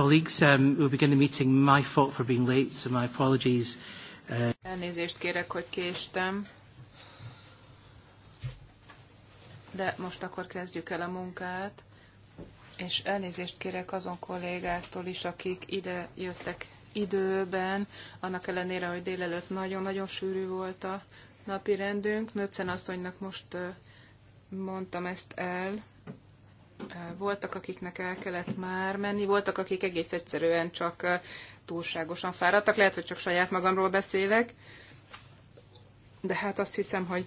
colleagues. Um, we'll begin the meeting. My fault for being late, so my apologies. Uh... Elnézést kérek, hogy késtem. De most akkor kezdjük el a munkát, és elnézést kérek azon kollégáktól is, akik ide jöttek időben, annak ellenére, hogy délelőtt nagyon-nagyon sűrű volt a napi rendünk. Nőcen asszonynak most mondtam ezt el, voltak, akiknek el kellett már menni, voltak, akik egész egyszerűen csak túlságosan fáradtak. Lehet, hogy csak saját magamról beszélek, de hát azt hiszem, hogy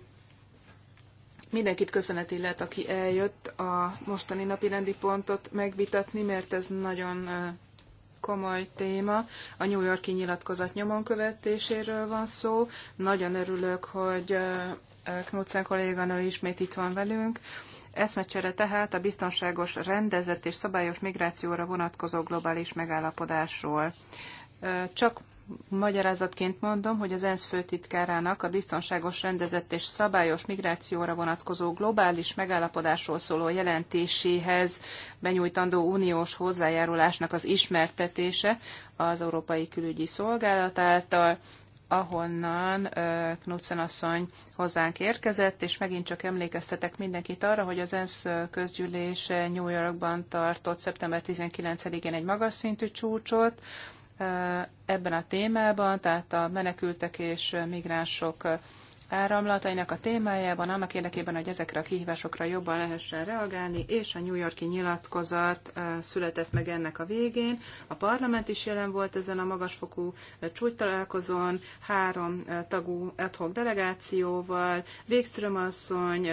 mindenkit köszönet illet, aki eljött a mostani napi rendi pontot megvitatni, mert ez nagyon komoly téma. A New Yorki nyilatkozat nyomon követéséről van szó. Nagyon örülök, hogy Knudsen kolléganő ismét itt van velünk. Eszmecsere tehát a biztonságos, rendezett és szabályos migrációra vonatkozó globális megállapodásról. Csak magyarázatként mondom, hogy az ENSZ főtitkárának a biztonságos, rendezett és szabályos migrációra vonatkozó globális megállapodásról szóló jelentéséhez benyújtandó uniós hozzájárulásnak az ismertetése az Európai Külügyi Szolgálat által ahonnan Knudsen asszony hozzánk érkezett, és megint csak emlékeztetek mindenkit arra, hogy az ENSZ közgyűlés New Yorkban tartott szeptember 19-én egy magas szintű csúcsot, ebben a témában, tehát a menekültek és migránsok áramlatainak a témájában, annak érdekében, hogy ezekre a kihívásokra jobban lehessen reagálni, és a New Yorki nyilatkozat született meg ennek a végén. A parlament is jelen volt ezen a magasfokú csúcstalálkozón, három tagú adhok delegációval, Végström asszony,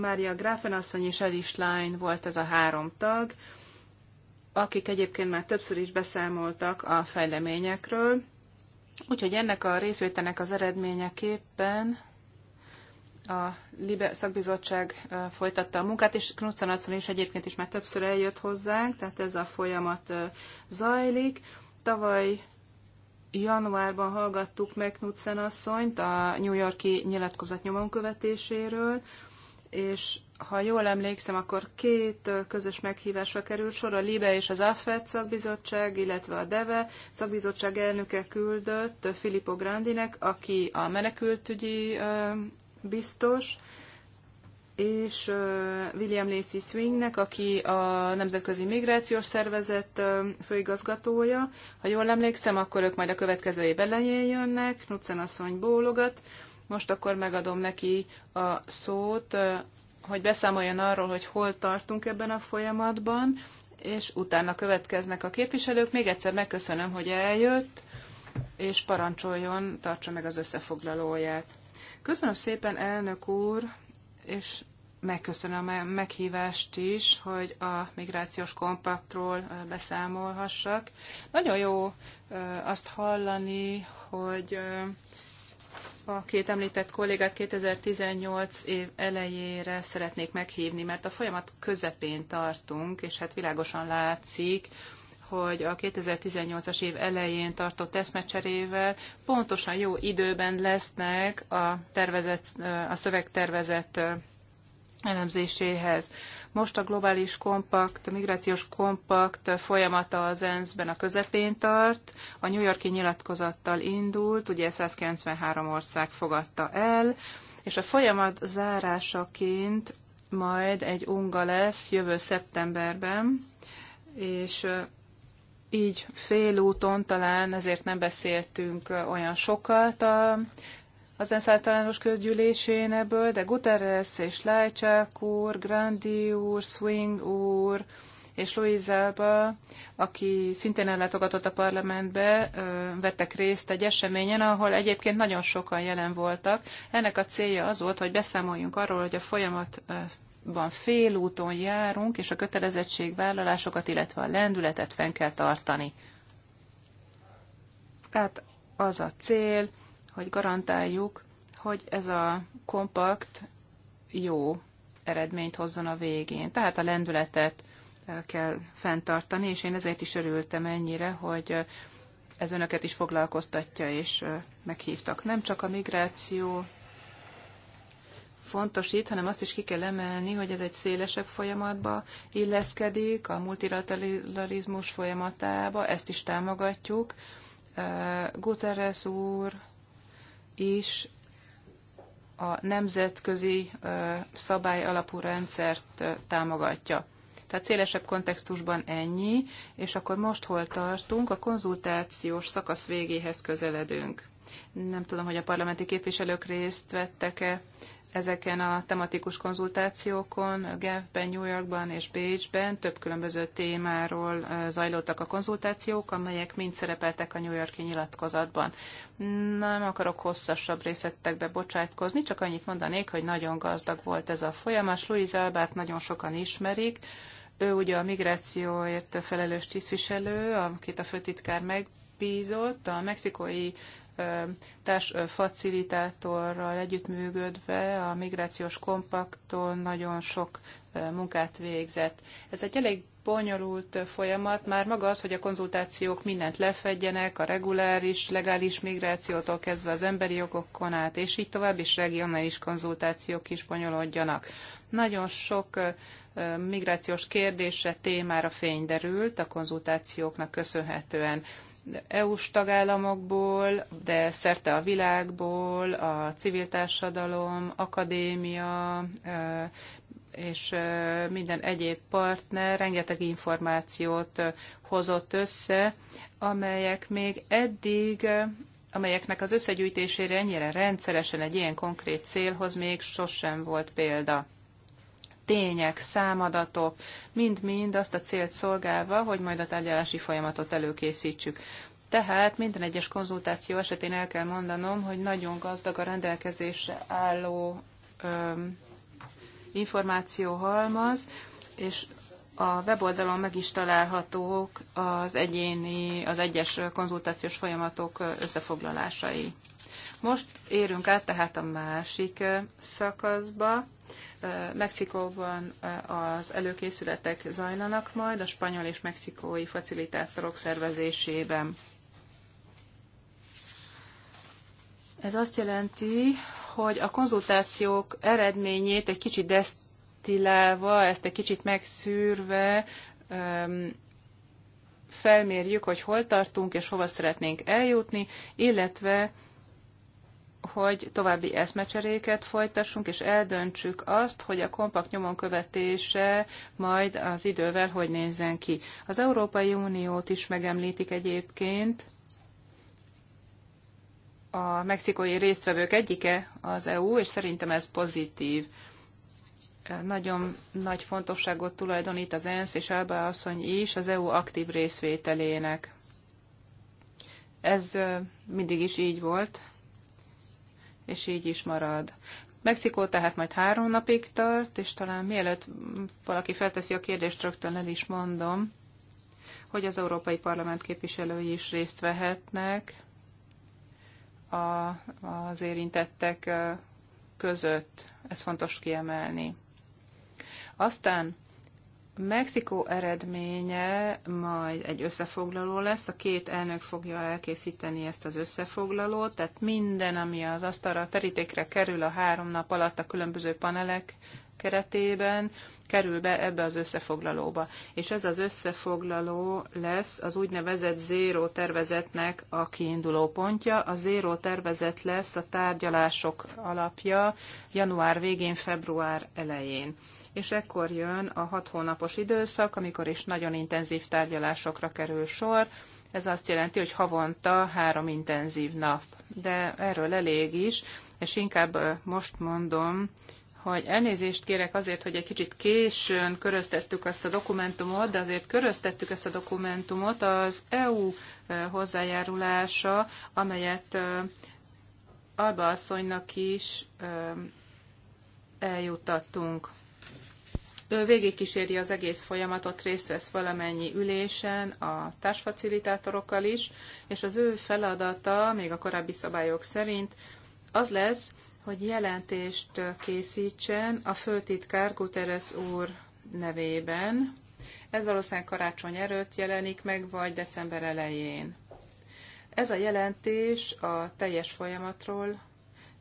Mária Grafen asszony és Elis Lány volt ez a három tag, akik egyébként már többször is beszámoltak a fejleményekről Úgyhogy ennek a részvételnek az eredményeképpen a Libe szakbizottság folytatta a munkát, és Knudsen is egyébként is már többször eljött hozzánk, tehát ez a folyamat zajlik. Tavaly januárban hallgattuk meg Knudsen a New Yorki nyilatkozat nyomon követéséről, és ha jól emlékszem, akkor két közös meghívásra került sor, a LIBE és az AFET szakbizottság, illetve a DEVE szakbizottság elnöke küldött Filippo Grandinek, aki a menekültügyi biztos, és William Lacey Swingnek, aki a Nemzetközi Migrációs Szervezet főigazgatója. Ha jól emlékszem, akkor ők majd a következő év elején jönnek, Knudsen asszony bólogat. Most akkor megadom neki a szót hogy beszámoljon arról, hogy hol tartunk ebben a folyamatban, és utána következnek a képviselők. Még egyszer megköszönöm, hogy eljött, és parancsoljon, tartsa meg az összefoglalóját. Köszönöm szépen, elnök úr, és megköszönöm a meghívást is, hogy a migrációs kompaktról beszámolhassak. Nagyon jó azt hallani, hogy a két említett kollégát 2018 év elejére szeretnék meghívni, mert a folyamat közepén tartunk, és hát világosan látszik, hogy a 2018-as év elején tartott eszmecserével pontosan jó időben lesznek a, tervezett, a szövegtervezet elemzéséhez. Most a globális kompakt, a migrációs kompakt folyamata az ENSZ-ben a közepén tart. A New Yorki nyilatkozattal indult, ugye 193 ország fogadta el, és a folyamat zárásaként majd egy unga lesz jövő szeptemberben, és így félúton talán ezért nem beszéltünk olyan sokat a az ENSZ általános közgyűlésén ebből, de Guterres és Lajcsák úr, Grandi úr, Swing úr, és Louisába, aki szintén ellátogatott a parlamentbe, vettek részt egy eseményen, ahol egyébként nagyon sokan jelen voltak. Ennek a célja az volt, hogy beszámoljunk arról, hogy a folyamatban félúton járunk, és a kötelezettségvállalásokat, illetve a lendületet fenn kell tartani. Hát az a cél, hogy garantáljuk, hogy ez a kompakt jó eredményt hozzon a végén. Tehát a lendületet eh, kell fenntartani, és én ezért is örültem ennyire, hogy eh, ez önöket is foglalkoztatja, és eh, meghívtak. Nem csak a migráció fontos itt, hanem azt is ki kell emelni, hogy ez egy szélesebb folyamatba illeszkedik, a multilateralizmus folyamatába, ezt is támogatjuk. Guterres úr és a nemzetközi szabály alapú rendszert támogatja. Tehát szélesebb kontextusban ennyi, és akkor most hol tartunk, a konzultációs szakasz végéhez közeledünk. Nem tudom, hogy a parlamenti képviselők részt vettek-e ezeken a tematikus konzultációkon, Genfben, New Yorkban és Bécsben több különböző témáról zajlottak a konzultációk, amelyek mind szerepeltek a New Yorki nyilatkozatban. Nem akarok hosszasabb részletekbe bocsátkozni, csak annyit mondanék, hogy nagyon gazdag volt ez a folyamás. Louis Albert nagyon sokan ismerik, ő ugye a migrációért felelős tisztviselő, akit a főtitkár megbízott, a mexikói társ facilitátorral együttműködve a migrációs kompakton nagyon sok munkát végzett. Ez egy elég bonyolult folyamat, már maga az, hogy a konzultációk mindent lefedjenek, a reguláris, legális migrációtól kezdve az emberi jogokon át, és így tovább, is regionális konzultációk is bonyolodjanak. Nagyon sok migrációs kérdése témára fény derült a konzultációknak köszönhetően. EU-s tagállamokból, de szerte a világból, a civil társadalom, akadémia és minden egyéb partner rengeteg információt hozott össze, amelyek még eddig amelyeknek az összegyűjtésére ennyire rendszeresen egy ilyen konkrét célhoz még sosem volt példa tények, számadatok, mind-mind azt a célt szolgálva, hogy majd a tárgyalási folyamatot előkészítsük. Tehát minden egyes konzultáció esetén el kell mondanom, hogy nagyon gazdag a rendelkezésre álló öm, információhalmaz, és a weboldalon meg is találhatók az egyéni, az egyes konzultációs folyamatok összefoglalásai. Most érünk át tehát a másik szakaszba, Mexikóban az előkészületek zajlanak majd a spanyol és mexikói facilitátorok szervezésében. Ez azt jelenti, hogy a konzultációk eredményét egy kicsit desztillálva, ezt egy kicsit megszűrve felmérjük, hogy hol tartunk és hova szeretnénk eljutni, illetve hogy további eszmecseréket folytassunk, és eldöntsük azt, hogy a kompakt nyomon követése majd az idővel hogy nézzen ki. Az Európai Uniót is megemlítik egyébként, a mexikói résztvevők egyike az EU, és szerintem ez pozitív. Nagyon nagy fontosságot tulajdonít az ENSZ és Elba asszony is az EU aktív részvételének. Ez mindig is így volt, és így is marad. Mexikó tehát majd három napig tart, és talán mielőtt valaki felteszi a kérdést, rögtön el is mondom, hogy az Európai Parlament képviselői is részt vehetnek a, az érintettek között. Ez fontos kiemelni. Aztán Mexikó eredménye majd egy összefoglaló lesz, a két elnök fogja elkészíteni ezt az összefoglalót, tehát minden, ami az asztalra, a terítékre kerül a három nap alatt a különböző panelek keretében, kerül be ebbe az összefoglalóba. És ez az összefoglaló lesz az úgynevezett zéró tervezetnek a kiinduló pontja. A zéró tervezet lesz a tárgyalások alapja január végén, február elején és ekkor jön a hat hónapos időszak, amikor is nagyon intenzív tárgyalásokra kerül sor. Ez azt jelenti, hogy havonta három intenzív nap. De erről elég is, és inkább most mondom, hogy elnézést kérek azért, hogy egy kicsit későn köröztettük ezt a dokumentumot, de azért köröztettük ezt a dokumentumot az EU hozzájárulása, amelyet Alba asszonynak is eljutattunk végigkíséri az egész folyamatot, részt vesz valamennyi ülésen, a társfacilitátorokkal is, és az ő feladata, még a korábbi szabályok szerint, az lesz, hogy jelentést készítsen a főtitkár Guterres úr nevében. Ez valószínűleg karácsony erőt jelenik meg, vagy december elején. Ez a jelentés a teljes folyamatról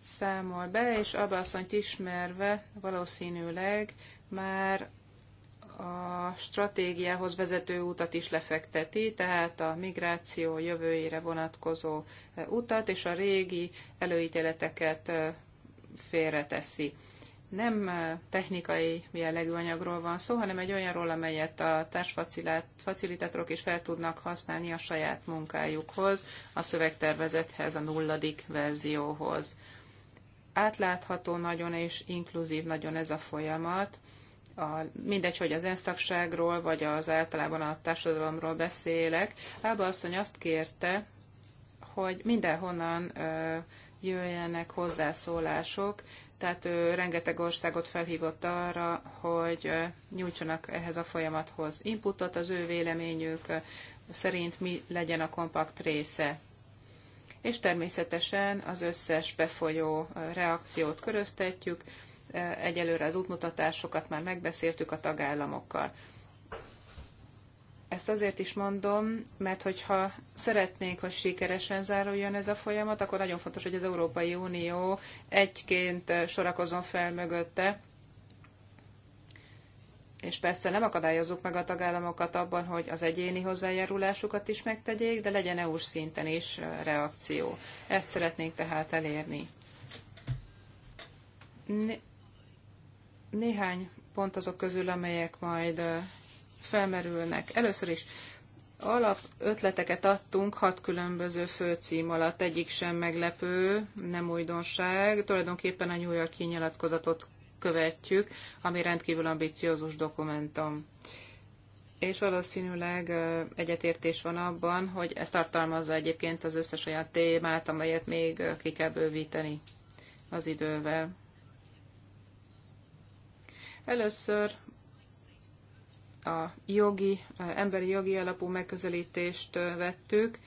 számol be, és abba asszonyt ismerve valószínűleg már a stratégiához vezető utat is lefekteti, tehát a migráció jövőjére vonatkozó e, utat és a régi előítéleteket e, félreteszi. Nem e, technikai jellegű anyagról van szó, hanem egy olyanról, amelyet a társfacilitátorok is fel tudnak használni a saját munkájukhoz, a szövegtervezethez, a nulladik verzióhoz. Átlátható nagyon és inkluzív nagyon ez a folyamat a, mindegy, hogy az ensztagságról, vagy az általában a társadalomról beszélek, Ába asszony azt kérte, hogy mindenhonnan ö, jöjjenek hozzászólások, tehát ő rengeteg országot felhívott arra, hogy nyújtsanak ehhez a folyamathoz inputot, az ő véleményük szerint mi legyen a kompakt része. És természetesen az összes befolyó reakciót köröztetjük, E, egyelőre az útmutatásokat már megbeszéltük a tagállamokkal. Ezt azért is mondom, mert hogyha szeretnénk, hogy sikeresen záruljon ez a folyamat, akkor nagyon fontos, hogy az Európai Unió egyként e, sorakozon fel mögötte, és persze nem akadályozzuk meg a tagállamokat abban, hogy az egyéni hozzájárulásukat is megtegyék, de legyen EU-s szinten is e, reakció. Ezt szeretnénk tehát elérni. Néhány pont azok közül, amelyek majd felmerülnek. Először is alap ötleteket adtunk hat különböző főcím alatt, egyik sem meglepő, nem újdonság, tulajdonképpen a New Yorki nyilatkozatot követjük, ami rendkívül ambiciózus dokumentum. És valószínűleg egyetértés van abban, hogy ez tartalmazza egyébként az összes olyan témát, amelyet még ki kell bővíteni az idővel. Először a jogi, emberi jogi alapú megközelítést vettük,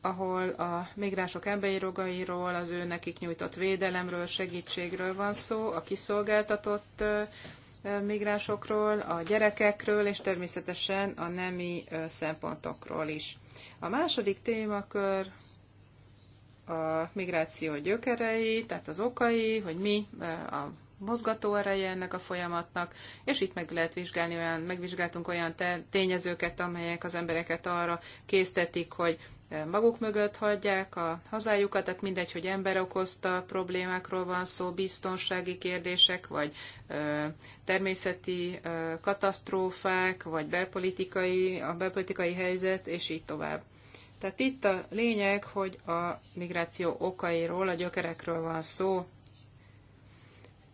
ahol a migránsok emberi rogairól, az ő nekik nyújtott védelemről, segítségről van szó, a kiszolgáltatott migránsokról, a gyerekekről, és természetesen a nemi szempontokról is. A második témakör a migráció gyökerei, tehát az okai, hogy mi a mozgató ereje ennek a folyamatnak, és itt meg lehet vizsgálni olyan, megvizsgáltunk olyan tényezőket, amelyek az embereket arra késztetik, hogy eh, maguk mögött hagyják a hazájukat, tehát mindegy, hogy ember okozta problémákról van szó, biztonsági kérdések, vagy ö, eh, természeti ö, eh, katasztrófák, vagy belpolitikai, a belpolitikai helyzet, és így tovább. Tehát itt a lényeg, hogy a migráció okairól, a gyökerekről van szó,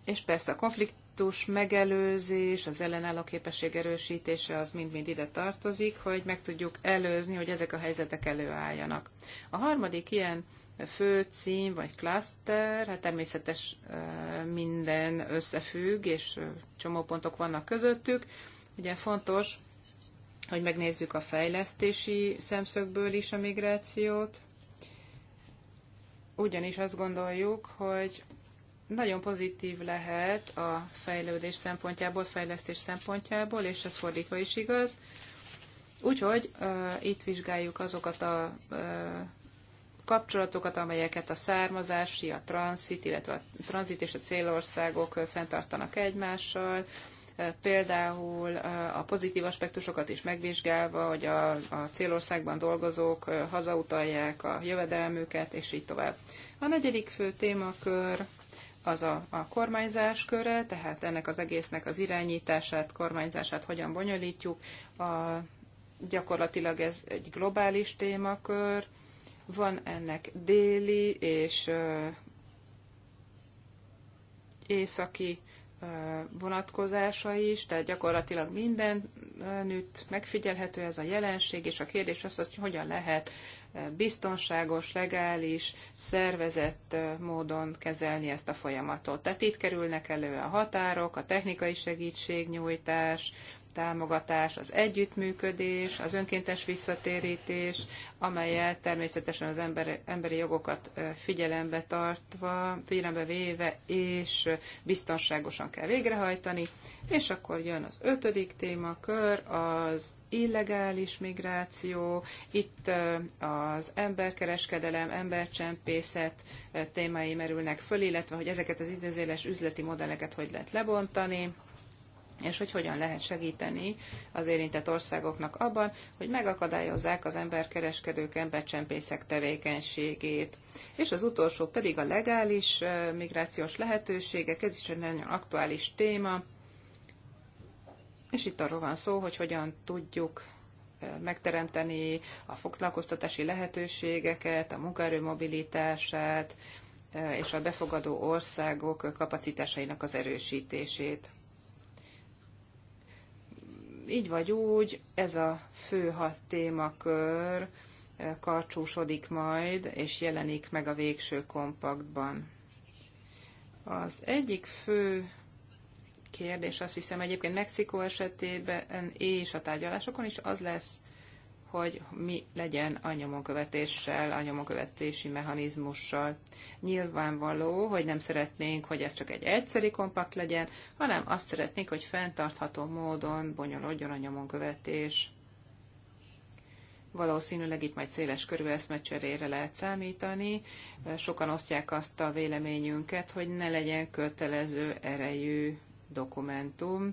és persze a konfliktus megelőzés, az ellenálló képesség erősítése az mind-mind ide tartozik, hogy meg tudjuk előzni, hogy ezek a helyzetek előálljanak. A harmadik ilyen fő cím vagy klaszter, hát természetes eh, minden összefügg, és eh, csomópontok vannak közöttük. Ugye fontos, hogy megnézzük a fejlesztési szemszögből is a migrációt, ugyanis azt gondoljuk, hogy nagyon pozitív lehet a fejlődés szempontjából, fejlesztés szempontjából, és ez fordítva is igaz. Úgyhogy uh, itt vizsgáljuk azokat a uh, kapcsolatokat, amelyeket a származási, a transzit, illetve a tranzit és a célországok uh, fenntartanak egymással, például a pozitív aspektusokat is megvizsgálva, hogy a, a célországban dolgozók hazautalják a jövedelmüket, és így tovább. A negyedik fő témakör az a, a kormányzás köre, tehát ennek az egésznek az irányítását, kormányzását hogyan bonyolítjuk. A, gyakorlatilag ez egy globális témakör. Van ennek déli és északi vonatkozása is, tehát gyakorlatilag mindenütt megfigyelhető ez a jelenség, és a kérdés az, hogy hogyan lehet biztonságos, legális, szervezett módon kezelni ezt a folyamatot. Tehát itt kerülnek elő a határok, a technikai segítségnyújtás, támogatás, az együttműködés, az önkéntes visszatérítés, amelyet természetesen az emberi, emberi jogokat figyelembe tartva, figyelembe véve és biztonságosan kell végrehajtani. És akkor jön az ötödik témakör, az illegális migráció, itt az emberkereskedelem, embercsempészet témái merülnek föl, illetve hogy ezeket az időzéles üzleti modelleket hogy lehet lebontani és hogy hogyan lehet segíteni az érintett országoknak abban, hogy megakadályozzák az emberkereskedők, embercsempészek tevékenységét. És az utolsó pedig a legális migrációs lehetőségek, ez is egy nagyon aktuális téma, és itt arról van szó, hogy hogyan tudjuk megteremteni a foglalkoztatási lehetőségeket, a munkaerő mobilitását és a befogadó országok kapacitásainak az erősítését így vagy úgy, ez a fő hat témakör eh, karcsúsodik majd, és jelenik meg a végső kompaktban. Az egyik fő kérdés, azt hiszem egyébként Mexikó esetében és a tárgyalásokon is az lesz, hogy mi legyen a nyomonkövetéssel, a nyomonkövetési mechanizmussal. Nyilvánvaló, hogy nem szeretnénk, hogy ez csak egy egyszeri kompakt legyen, hanem azt szeretnénk, hogy fenntartható módon bonyolodjon a nyomonkövetés. Valószínűleg itt majd széles körű eszmecserére lehet számítani. Sokan osztják azt a véleményünket, hogy ne legyen kötelező erejű dokumentum,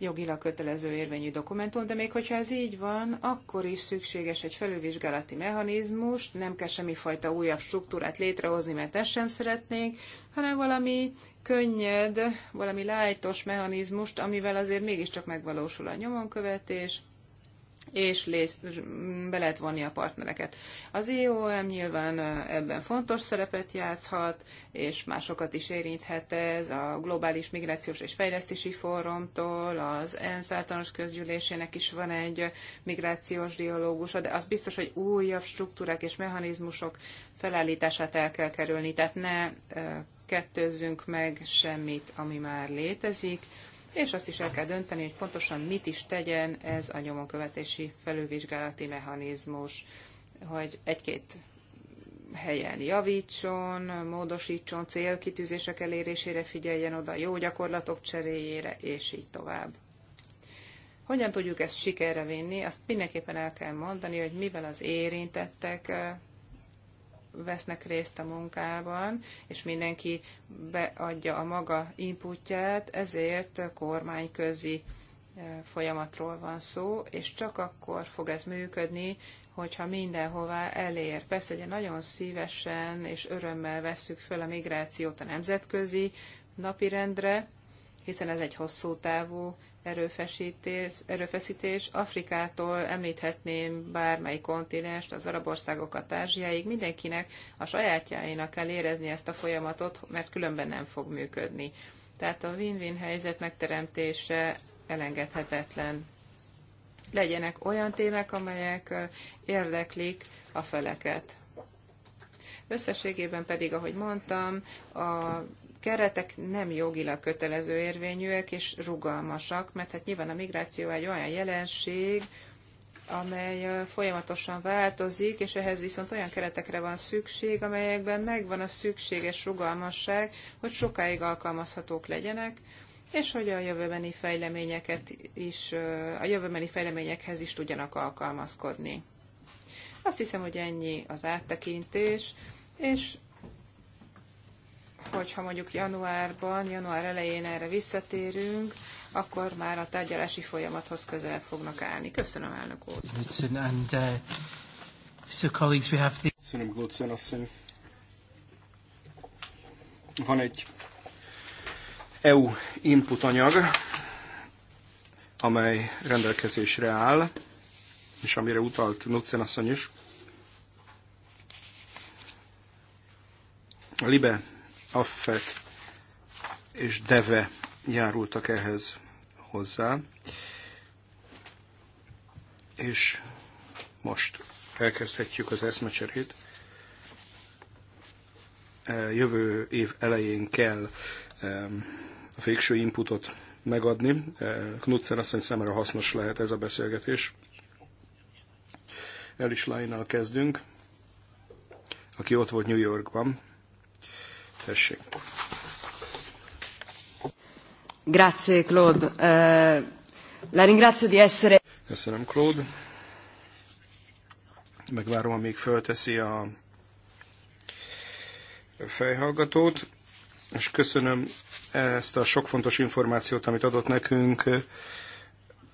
jogilag kötelező érvényű dokumentum, de még hogyha ez így van, akkor is szükséges egy felülvizsgálati mechanizmus, nem kell semmifajta újabb struktúrát létrehozni, mert ezt sem szeretnénk, hanem valami könnyed, valami lájtos mechanizmust, amivel azért mégiscsak megvalósul a nyomonkövetés, és lész, be lehet vonni a partnereket. Az IOM nyilván ebben fontos szerepet játszhat, és másokat is érinthet ez a Globális Migrációs és Fejlesztési Fórumtól, az ENSZ általános közgyűlésének is van egy migrációs dialógusa, de az biztos, hogy újabb struktúrák és mechanizmusok felállítását el kell kerülni, tehát ne kettőzzünk meg semmit, ami már létezik, és azt is el kell dönteni, hogy pontosan mit is tegyen ez a nyomonkövetési felülvizsgálati mechanizmus, hogy egy-két helyen javítson, módosítson, célkitűzések elérésére figyeljen oda, jó gyakorlatok cseréjére, és így tovább. Hogyan tudjuk ezt sikerre vinni? Azt mindenképpen el kell mondani, hogy mivel az érintettek vesznek részt a munkában, és mindenki beadja a maga inputját, ezért kormányközi e, folyamatról van szó, és csak akkor fog ez működni, hogyha mindenhová elér. Persze ugye nagyon szívesen és örömmel vesszük föl a migrációt a nemzetközi napirendre, hiszen ez egy hosszú távú erőfeszítés, erőfeszítés. Afrikától említhetném bármely kontinest, az arab országokat, Ázsiáig, mindenkinek a sajátjáinak kell érezni ezt a folyamatot, mert különben nem fog működni. Tehát a win-win helyzet megteremtése elengedhetetlen. Legyenek olyan témák, amelyek érdeklik a feleket. Összességében pedig, ahogy mondtam, a keretek nem jogilag kötelező érvényűek és rugalmasak, mert hát nyilván a migráció egy olyan jelenség, amely folyamatosan változik, és ehhez viszont olyan keretekre van szükség, amelyekben megvan a szükséges rugalmasság, hogy sokáig alkalmazhatók legyenek, és hogy a jövőbeni fejleményeket is, a jövőbeni fejleményekhez is tudjanak alkalmazkodni. Azt hiszem, hogy ennyi az áttekintés, és hogyha mondjuk januárban, január elején erre visszatérünk, akkor már a tárgyalási folyamathoz közelebb fognak állni. Köszönöm, elnök úr. Uh, so colleagues, we have the... Köszönöm, Glócián asszony. Van egy EU input anyag, amely rendelkezésre áll, és amire utalt Glócián asszony is. A Libe Affet és Deve járultak ehhez hozzá. És most elkezdhetjük az eszmecserét. Jövő év elején kell a végső inputot megadni. Knudsen asszony számára hasznos lehet ez a beszélgetés. Elis Lájnál kezdünk, aki ott volt New Yorkban, Tessék. Grazie, Claude. Uh, la ringrazio di essere... Köszönöm, Claude. Megvárom, amíg fölteszi a fejhallgatót, és köszönöm ezt a sok fontos információt, amit adott nekünk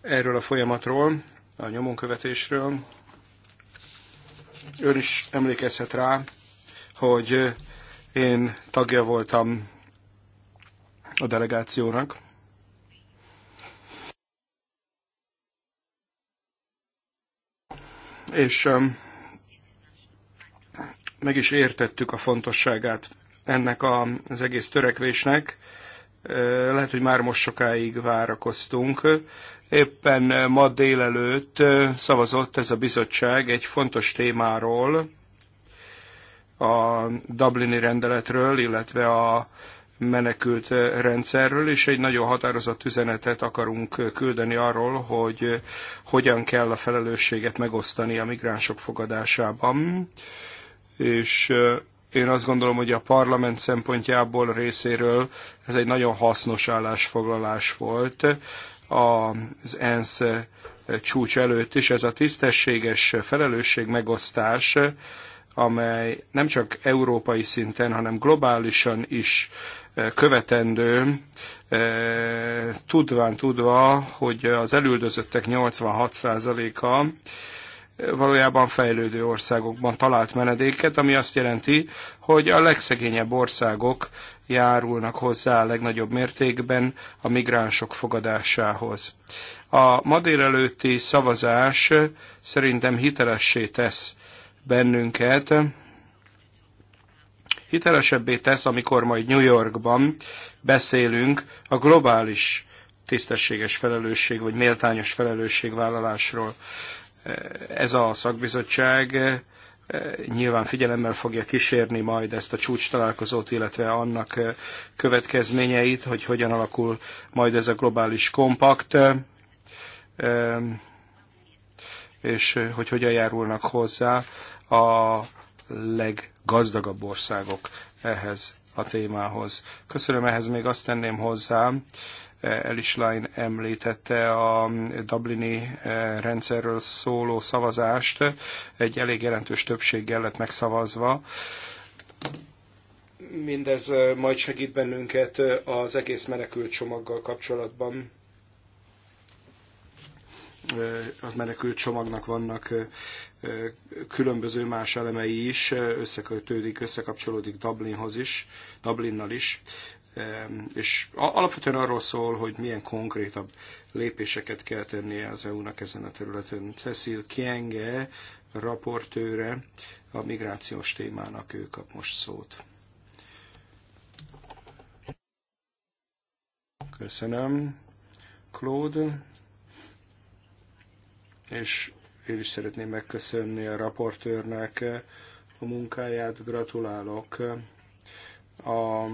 erről a folyamatról, a nyomonkövetésről. Ön is emlékezhet rá, hogy én tagja voltam a delegációnak. És um, meg is értettük a fontosságát ennek a, az egész törekvésnek. Lehet, hogy már most sokáig várakoztunk. Éppen ma délelőtt szavazott ez a bizottság egy fontos témáról, a Dublini rendeletről, illetve a menekült rendszerről, és egy nagyon határozott üzenetet akarunk küldeni arról, hogy hogyan kell a felelősséget megosztani a migránsok fogadásában. És én azt gondolom, hogy a parlament szempontjából részéről ez egy nagyon hasznos állásfoglalás volt az ENSZ csúcs előtt is. Ez a tisztességes felelősség megosztás amely nem csak európai szinten, hanem globálisan is eh, követendő, eh, tudván tudva, hogy az elüldözöttek 86%-a eh, valójában fejlődő országokban talált menedéket, ami azt jelenti, hogy a legszegényebb országok járulnak hozzá a legnagyobb mértékben a migránsok fogadásához. A ma délelőtti szavazás szerintem hitelessé tesz bennünket hitelesebbé tesz, amikor majd New Yorkban beszélünk a globális tisztességes felelősség vagy méltányos felelősségvállalásról. Ez a szakbizottság eh, nyilván figyelemmel fogja kísérni majd ezt a csúcs találkozót, illetve annak eh, következményeit, hogy hogyan alakul majd ez a globális kompakt, eh, és hogy hogyan járulnak hozzá a leggazdagabb országok ehhez a témához. Köszönöm, ehhez még azt tenném hozzá, Elislein eh, említette a Dublini eh, rendszerről szóló szavazást, egy elég jelentős többséggel lett megszavazva. Mindez eh, majd segít bennünket az egész menekült csomaggal kapcsolatban a menekült csomagnak vannak különböző más elemei is, összekötődik, összekapcsolódik Dublinhoz is, Dublinnal is, és alapvetően arról szól, hogy milyen konkrétabb lépéseket kell tennie az EU-nak ezen a területen. Cecil Kienge, raportőre a migrációs témának, ő kap most szót. Köszönöm, Claude és én is szeretném megköszönni a raportőrnek a munkáját, gratulálok a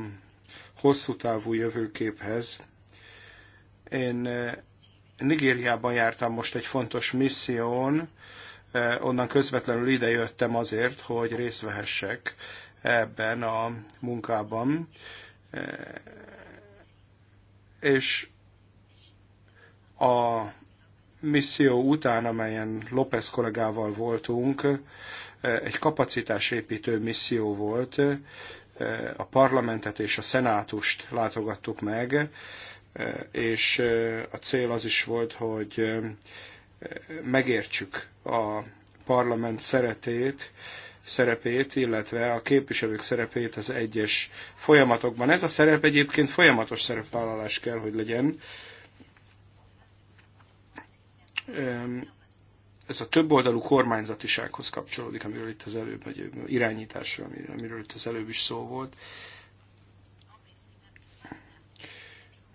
hosszú távú jövőképhez. Én eh, Nigériában jártam most egy fontos misszión, eh, onnan közvetlenül idejöttem azért, hogy részt vehessek ebben a munkában. Eh, és a misszió után, amelyen López kollégával voltunk, egy kapacitásépítő misszió volt, a parlamentet és a szenátust látogattuk meg, és a cél az is volt, hogy megértsük a parlament szeretét, szerepét, illetve a képviselők szerepét az egyes folyamatokban. Ez a szerep egyébként folyamatos szerepvállalás kell, hogy legyen, ez a többoldalú kormányzatisághoz kapcsolódik, amiről itt az előbb, vagy irányításra, amiről itt az előbb is szó volt.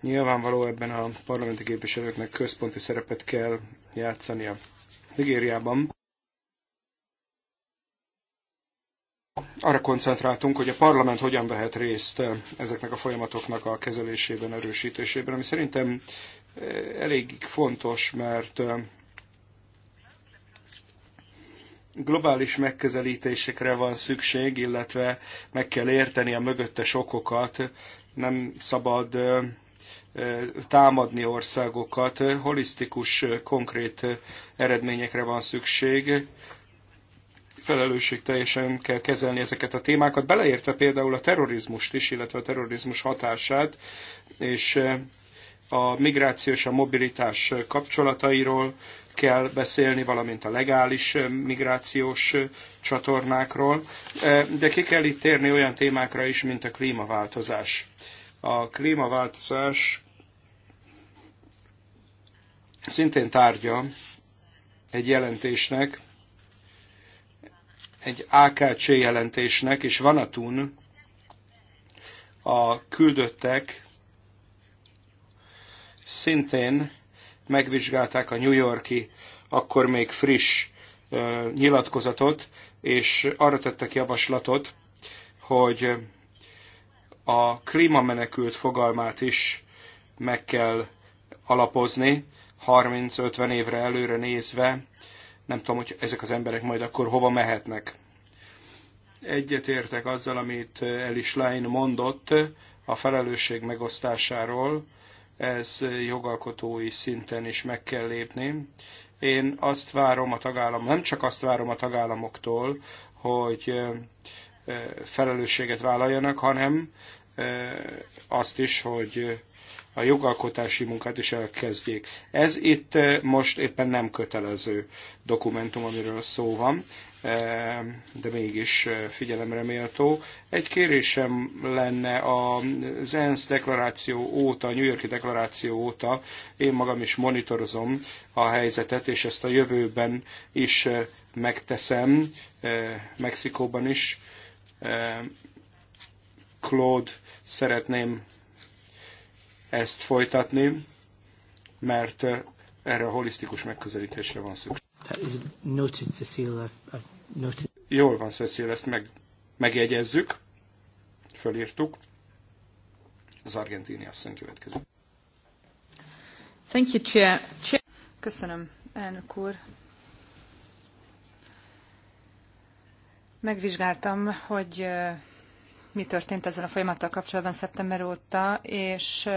Nyilvánvaló ebben a parlamenti képviselőknek központi szerepet kell játszania. Nigériában arra koncentráltunk, hogy a parlament hogyan vehet részt eh, ezeknek a folyamatoknak a kezelésében, erősítésében, ami szerintem elég fontos, mert globális megközelítésekre van szükség, illetve meg kell érteni a mögöttes okokat, nem szabad támadni országokat, holisztikus, konkrét eredményekre van szükség, felelősség teljesen kell kezelni ezeket a témákat, beleértve például a terrorizmust is, illetve a terrorizmus hatását, és a migráció és a mobilitás kapcsolatairól kell beszélni, valamint a legális migrációs csatornákról, de ki kell itt térni olyan témákra is, mint a klímaváltozás. A klímaváltozás szintén tárgya egy jelentésnek, egy AKC jelentésnek, és van a TUN, a küldöttek szintén megvizsgálták a New Yorki, akkor még friss nyilatkozatot, és arra tettek javaslatot, hogy a klímamenekült fogalmát is meg kell alapozni, 30-50 évre előre nézve, nem tudom, hogy ezek az emberek majd akkor hova mehetnek. Egyetértek azzal, amit Elis mondott a felelősség megosztásáról, ez jogalkotói szinten is meg kell lépni. Én azt várom a tagállam, nem csak azt várom a tagállamoktól, hogy felelősséget vállaljanak, hanem azt is, hogy a jogalkotási munkát is elkezdjék. Ez itt most éppen nem kötelező dokumentum, amiről szó van, Ehm, de mégis eh, figyelemre méltó. Egy kérésem lenne az ENSZ deklaráció óta, a New Yorki deklaráció óta, én magam is monitorozom a helyzetet, és ezt a jövőben is eh, megteszem, eh, Mexikóban is. Ehm, Claude, szeretném ezt folytatni, mert erre a holisztikus megközelítésre van szükség. That is noted, Cecilia. Jól van, Cecil, ezt meg, megjegyezzük. Fölírtuk. Az argentini asszony következik. Thank you, Chair. Chair. Köszönöm, elnök úr. Megvizsgáltam, hogy mi történt ezzel a folyamattal kapcsolatban szeptember óta, és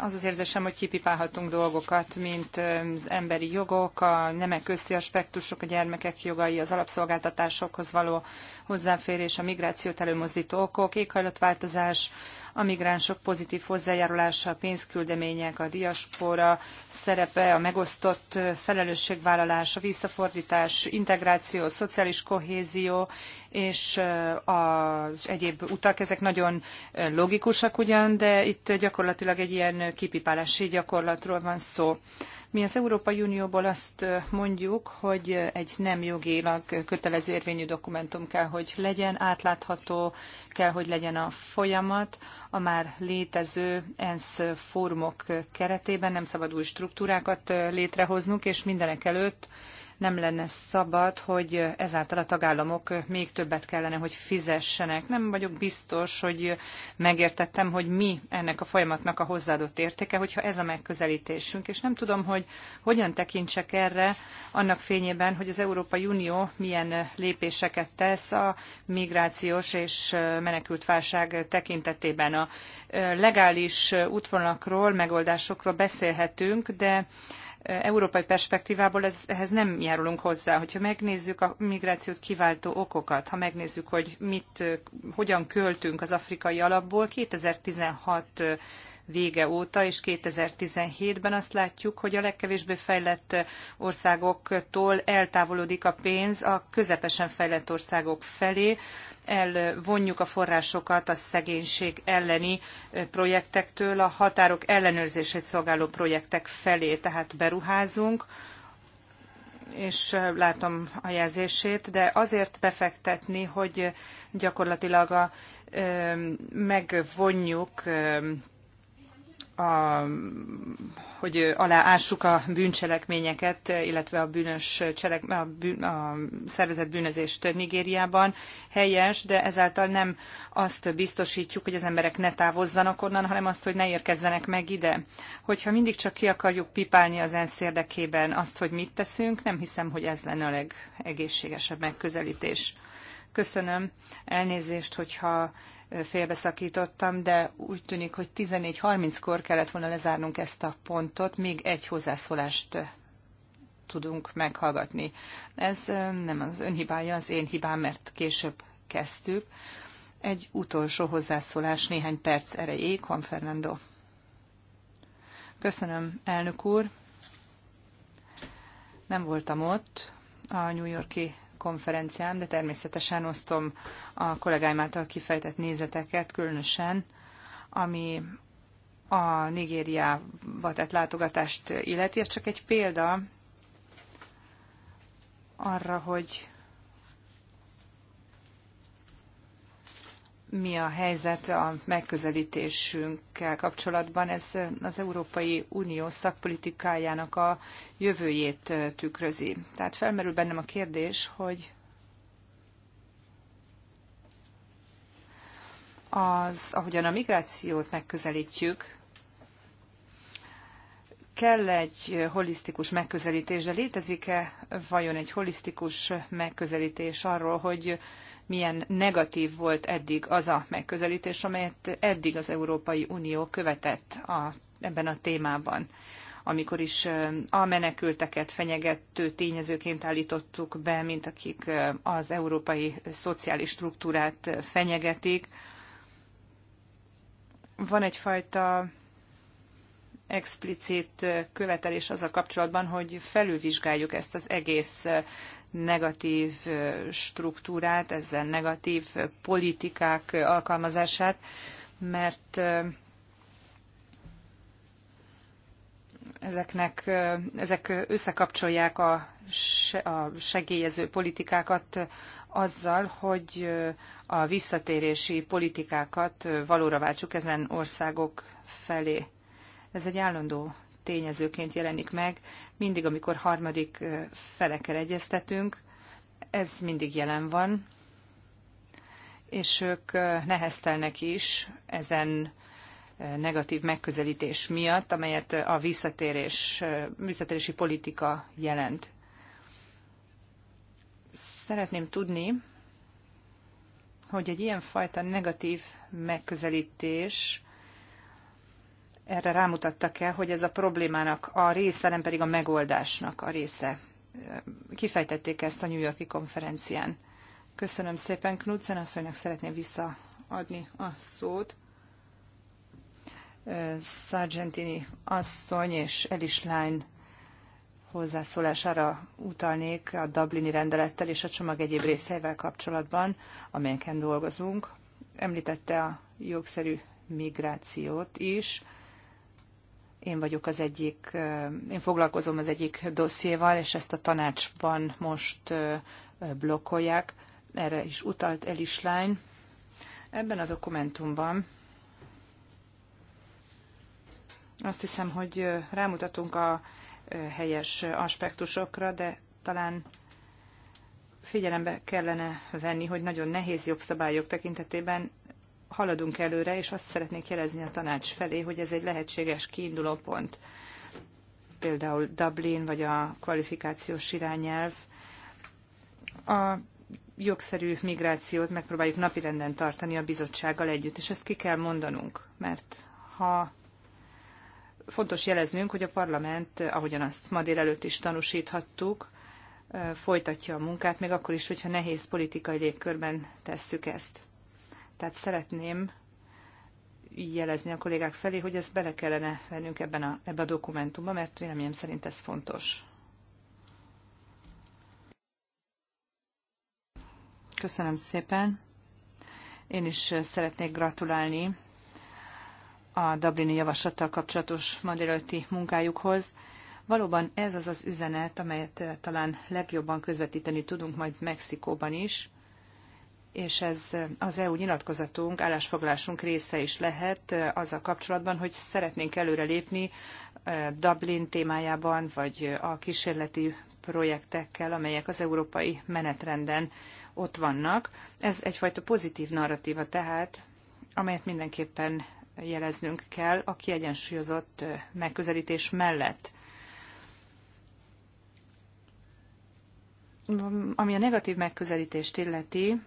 az az érzésem, hogy kipipálhatunk dolgokat, mint az emberi jogok, a nemek közti aspektusok, a gyermekek jogai, az alapszolgáltatásokhoz való hozzáférés, a migrációt előmozdító okok, éghajlatváltozás, a migránsok pozitív hozzájárulása, a pénzküldemények, a diaspora szerepe, a megosztott felelősségvállalás, a visszafordítás, integráció, a szociális kohézió és az egyéb utas elhangzottak, ezek nagyon logikusak ugyan, de itt gyakorlatilag egy ilyen kipipálási gyakorlatról van szó. Mi az Európai Unióból azt mondjuk, hogy egy nem jogilag kötelező érvényű dokumentum kell, hogy legyen, átlátható kell, hogy legyen a folyamat, a már létező ENSZ fórumok keretében nem szabad új struktúrákat létrehoznunk, és mindenek előtt nem lenne szabad, hogy ezáltal a tagállamok még többet kellene, hogy fizessenek. Nem vagyok biztos, hogy megértettem, hogy mi ennek a folyamatnak a hozzáadott értéke, hogyha ez a megközelítésünk, és nem tudom, hogy hogyan tekintsek erre annak fényében, hogy az Európai Unió milyen lépéseket tesz a migrációs és menekült válság tekintetében. A legális útvonalakról, megoldásokról beszélhetünk, de európai perspektívából ez, ehhez nem járulunk hozzá. Hogyha megnézzük a migrációt kiváltó okokat, ha megnézzük, hogy mit, hogyan költünk az afrikai alapból, 2016 vége óta és 2017-ben azt látjuk, hogy a legkevésbé fejlett országoktól eltávolodik a pénz a közepesen fejlett országok felé, elvonjuk a forrásokat a szegénység elleni projektektől, a határok ellenőrzését szolgáló projektek felé, tehát beruházunk, és látom a jelzését, de azért befektetni, hogy gyakorlatilag a, megvonjuk a, hogy aláássuk a bűncselekményeket, illetve a bűnös cselek, a, bűn, a szervezett bűnözést Nigériában helyes, de ezáltal nem azt biztosítjuk, hogy az emberek ne távozzanak onnan, hanem azt, hogy ne érkezzenek meg ide. Hogyha mindig csak ki akarjuk pipálni az ENSZ érdekében azt, hogy mit teszünk, nem hiszem, hogy ez lenne a legegészségesebb megközelítés. Köszönöm elnézést, hogyha félbeszakítottam, de úgy tűnik, hogy 14.30-kor kellett volna lezárnunk ezt a pontot, még egy hozzászólást tudunk meghallgatni. Ez nem az ön hibája, az én hibám, mert később kezdtük. Egy utolsó hozzászólás néhány perc erejéig, Juan Fernando. Köszönöm, elnök úr. Nem voltam ott a New Yorki konferenciám, de természetesen osztom a kollégáim által kifejtett nézeteket, különösen, ami a Nigériába tett látogatást illeti. Ez csak egy példa arra, hogy mi a helyzet a megközelítésünkkel kapcsolatban. Ez az Európai Unió szakpolitikájának a jövőjét tükrözi. Tehát felmerül bennem a kérdés, hogy az, ahogyan a migrációt megközelítjük, kell egy holisztikus megközelítés, de létezik-e vajon egy holisztikus megközelítés arról, hogy milyen negatív volt eddig az a megközelítés, amelyet eddig az Európai Unió követett a, ebben a témában amikor is a menekülteket fenyegető tényezőként állítottuk be, mint akik az európai szociális struktúrát fenyegetik. Van egyfajta explicit követelés az a kapcsolatban, hogy felülvizsgáljuk ezt az egész negatív struktúrát, ezzel negatív politikák alkalmazását, mert ezeknek, ezek összekapcsolják a, a segélyező politikákat azzal, hogy a visszatérési politikákat valóra váltsuk ezen országok felé. Ez egy állandó tényezőként jelenik meg, mindig, amikor harmadik felekkel egyeztetünk, ez mindig jelen van, és ők neheztelnek is ezen negatív megközelítés miatt, amelyet a visszatérés, visszatérési politika jelent. Szeretném tudni, hogy egy ilyenfajta negatív megközelítés erre rámutattak-e, hogy ez a problémának a része, nem pedig a megoldásnak a része. Kifejtették ezt a New Yorki konferencián. Köszönöm szépen Knudsen asszonynak, szeretném visszaadni a szót. Sargentini asszony és Elis Line hozzászólására utalnék a Dublini rendelettel és a csomag egyéb részeivel kapcsolatban, amelyeken dolgozunk. Említette a jogszerű migrációt is, én vagyok az egyik, én foglalkozom az egyik dossziéval, és ezt a tanácsban most blokkolják. Erre is utalt Elis Lány. Ebben a dokumentumban azt hiszem, hogy rámutatunk a helyes aspektusokra, de talán figyelembe kellene venni, hogy nagyon nehéz jogszabályok tekintetében haladunk előre, és azt szeretnék jelezni a tanács felé, hogy ez egy lehetséges kiinduló pont. Például Dublin vagy a kvalifikációs irányelv. A jogszerű migrációt megpróbáljuk napirenden tartani a bizottsággal együtt, és ezt ki kell mondanunk, mert ha fontos jeleznünk, hogy a parlament, ahogyan azt ma délelőtt is tanúsíthattuk, folytatja a munkát, még akkor is, hogyha nehéz politikai légkörben tesszük ezt. Tehát szeretném jelezni a kollégák felé, hogy ezt bele kellene vennünk ebben a, ebbe a dokumentumba, mert véleményem szerint ez fontos. Köszönöm szépen. Én is szeretnék gratulálni a Dublini javaslattal kapcsolatos ma munkájukhoz. Valóban ez az az üzenet, amelyet talán legjobban közvetíteni tudunk majd Mexikóban is, és ez az EU nyilatkozatunk, állásfoglásunk része is lehet eh, azzal kapcsolatban, hogy szeretnénk előrelépni eh, Dublin témájában, vagy a kísérleti projektekkel, amelyek az európai menetrenden ott vannak. Ez egyfajta pozitív narratíva tehát, amelyet mindenképpen jeleznünk kell a kiegyensúlyozott eh, megközelítés mellett. Ami a negatív megközelítést illeti,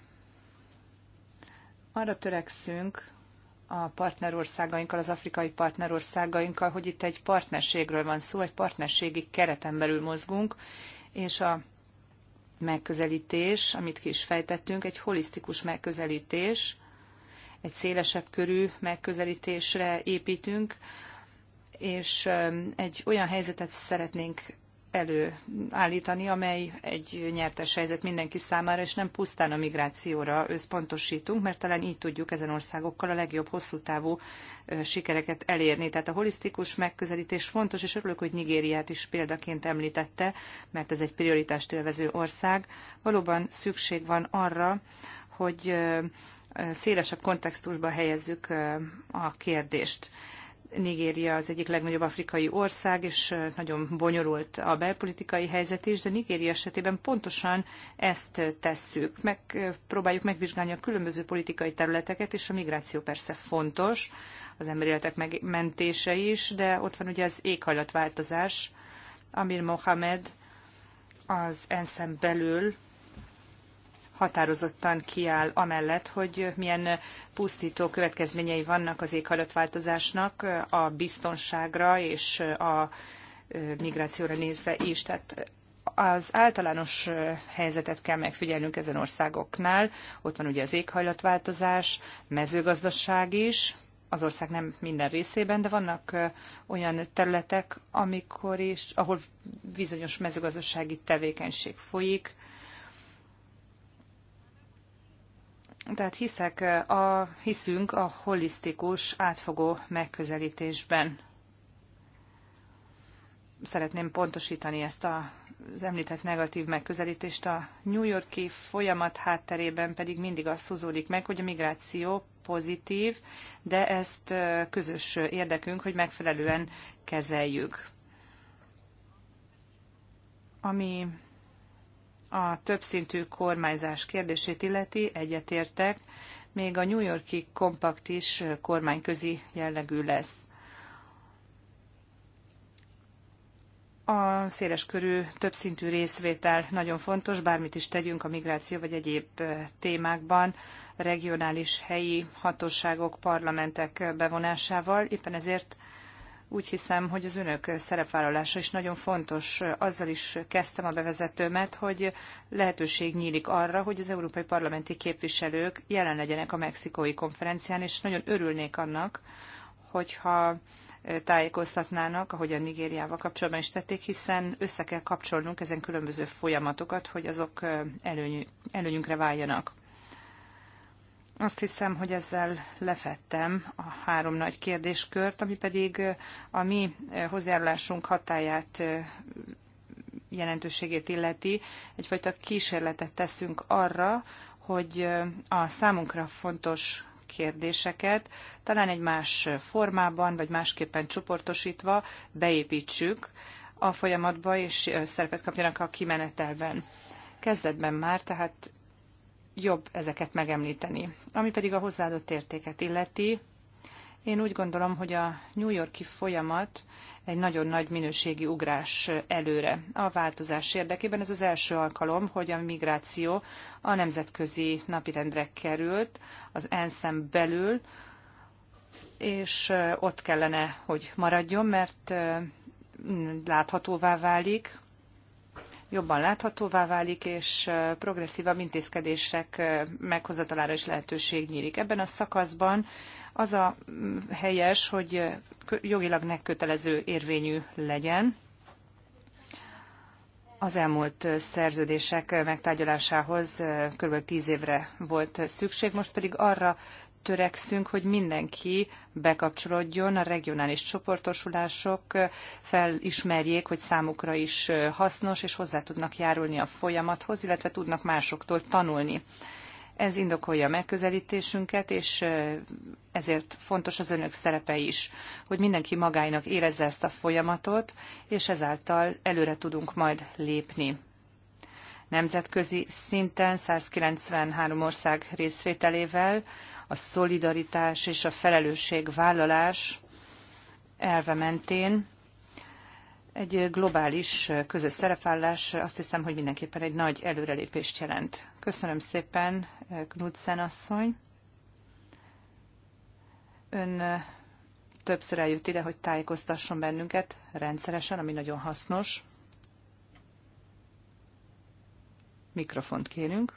arra törekszünk a partnerországainkkal, az afrikai partnerországainkkal, hogy itt egy partnerségről van szó, egy partnerségi kereten belül mozgunk, és a megközelítés, amit ki is fejtettünk, egy holisztikus megközelítés, egy szélesebb körű megközelítésre építünk, és egy olyan helyzetet szeretnénk előállítani, amely egy nyertes helyzet mindenki számára, és nem pusztán a migrációra összpontosítunk, mert talán így tudjuk ezen országokkal a legjobb hosszú távú sikereket elérni. Tehát a holisztikus megközelítés fontos, és örülök, hogy Nigériát is példaként említette, mert ez egy prioritást élvező ország. Valóban szükség van arra, hogy szélesebb kontextusba helyezzük a kérdést. Nigéria az egyik legnagyobb afrikai ország, és nagyon bonyolult a belpolitikai helyzet is, de Nigéria esetében pontosan ezt tesszük. Megpróbáljuk megvizsgálni a különböző politikai területeket, és a migráció persze fontos, az emberi életek megmentése is, de ott van ugye az éghajlatváltozás. Amir Mohamed az ensz belül határozottan kiáll amellett, hogy milyen pusztító következményei vannak az éghajlatváltozásnak a biztonságra és a migrációra nézve is. Tehát az általános helyzetet kell megfigyelnünk ezen országoknál. Ott van ugye az éghajlatváltozás, mezőgazdaság is, az ország nem minden részében, de vannak olyan területek, amikor is, ahol bizonyos mezőgazdasági tevékenység folyik, Tehát hiszek, a, hiszünk a holisztikus, átfogó megközelítésben. Szeretném pontosítani ezt a, az említett negatív megközelítést. A New Yorki folyamat hátterében pedig mindig az húzódik meg, hogy a migráció pozitív, de ezt közös érdekünk, hogy megfelelően kezeljük. Ami a többszintű kormányzás kérdését illeti, egyetértek, még a New Yorki kompakt is kormányközi jellegű lesz. A széleskörű többszintű részvétel nagyon fontos, bármit is tegyünk a migráció vagy egyéb témákban, regionális, helyi hatóságok, parlamentek bevonásával. Éppen ezért úgy hiszem, hogy az önök szerepvállalása is nagyon fontos. Azzal is kezdtem a bevezetőmet, hogy lehetőség nyílik arra, hogy az európai parlamenti képviselők jelen legyenek a mexikói konferencián, és nagyon örülnék annak, hogyha eh, tájékoztatnának, ahogy a Nigériával kapcsolatban is tették, hiszen össze kell kapcsolnunk ezen különböző folyamatokat, hogy azok eh, előny, előnyünkre váljanak. Azt hiszem, hogy ezzel lefettem a három nagy kérdéskört, ami pedig a mi eh, hozzájárulásunk hatáját eh, jelentőségét illeti. Egyfajta kísérletet teszünk arra, hogy eh, a számunkra fontos kérdéseket talán egy más formában, vagy másképpen csoportosítva beépítsük a folyamatba, és szerepet kapjanak a kimenetelben. Kezdetben már, tehát jobb ezeket megemlíteni. Ami pedig a hozzáadott értéket illeti, én úgy gondolom, hogy a New Yorki folyamat egy nagyon nagy minőségi ugrás előre a változás érdekében. Ez az első alkalom, hogy a migráció a nemzetközi napirendre került, az ensz belül, és ott kellene, hogy maradjon, mert láthatóvá válik, jobban láthatóvá válik, és progresszívabb intézkedések meghozatalára is lehetőség nyílik. Ebben a szakaszban az a mm, helyes, hogy jogilag megkötelező érvényű legyen, az elmúlt szerződések megtárgyalásához kb. 10 évre volt szükség, most pedig arra törekszünk, hogy mindenki bekapcsolódjon, a regionális csoportosulások felismerjék, hogy számukra is hasznos, és hozzá tudnak járulni a folyamathoz, illetve tudnak másoktól tanulni. Ez indokolja a megközelítésünket, és ezért fontos az önök szerepe is, hogy mindenki magáinak érezze ezt a folyamatot, és ezáltal előre tudunk majd lépni nemzetközi szinten 193 ország részvételével a szolidaritás és a felelősségvállalás elve mentén egy globális közös szerepállás azt hiszem, hogy mindenképpen egy nagy előrelépést jelent. Köszönöm szépen, Knudsen asszony. Ön többször eljött ide, hogy tájékoztasson bennünket rendszeresen, ami nagyon hasznos. Mikrofont kérünk.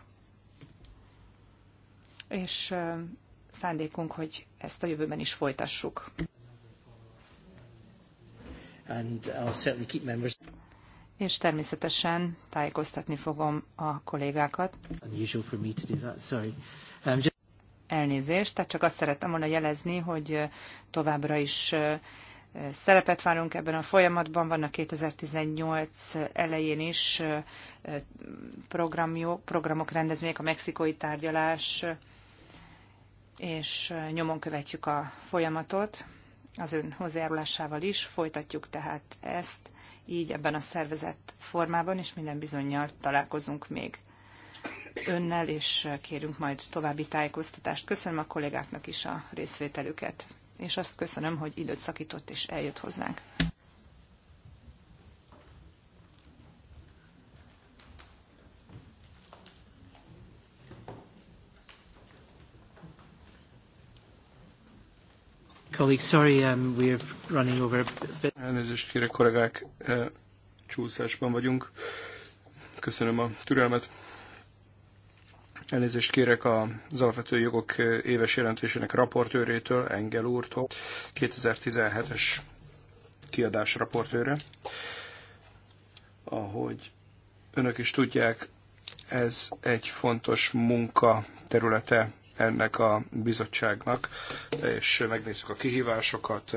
És szándékunk, hogy ezt a jövőben is folytassuk. És természetesen tájékoztatni fogom a kollégákat. Um, Elnézést, tehát csak azt szerettem volna jelezni, hogy továbbra is szerepet várunk ebben a folyamatban. Vannak 2018 elején is programok, rendezvények, a mexikói tárgyalás, és nyomon követjük a folyamatot az ön hozzájárulásával is. Folytatjuk tehát ezt így ebben a szervezett formában, és minden bizonyal találkozunk még önnel, és kérünk majd további tájékoztatást. Köszönöm a kollégáknak is a részvételüket és azt köszönöm, hogy időt szakított és eljött hozzánk. Colleagues, sorry, um, we're running over. Elnézést kérek, kollégák, eh, csúszásban vagyunk. Köszönöm a türelmet. Elnézést kérek az alapvető jogok éves jelentésének raportőrétől, Engel úrtól, 2017-es kiadás raportőre. Ahogy önök is tudják, ez egy fontos munka területe ennek a bizottságnak, és megnézzük a kihívásokat,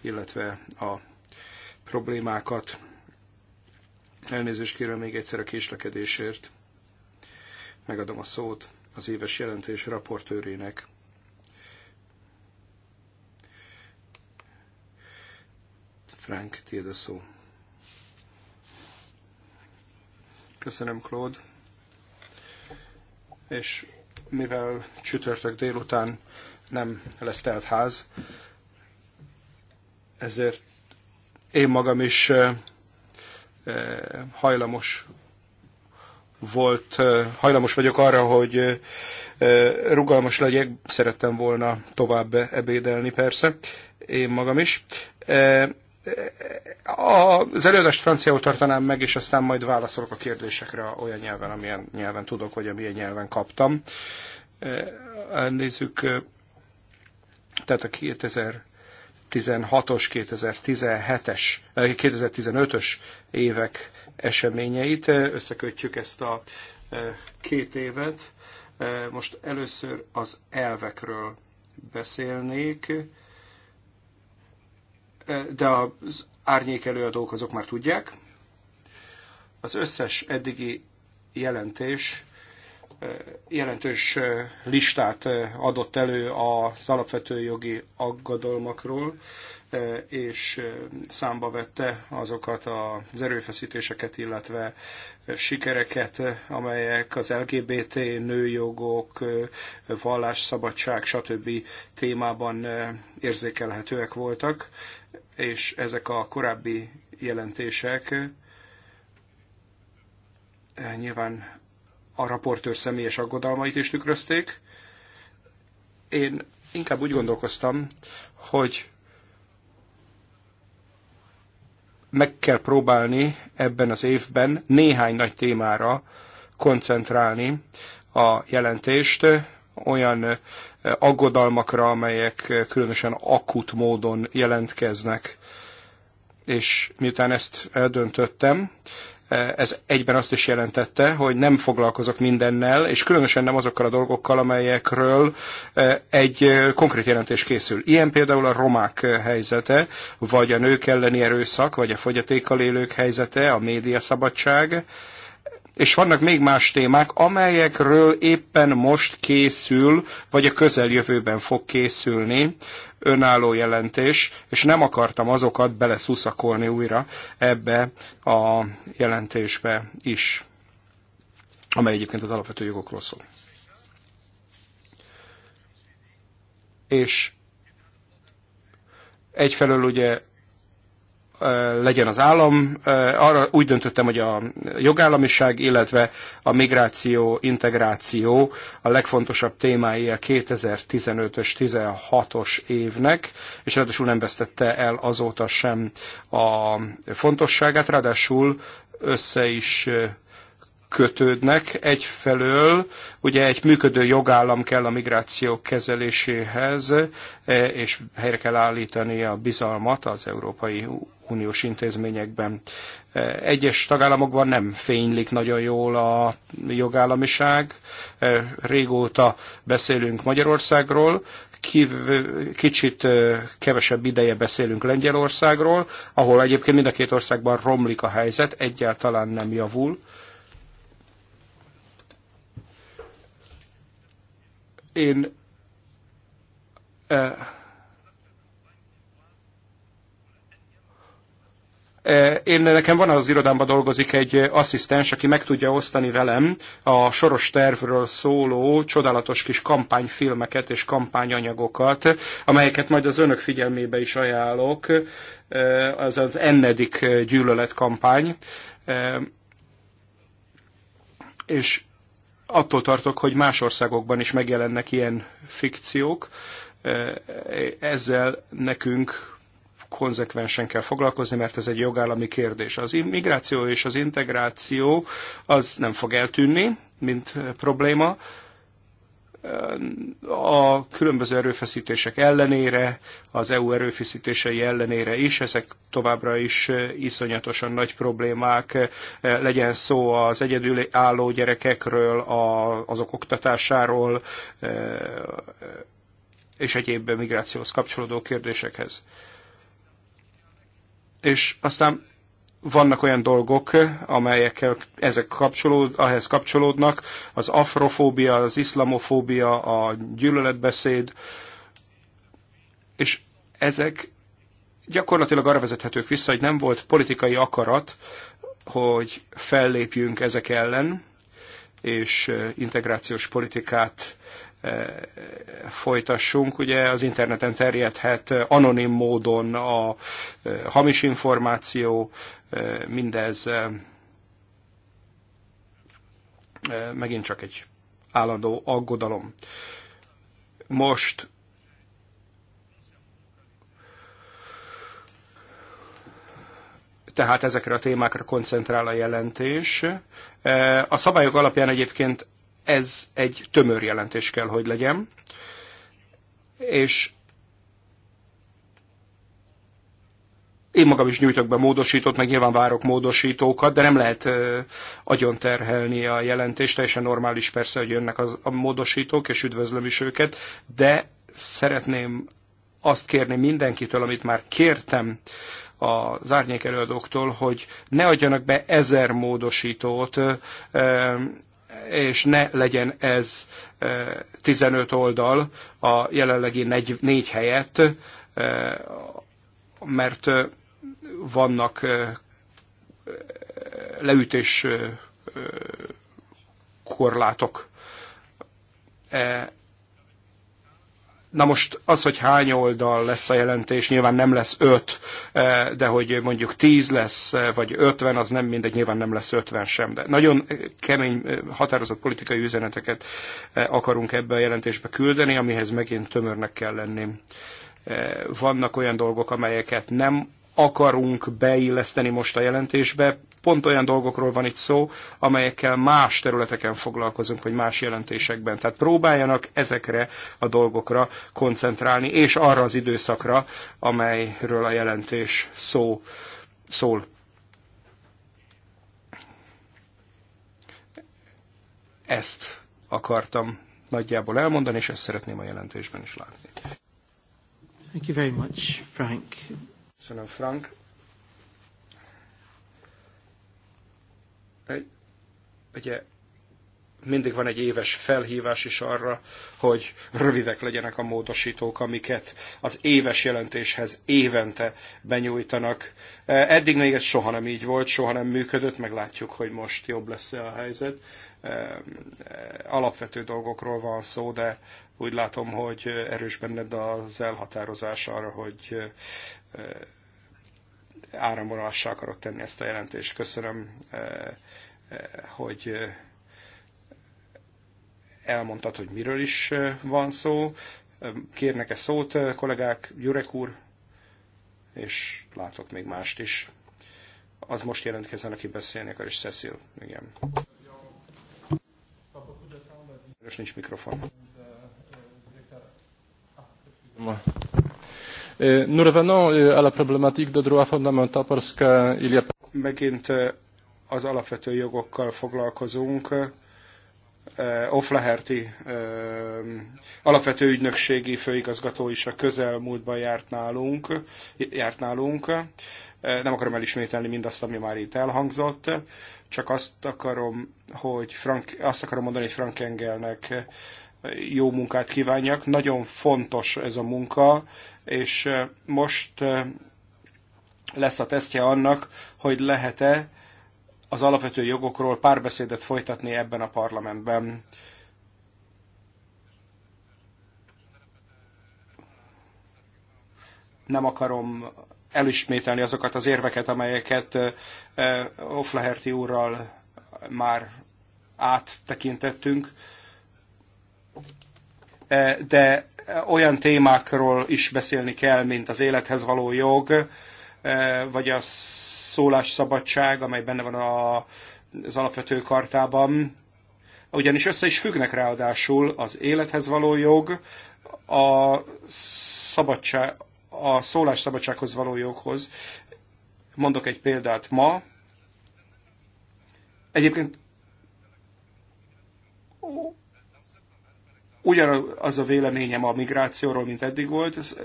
illetve a problémákat. Elnézést kérem még egyszer a késlekedésért megadom a szót az éves jelentés raportőrének. Frank, tiéd a szó. Köszönöm, Claude. És mivel csütörtök délután nem lesz telt ház, ezért én magam is eh, eh, hajlamos volt, hajlamos vagyok arra, hogy rugalmas legyek, szerettem volna tovább ebédelni persze, én magam is. Az előadást franciául tartanám meg, és aztán majd válaszolok a kérdésekre olyan nyelven, amilyen nyelven tudok, vagy amilyen nyelven kaptam. Nézzük, tehát a 2000 2016-os, 2017-es, 2015-ös évek eseményeit. Összekötjük ezt a e, két évet. E, most először az elvekről beszélnék, e, de az árnyék előadók azok már tudják. Az összes eddigi jelentés jelentős listát adott elő az alapvető jogi aggodalmakról, és számba vette azokat az erőfeszítéseket, illetve sikereket, amelyek az LGBT nőjogok, vallásszabadság, stb. témában érzékelhetőek voltak, és ezek a korábbi jelentések nyilván a raportőr személyes aggodalmait is tükrözték. Én inkább úgy gondolkoztam, hogy meg kell próbálni ebben az évben néhány nagy témára koncentrálni a jelentést, olyan aggodalmakra, amelyek különösen akut módon jelentkeznek. És miután ezt eldöntöttem, ez egyben azt is jelentette, hogy nem foglalkozok mindennel, és különösen nem azokkal a dolgokkal, amelyekről eh, egy eh, konkrét jelentés készül. Ilyen például a romák eh, helyzete, vagy a nők elleni erőszak, vagy a fogyatékkal élők helyzete, a médiaszabadság, és vannak még más témák, amelyekről éppen most készül, vagy a közeljövőben fog készülni önálló jelentés, és nem akartam azokat beleszuszakolni újra ebbe a jelentésbe is, amely egyébként az alapvető jogokról szól. És egyfelől ugye legyen az állam. Arra úgy döntöttem, hogy a jogállamiság, illetve a migráció, integráció a legfontosabb témái a 2015-ös, 16-os évnek, és ráadásul nem vesztette el azóta sem a fontosságát, ráadásul össze is kötődnek. Egyfelől ugye egy működő jogállam kell a migráció kezeléséhez, és helyre kell állítani a bizalmat az Európai uniós intézményekben. E, egyes tagállamokban nem fénylik nagyon jól a jogállamiság. E, régóta beszélünk Magyarországról, kicsit e, kevesebb ideje beszélünk Lengyelországról, ahol egyébként mind a két országban romlik a helyzet, egyáltalán nem javul. Én Eh, én nekem van az irodámban dolgozik egy eh, asszisztens, aki meg tudja osztani velem a soros tervről szóló csodálatos kis kampányfilmeket és kampányanyagokat, amelyeket majd az önök figyelmébe is ajánlok. Az eh, az ennedik gyűlöletkampány. És attól tartok, hogy más országokban is megjelennek ilyen fikciók. Ezzel nekünk konzekvensen kell foglalkozni, mert ez egy jogállami kérdés. Az immigráció és az integráció az nem fog eltűnni, mint eh, probléma. A különböző erőfeszítések ellenére, az EU erőfeszítései ellenére is, ezek továbbra is eh, iszonyatosan nagy problémák, eh, legyen szó az egyedül álló gyerekekről, azok oktatásáról, és egyéb migrációhoz kapcsolódó kérdésekhez. És aztán vannak olyan dolgok, amelyek ezek kapcsolód, ahhez kapcsolódnak, az afrofóbia, az iszlamofóbia, a gyűlöletbeszéd, és ezek gyakorlatilag arra vezethetők vissza, hogy nem volt politikai akarat, hogy fellépjünk ezek ellen, és eh, integrációs politikát Eh, folytassunk. Ugye az interneten terjedhet eh, anonim módon a eh, hamis információ, mindez megint csak egy állandó aggodalom. Most tehát ezekre a témákra koncentrál a jelentés. A szabályok alapján egyébként ez egy tömör jelentés kell, hogy legyen, és én magam is nyújtok be módosítót, meg nyilván várok módosítókat, de nem lehet agyon terhelni a jelentést, teljesen normális persze, hogy jönnek az, a módosítók, és üdvözlöm is őket, de szeretném azt kérni mindenkitől, amit már kértem az árnyék előadóktól, hogy ne adjanak be ezer módosítót, és ne legyen ez 15 eh, oldal a jelenlegi négy négy helyett, eh, mert eh, vannak leütés korlátok. Na most az, hogy hány oldal lesz a jelentés, nyilván nem lesz öt, eh, de hogy mondjuk tíz lesz, eh, vagy ötven, az nem mindegy, nyilván nem lesz ötven sem. De nagyon eh, kemény, határozott politikai üzeneteket akarunk ebbe a jelentésbe küldeni, amihez megint tömörnek kell lenni. Vannak olyan dolgok, amelyeket nem akarunk beilleszteni most a jelentésbe. Pont olyan dolgokról van itt szó, amelyekkel más területeken foglalkozunk, vagy más jelentésekben. Tehát próbáljanak ezekre a dolgokra koncentrálni, és arra az időszakra, amelyről a jelentés szó, szól. Ezt akartam nagyjából elmondani, és ezt szeretném a jelentésben is látni. Thank you very much, Frank. Köszönöm, Frank. ugye mindig van egy éves felhívás is arra, hogy rövidek legyenek a módosítók, amiket az éves jelentéshez évente benyújtanak. Eddig még ez soha nem így volt, soha nem működött, meglátjuk, hogy most jobb lesz -e a helyzet alapvető dolgokról van szó, de úgy látom, hogy erős benned az elhatározás arra, hogy áramolással akarod tenni ezt a jelentést. Köszönöm, hogy elmondtad, hogy miről is van szó. Kérnek-e szót kollégák, Jurek úr, és látok még mást is. Az most jelentkezzen, aki beszélni akar, és Cecil, igen. Sajnos nincs mikrofon. E, nous revenons e, à la problématique de droit fondamental parce y a... Megint e, az alapvető jogokkal foglalkozunk Eh, O'Flaherty eh, alapvető ügynökségi főigazgató is a közelmúltban járt nálunk, járt nálunk. Eh, nem akarom elismételni mindazt, ami már itt elhangzott, csak azt akarom, hogy Frank, azt akarom mondani, hogy Frank Engelnek jó munkát kívánjak. Nagyon fontos ez a munka, és most lesz a tesztje annak, hogy lehet-e az alapvető jogokról párbeszédet folytatni ebben a parlamentben. Nem akarom elismételni azokat az érveket, amelyeket Oflaherty úrral már áttekintettünk, de olyan témákról is beszélni kell, mint az élethez való jog, E, vagy a szólásszabadság, amely benne van a, az alapvető kartában, ugyanis össze is függnek ráadásul az élethez való jog, a, szabadság, a szólásszabadsághoz való joghoz. Mondok egy példát ma. Egyébként ugyanaz a véleményem a migrációról, mint eddig volt. Ez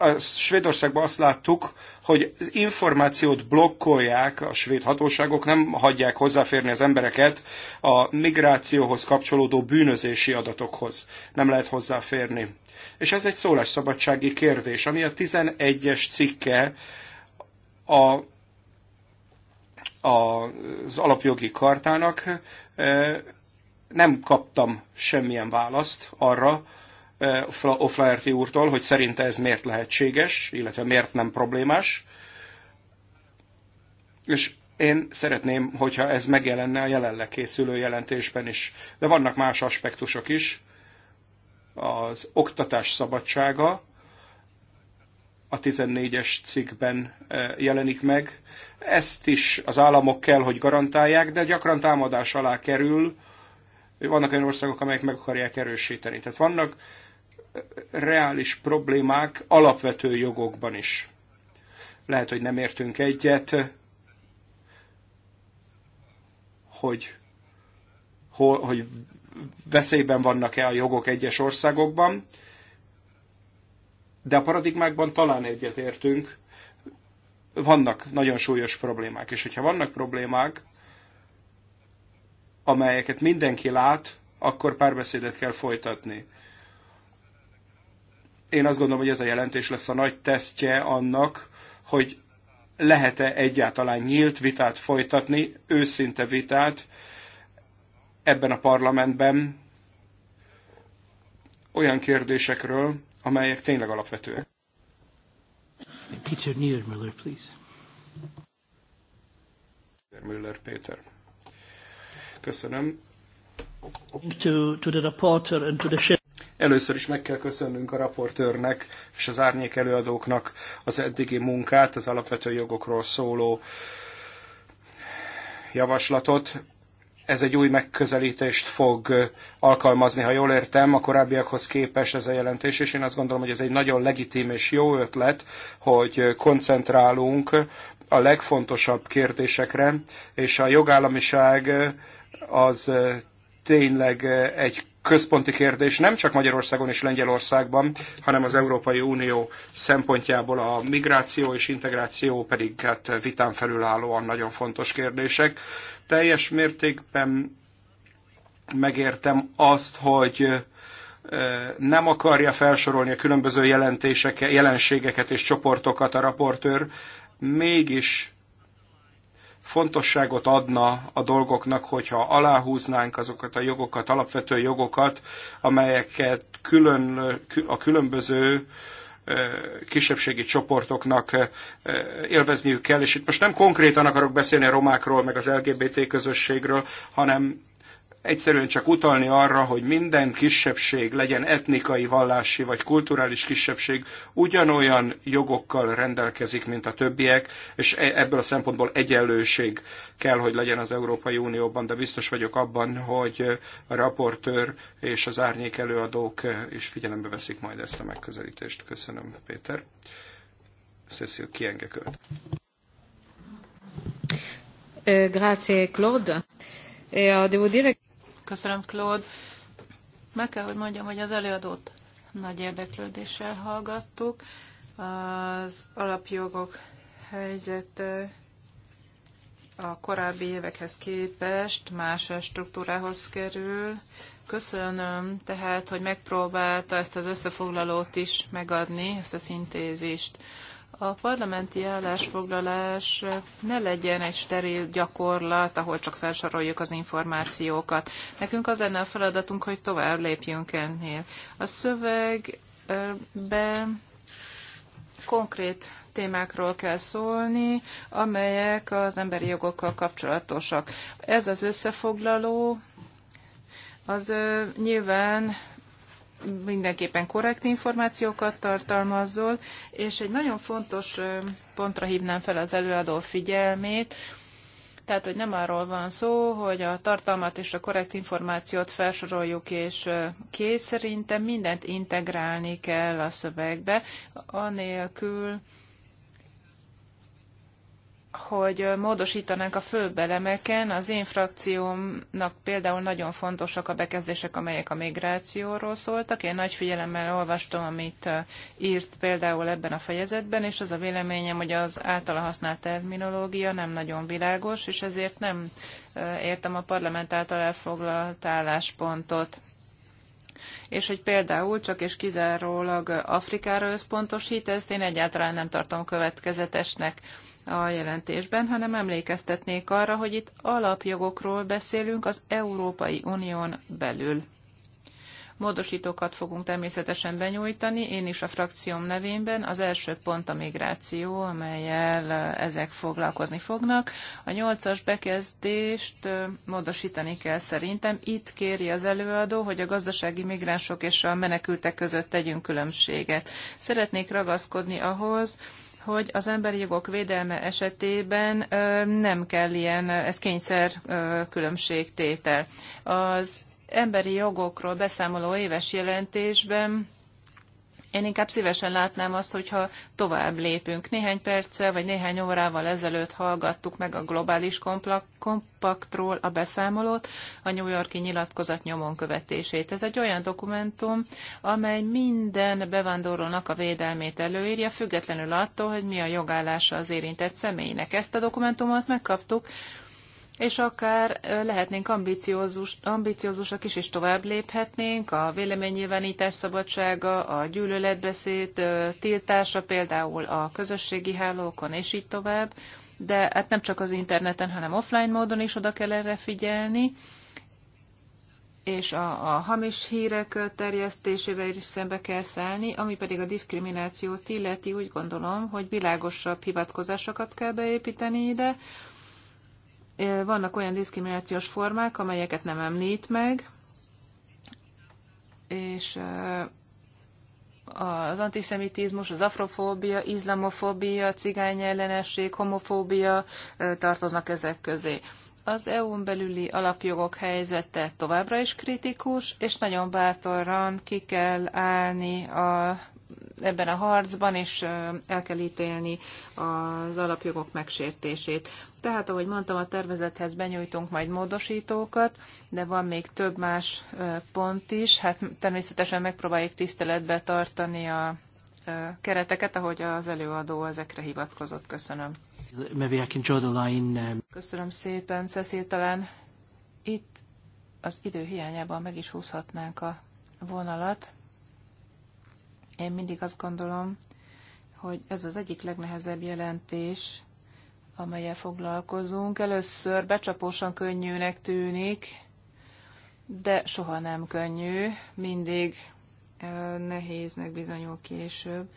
a Svédországban azt láttuk, hogy az információt blokkolják a svéd hatóságok, nem hagyják hozzáférni az embereket a migrációhoz kapcsolódó bűnözési adatokhoz. Nem lehet hozzáférni. És ez egy szólásszabadsági kérdés, ami a 11-es cikke a, a, az alapjogi kartának. E, nem kaptam semmilyen választ arra, Oflaherty úrtól, hogy szerinte ez miért lehetséges, illetve miért nem problémás. És én szeretném, hogyha ez megjelenne a jelenleg készülő jelentésben is. De vannak más aspektusok is. Az oktatás szabadsága a 14-es cikkben e, jelenik meg. Ezt is az államok kell, hogy garantálják, de gyakran támadás alá kerül. Vannak olyan országok, amelyek meg akarják erősíteni. Tehát vannak reális problémák alapvető jogokban is. Lehet, hogy nem értünk egyet, hogy, hol, hogy veszélyben vannak-e a jogok egyes országokban, de a paradigmákban talán értünk. vannak nagyon súlyos problémák, és hogyha vannak problémák, amelyeket mindenki lát, akkor párbeszédet kell folytatni én azt gondolom, hogy ez a jelentés lesz a nagy tesztje annak, hogy lehet-e egyáltalán nyílt vitát folytatni, őszinte vitát ebben a parlamentben olyan kérdésekről, amelyek tényleg alapvetőek. Peter Niedermüller, please. Müller Peter. Köszönöm. To, to the reporter and to the Először is meg kell köszönnünk a raportőrnek és az árnyék előadóknak az eddigi munkát, az alapvető jogokról szóló javaslatot ez egy új megközelítést fog alkalmazni, ha jól értem, a korábbiakhoz képest ez a jelentés, és én azt gondolom, hogy ez egy nagyon legitim és jó ötlet, hogy koncentrálunk a legfontosabb kérdésekre, és a jogállamiság az tényleg egy központi kérdés nem csak Magyarországon és Lengyelországban, hanem az Európai Unió szempontjából a migráció és integráció pedig hát vitán felülállóan nagyon fontos kérdések. Teljes mértékben megértem azt, hogy nem akarja felsorolni a különböző jelentéseket, jelenségeket és csoportokat a raportőr, mégis fontosságot adna a dolgoknak, hogyha aláhúznánk azokat a jogokat, alapvető jogokat, amelyeket külön, a különböző kisebbségi csoportoknak élvezniük kell, és itt most nem konkrétan akarok beszélni a romákról, meg az LGBT közösségről, hanem egyszerűen csak utalni arra, hogy minden kisebbség, legyen etnikai, vallási vagy kulturális kisebbség, ugyanolyan jogokkal rendelkezik, mint a többiek, és e- ebből a szempontból egyenlőség kell, hogy legyen az Európai Unióban, de biztos vagyok abban, hogy a raportőr és az árnyék előadók is figyelembe veszik majd ezt a megközelítést. Köszönöm, Péter. Cecil Kienge követ. Grazie, Claude. E, devo dire... Köszönöm, Claude. Meg kell, hogy mondjam, hogy az előadót nagy érdeklődéssel hallgattuk. Az alapjogok helyzete a korábbi évekhez képest más struktúrához kerül. Köszönöm tehát, hogy megpróbálta ezt az összefoglalót is megadni, ezt a szintézist a parlamenti állásfoglalás ne legyen egy steril gyakorlat, ahol csak felsoroljuk az információkat. Nekünk az lenne a feladatunk, hogy tovább lépjünk ennél. A szövegben konkrét témákról kell szólni, amelyek az emberi jogokkal kapcsolatosak. Ez az összefoglaló, az nyilván mindenképpen korrekt információkat tartalmazzol, és egy nagyon fontos pontra hívnám fel az előadó figyelmét, tehát, hogy nem arról van szó, hogy a tartalmat és a korrekt információt felsoroljuk, és kész szerintem mindent integrálni kell a szövegbe, anélkül, hogy módosítanánk a elemeken. Az én frakciómnak például nagyon fontosak a bekezdések, amelyek a migrációról szóltak. Én nagy figyelemmel olvastam, amit írt például ebben a fejezetben, és az a véleményem, hogy az általa használt terminológia nem nagyon világos, és ezért nem értem a parlament által elfoglalt álláspontot és hogy például csak és kizárólag Afrikára összpontosít, ezt én egyáltalán nem tartom következetesnek a jelentésben, hanem emlékeztetnék arra, hogy itt alapjogokról beszélünk az Európai Unión belül. Módosítókat fogunk természetesen benyújtani, én is a frakcióm nevénben. Az első pont a migráció, amelyel ezek foglalkozni fognak. A nyolcas bekezdést módosítani kell szerintem. Itt kéri az előadó, hogy a gazdasági migránsok és a menekültek között tegyünk különbséget. Szeretnék ragaszkodni ahhoz, hogy az emberi jogok védelme esetében nem kell ilyen, ez kényszer különbségtétel. Az emberi jogokról beszámoló éves jelentésben én inkább szívesen látnám azt, hogyha tovább lépünk. Néhány perccel vagy néhány órával ezelőtt hallgattuk meg a globális kompaktról a beszámolót, a New Yorki nyilatkozat nyomon követését. Ez egy olyan dokumentum, amely minden bevándorlónak a védelmét előírja, függetlenül attól, hogy mi a jogállása az érintett személynek. Ezt a dokumentumot megkaptuk, és akár lehetnénk ambiciózus, ambiciózusak is, és tovább léphetnénk. A véleménynyilvánítás szabadsága, a gyűlöletbeszéd tiltása például a közösségi hálókon, és így tovább. De hát nem csak az interneten, hanem offline módon is oda kell erre figyelni és a, a hamis hírek terjesztésével is szembe kell szállni, ami pedig a diszkriminációt illeti, úgy gondolom, hogy világosabb hivatkozásokat kell beépíteni ide, vannak olyan diszkriminációs formák, amelyeket nem említ meg, és az antiszemitizmus, az afrofóbia, izlamofóbia, cigány ellenesség, homofóbia tartoznak ezek közé. Az EU-n belüli alapjogok helyzete továbbra is kritikus, és nagyon bátoran ki kell állni a ebben a harcban, és el kell ítélni az alapjogok megsértését. Tehát, ahogy mondtam, a tervezethez benyújtunk majd módosítókat, de van még több más pont is. Hát természetesen megpróbáljuk tiszteletbe tartani a kereteket, ahogy az előadó ezekre hivatkozott. Köszönöm. Um, Köszönöm szépen, Cecil, talán itt az idő hiányában meg is húzhatnánk a vonalat. Én mindig azt gondolom, hogy ez az egyik legnehezebb jelentés, amelyel foglalkozunk. Először becsapósan könnyűnek tűnik, de soha nem könnyű, mindig nehéznek bizonyul később.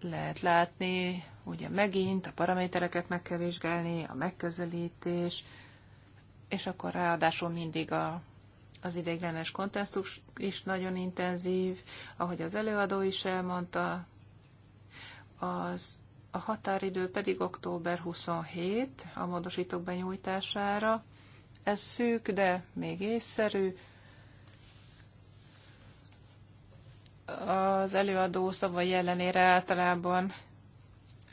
Lehet látni, ugye megint a paramétereket meg kell vizsgálni, a megközelítés, és akkor ráadásul mindig a az ideiglenes kontextus is nagyon intenzív, ahogy az előadó is elmondta, az, a határidő pedig október 27 a módosítók benyújtására. Ez szűk, de még észszerű. Az előadó szavai ellenére általában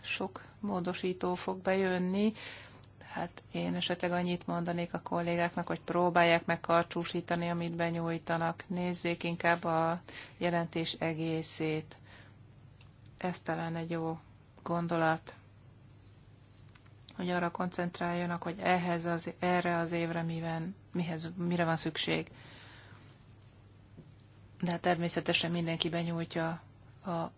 sok módosító fog bejönni, Hát én esetleg annyit mondanék a kollégáknak, hogy próbálják meg karcsúsítani, amit benyújtanak. Nézzék inkább a jelentés egészét. Ez talán egy jó gondolat, hogy arra koncentráljanak, hogy ehhez az, erre az évre miben, mihez, mire van szükség. De hát természetesen mindenki benyújtja a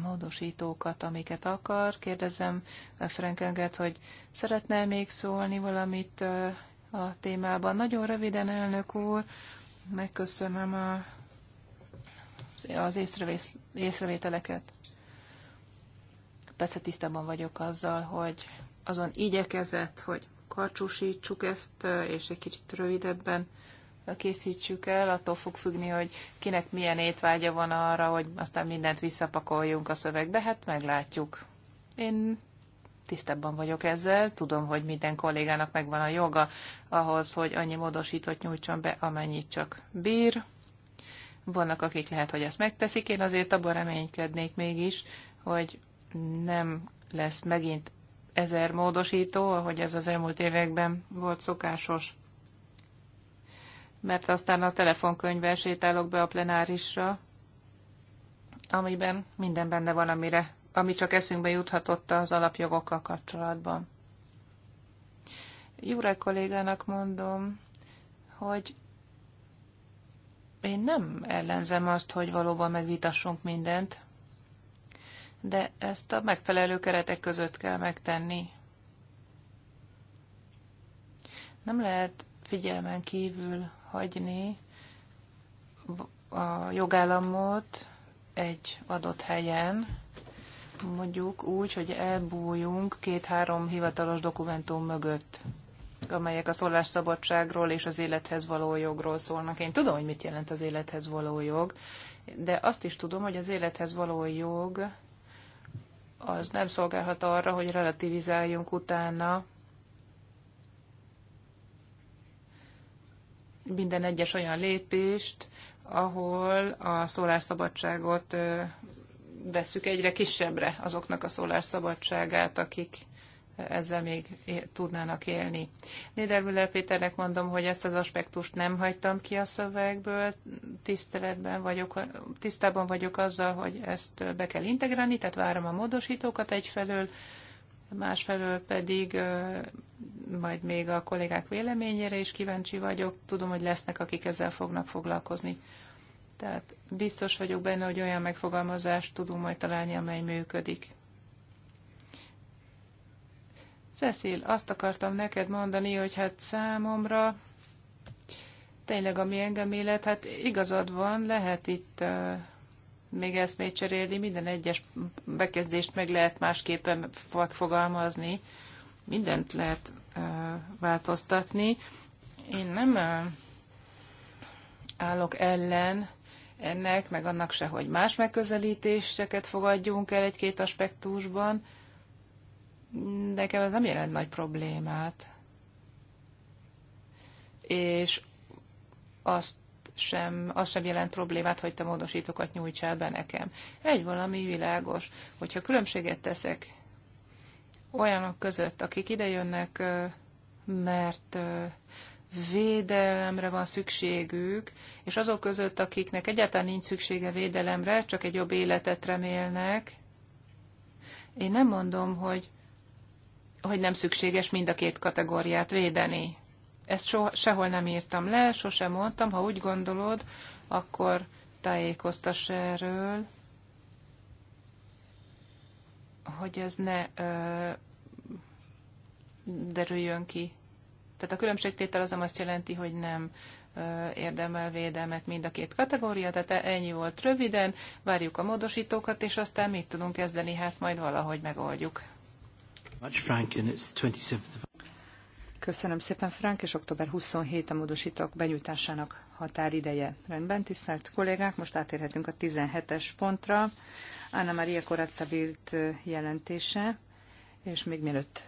módosítókat, amiket akar. Kérdezem eh, Frankenget, hogy szeretne még szólni valamit eh, a témában. Nagyon röviden, elnök úr, megköszönöm a, az észrevételeket. Persze tisztában vagyok azzal, hogy azon igyekezett, hogy karcsúsítsuk ezt, eh, és egy kicsit rövidebben készítsük el, attól fog függni, hogy kinek milyen étvágya van arra, hogy aztán mindent visszapakoljunk a szövegbe, hát meglátjuk. Én tisztában vagyok ezzel, tudom, hogy minden kollégának megvan a joga ahhoz, hogy annyi módosítót nyújtson be, amennyit csak bír. Vannak, akik lehet, hogy ezt megteszik, én azért abban reménykednék mégis, hogy nem lesz megint ezer módosító, ahogy ez az elmúlt években volt szokásos mert aztán a telefonkönyvvel sétálok be a plenárisra, amiben minden benne van, amire, ami csak eszünkbe juthatott az alapjogokkal kapcsolatban. Jure kollégának mondom, hogy én nem ellenzem azt, hogy valóban megvitassunk mindent, de ezt a megfelelő keretek között kell megtenni. Nem lehet figyelmen kívül hagyni a jogállamot egy adott helyen, mondjuk úgy, hogy elbújunk két-három hivatalos dokumentum mögött, amelyek a szólásszabadságról és az élethez való jogról szólnak. Én tudom, hogy mit jelent az élethez való jog, de azt is tudom, hogy az élethez való jog az nem szolgálhat arra, hogy relativizáljunk utána minden egyes olyan lépést, ahol a szólásszabadságot vesszük egyre kisebbre azoknak a szólásszabadságát, akik ezzel még tudnának élni. Néderbüller Péternek mondom, hogy ezt az aspektust nem hagytam ki a szövegből, tiszteletben vagyok, tisztában vagyok azzal, hogy ezt be kell integrálni, tehát várom a módosítókat egyfelől, másfelől pedig majd még a kollégák véleményére is kíváncsi vagyok. Tudom, hogy lesznek, akik ezzel fognak foglalkozni. Tehát biztos vagyok benne, hogy olyan megfogalmazást tudunk majd találni, amely működik. Cecil, azt akartam neked mondani, hogy hát számomra tényleg, ami engem élet, hát igazad van, lehet itt uh, még eszmét cserélni, minden egyes bekezdést meg lehet másképpen fogalmazni, mindent lehet változtatni. Én nem állok ellen ennek, meg annak se, hogy más megközelítéseket fogadjunk el egy-két aspektusban. Nekem ez nem jelent nagy problémát. És azt sem, az sem jelent problémát, hogy te módosítókat nyújtsál be nekem. Egy valami világos, hogyha különbséget teszek olyanok között, akik idejönnek, mert védelemre van szükségük, és azok között, akiknek egyáltalán nincs szüksége védelemre, csak egy jobb életet remélnek. Én nem mondom, hogy, hogy nem szükséges mind a két kategóriát védeni. Ezt soha, sehol nem írtam le, sosem mondtam. Ha úgy gondolod, akkor tájékoztass erről hogy ez ne ö, derüljön ki. Tehát a különbségtétel az nem azt jelenti, hogy nem érdemel védelmet mind a két kategória, tehát ennyi volt röviden, várjuk a módosítókat, és aztán mit tudunk kezdeni, hát majd valahogy megoldjuk. Köszönöm szépen, Frank, és október 27 a módosítók benyújtásának határideje. Rendben, tisztelt kollégák, most átérhetünk a 17-es pontra. Anna Maria Koracabilt jelentése, és még mielőtt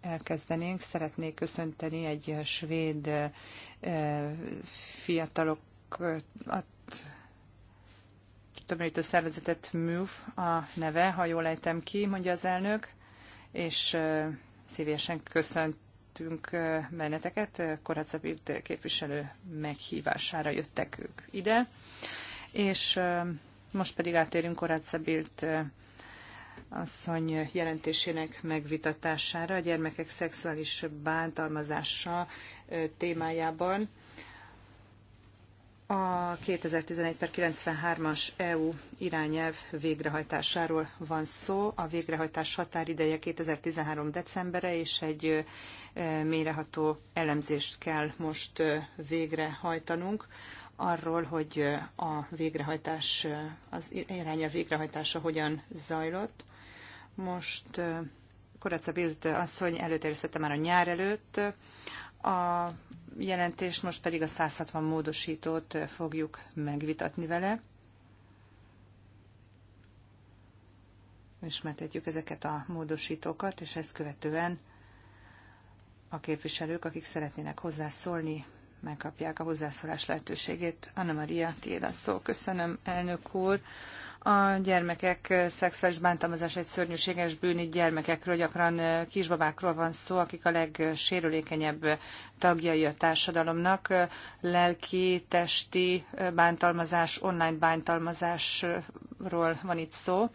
elkezdenénk, szeretnék köszönteni egy svéd fiatalokat tömörítő szervezetet MOVE a neve, ha jól ejtem ki, mondja az elnök, és szívesen köszöntünk benneteket. Koracabilt képviselő meghívására jöttek ők ide, és most pedig átérünk Korát Szabilt asszony jelentésének megvitatására a gyermekek szexuális bántalmazása témájában. A 2011 93-as EU irányelv végrehajtásáról van szó. A végrehajtás határideje 2013. decembere, és egy mélyreható elemzést kell most végrehajtanunk arról, hogy a végrehajtás, az a végrehajtása hogyan zajlott. Most Koraca Bild asszony előterjesztette már a nyár előtt, a jelentést most pedig a 160 módosítót fogjuk megvitatni vele. Ismertetjük ezeket a módosítókat, és ezt követően a képviselők, akik szeretnének hozzászólni, megkapják a hozzászólás lehetőségét. Anna Maria, tiéd a szó. Köszönöm, elnök úr. A gyermekek szexuális bántalmazás egy szörnyűséges bűn, így gyermekekről, gyakran kisbabákról van szó, akik a legsérülékenyebb tagjai a társadalomnak. Lelki, testi bántalmazás, online bántalmazásról van itt szó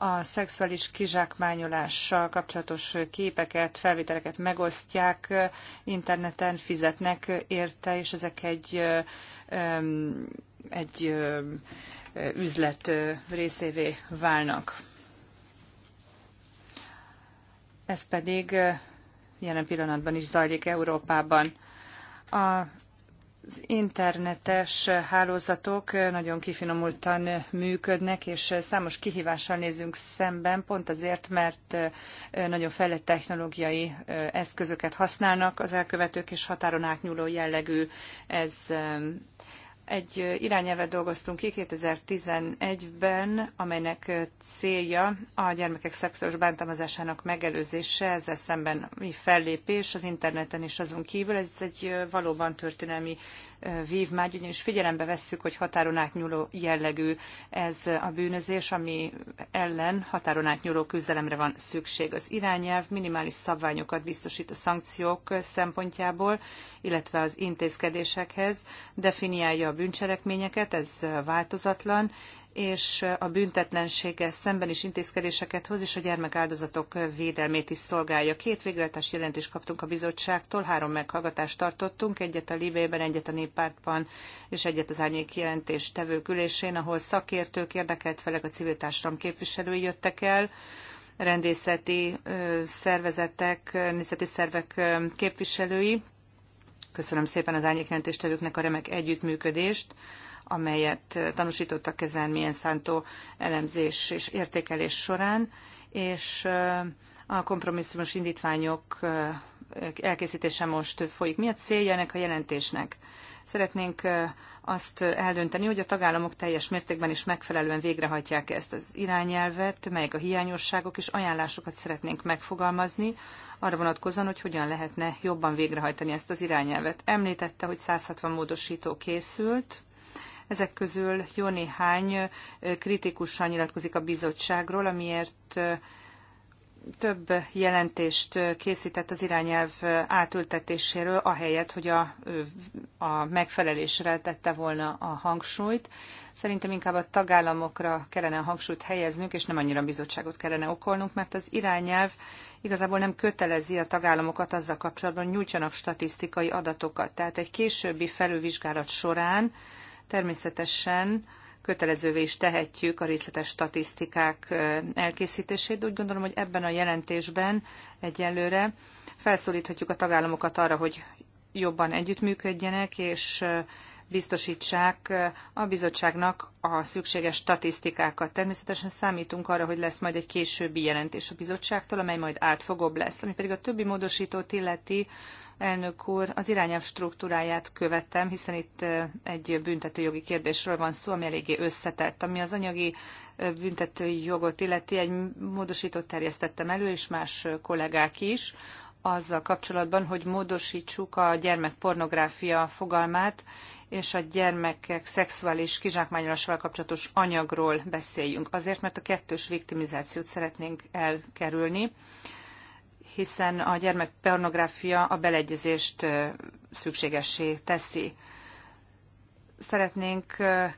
a szexuális kizsákmányolással kapcsolatos képeket, felvételeket megosztják, interneten fizetnek érte, és ezek egy, egy üzlet részévé válnak. Ez pedig eh, jelen pillanatban is zajlik Európában. A az internetes hálózatok nagyon kifinomultan működnek, és számos kihívással nézünk szemben, pont azért, mert nagyon fejlett technológiai eszközöket használnak az elkövetők, és határon átnyúló jellegű ez egy irányelvet dolgoztunk ki 2011-ben, amelynek célja a gyermekek szexuális bántalmazásának megelőzése, ezzel szemben mi fellépés az interneten és azon kívül. Ez egy valóban történelmi vívmány, ugyanis figyelembe vesszük, hogy határon átnyúló jellegű ez a bűnözés, ami ellen határon átnyúló küzdelemre van szükség. Az irányelv minimális szabványokat biztosít a szankciók szempontjából, illetve az intézkedésekhez, definiálja a bűncselekményeket, ez változatlan, és a büntetlenséggel szemben is intézkedéseket hoz, és a gyermekáldozatok védelmét is szolgálja. Két végletes jelentést kaptunk a bizottságtól, három meghallgatást tartottunk, egyet a Libében, egyet a Néppártban, és egyet az Árnyék jelentés tevőkülésén, ahol szakértők, érdekelt felek a civil társadalom képviselői jöttek el, rendészeti szervezetek, rendészeti szervek képviselői, Köszönöm szépen az árnyékjelentéstevőknek a remek együttműködést, amelyet eh, tanúsítottak ezen milyen szántó elemzés és értékelés során, és eh, a kompromisszumos indítványok eh, elkészítése most folyik. Mi a célja ennek a jelentésnek? Szeretnénk azt eldönteni, hogy a tagállamok teljes mértékben és megfelelően végrehajtják ezt az irányelvet, melyek a hiányosságok és ajánlásokat szeretnénk megfogalmazni arra vonatkozóan, hogy hogyan lehetne jobban végrehajtani ezt az irányelvet. Említette, hogy 160 módosító készült, ezek közül jó néhány kritikusan nyilatkozik a bizottságról, amiért több jelentést készített az irányelv átültetéséről, ahelyett, hogy a, a megfelelésre tette volna a hangsúlyt. Szerintem inkább a tagállamokra kellene a hangsúlyt helyeznünk, és nem annyira a bizottságot kellene okolnunk, mert az irányelv igazából nem kötelezi a tagállamokat azzal kapcsolatban, hogy nyújtsanak statisztikai adatokat. Tehát egy későbbi felülvizsgálat során természetesen kötelezővé is tehetjük a részletes statisztikák elkészítését. Úgy gondolom, hogy ebben a jelentésben egyelőre felszólíthatjuk a tagállamokat arra, hogy jobban együttműködjenek, és biztosítsák eh, a bizottságnak a szükséges statisztikákat. Természetesen számítunk arra, hogy lesz majd egy későbbi jelentés a bizottságtól, amely majd átfogóbb lesz. Ami pedig a többi módosítót illeti, elnök úr, az irányelv struktúráját követtem, hiszen itt eh, egy büntetőjogi kérdésről van szó, ami eléggé összetett. Ami az anyagi eh, büntetőjogot illeti, egy módosítót terjesztettem elő, és más kollégák is, azzal kapcsolatban, hogy módosítsuk a gyermekpornográfia fogalmát, és a gyermekek szexuális kizsákmányolásával kapcsolatos anyagról beszéljünk. Azért, mert a kettős viktimizációt szeretnénk elkerülni, hiszen a gyermekpornográfia a beleegyezést szükségessé teszi szeretnénk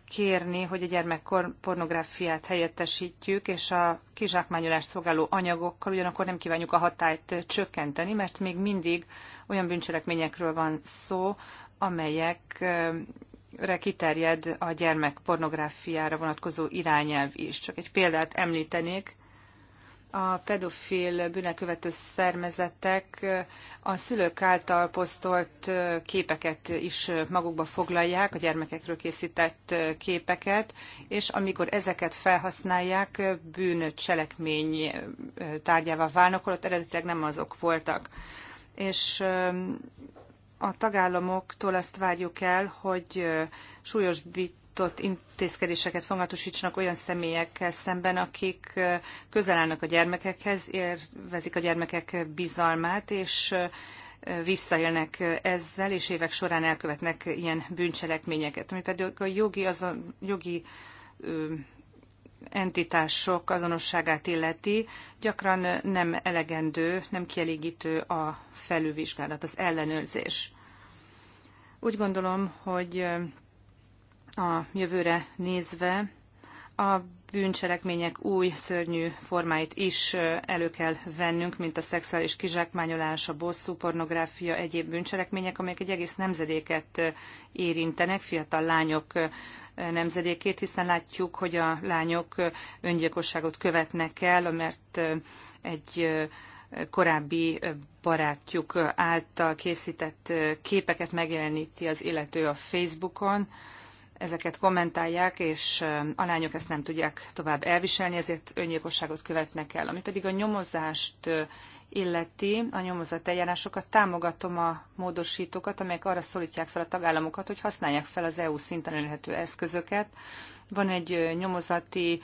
kérni, hogy a gyermekkor pornográfiát helyettesítjük, és a kizsákmányolást szolgáló anyagokkal ugyanakkor nem kívánjuk a hatályt csökkenteni, mert még mindig olyan bűncselekményekről van szó, amelyekre kiterjed a gyermek pornográfiára vonatkozó irányelv is. Csak egy példát említenék, a pedofil bűnekövető szermezetek a szülők által posztolt képeket is magukba foglalják, a gyermekekről készített képeket, és amikor ezeket felhasználják, bűncselekmény tárgyává válnak, holott eredetileg nem azok voltak. És a tagállamoktól azt várjuk el, hogy súlyos megszorított intézkedéseket foganatosítsanak olyan személyekkel szemben, akik közel állnak a gyermekekhez, érvezik a gyermekek bizalmát, és visszaélnek ezzel, és évek során elkövetnek ilyen bűncselekményeket. Ami pedig a jogi, az a jogi entitások azonosságát illeti, gyakran nem elegendő, nem kielégítő a felülvizsgálat, az ellenőrzés. Úgy gondolom, hogy a jövőre nézve a bűncselekmények új szörnyű formáit is elő kell vennünk, mint a szexuális kizsákmányolás, a bosszú pornográfia, egyéb bűncselekmények, amelyek egy egész nemzedéket érintenek, fiatal lányok nemzedékét, hiszen látjuk, hogy a lányok öngyilkosságot követnek el, mert egy korábbi barátjuk által készített képeket megjeleníti az illető a Facebookon, ezeket kommentálják, és a lányok ezt nem tudják tovább elviselni, ezért öngyilkosságot követnek el. Ami pedig a nyomozást illeti, a nyomozat eljárásokat támogatom a módosítókat, amelyek arra szólítják fel a tagállamokat, hogy használják fel az EU szinten elérhető eszközöket van egy nyomozati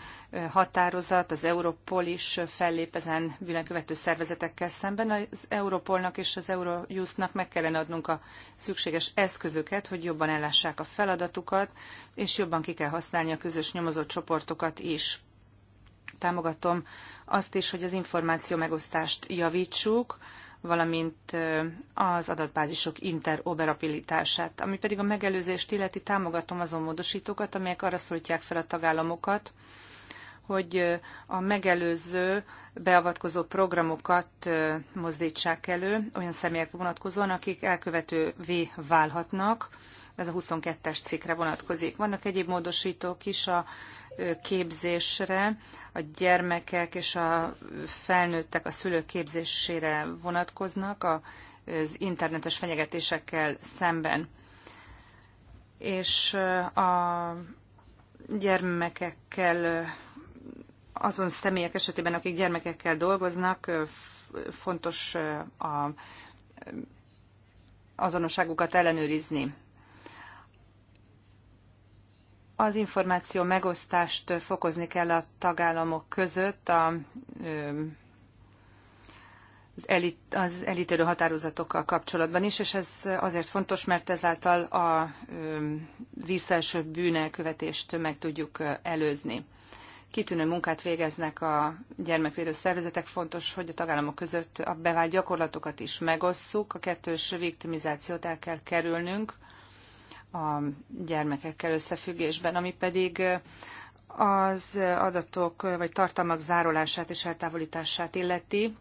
határozat, az Europol is fellép ezen bűnökövető szervezetekkel szemben. Az Europolnak és az Eurojustnak meg kellene adnunk a szükséges eszközöket, hogy jobban ellássák a feladatukat, és jobban ki kell használni a közös nyomozott csoportokat is. Támogatom azt is, hogy az információ megosztást javítsuk, valamint az adatbázisok interoperabilitását. Ami pedig a megelőzést illeti, támogatom azon módosítókat, amelyek arra szólítják fel a tagállamokat, hogy a megelőző beavatkozó programokat mozdítsák elő olyan személyek vonatkozóan, akik elkövetővé válhatnak. Ez a 22-es cikkre vonatkozik. Vannak egyéb módosítók is a képzésre, a gyermekek és a felnőttek a szülők képzésére vonatkoznak az internetes fenyegetésekkel szemben. És a gyermekekkel, azon személyek esetében, akik gyermekekkel dolgoznak, fontos a azonosságukat ellenőrizni. Az információ megosztást fokozni kell a tagállamok között a, az, elit, az elítélő határozatokkal kapcsolatban is, és ez azért fontos, mert ezáltal a visszaeső bűnelkövetést meg tudjuk előzni. Kitűnő munkát végeznek a gyermekvédő szervezetek, fontos, hogy a tagállamok között a bevált gyakorlatokat is megosszuk, a kettős viktimizációt el kell kerülnünk, a gyermekekkel összefüggésben, ami pedig az adatok vagy tartalmak zárolását és eltávolítását illeti.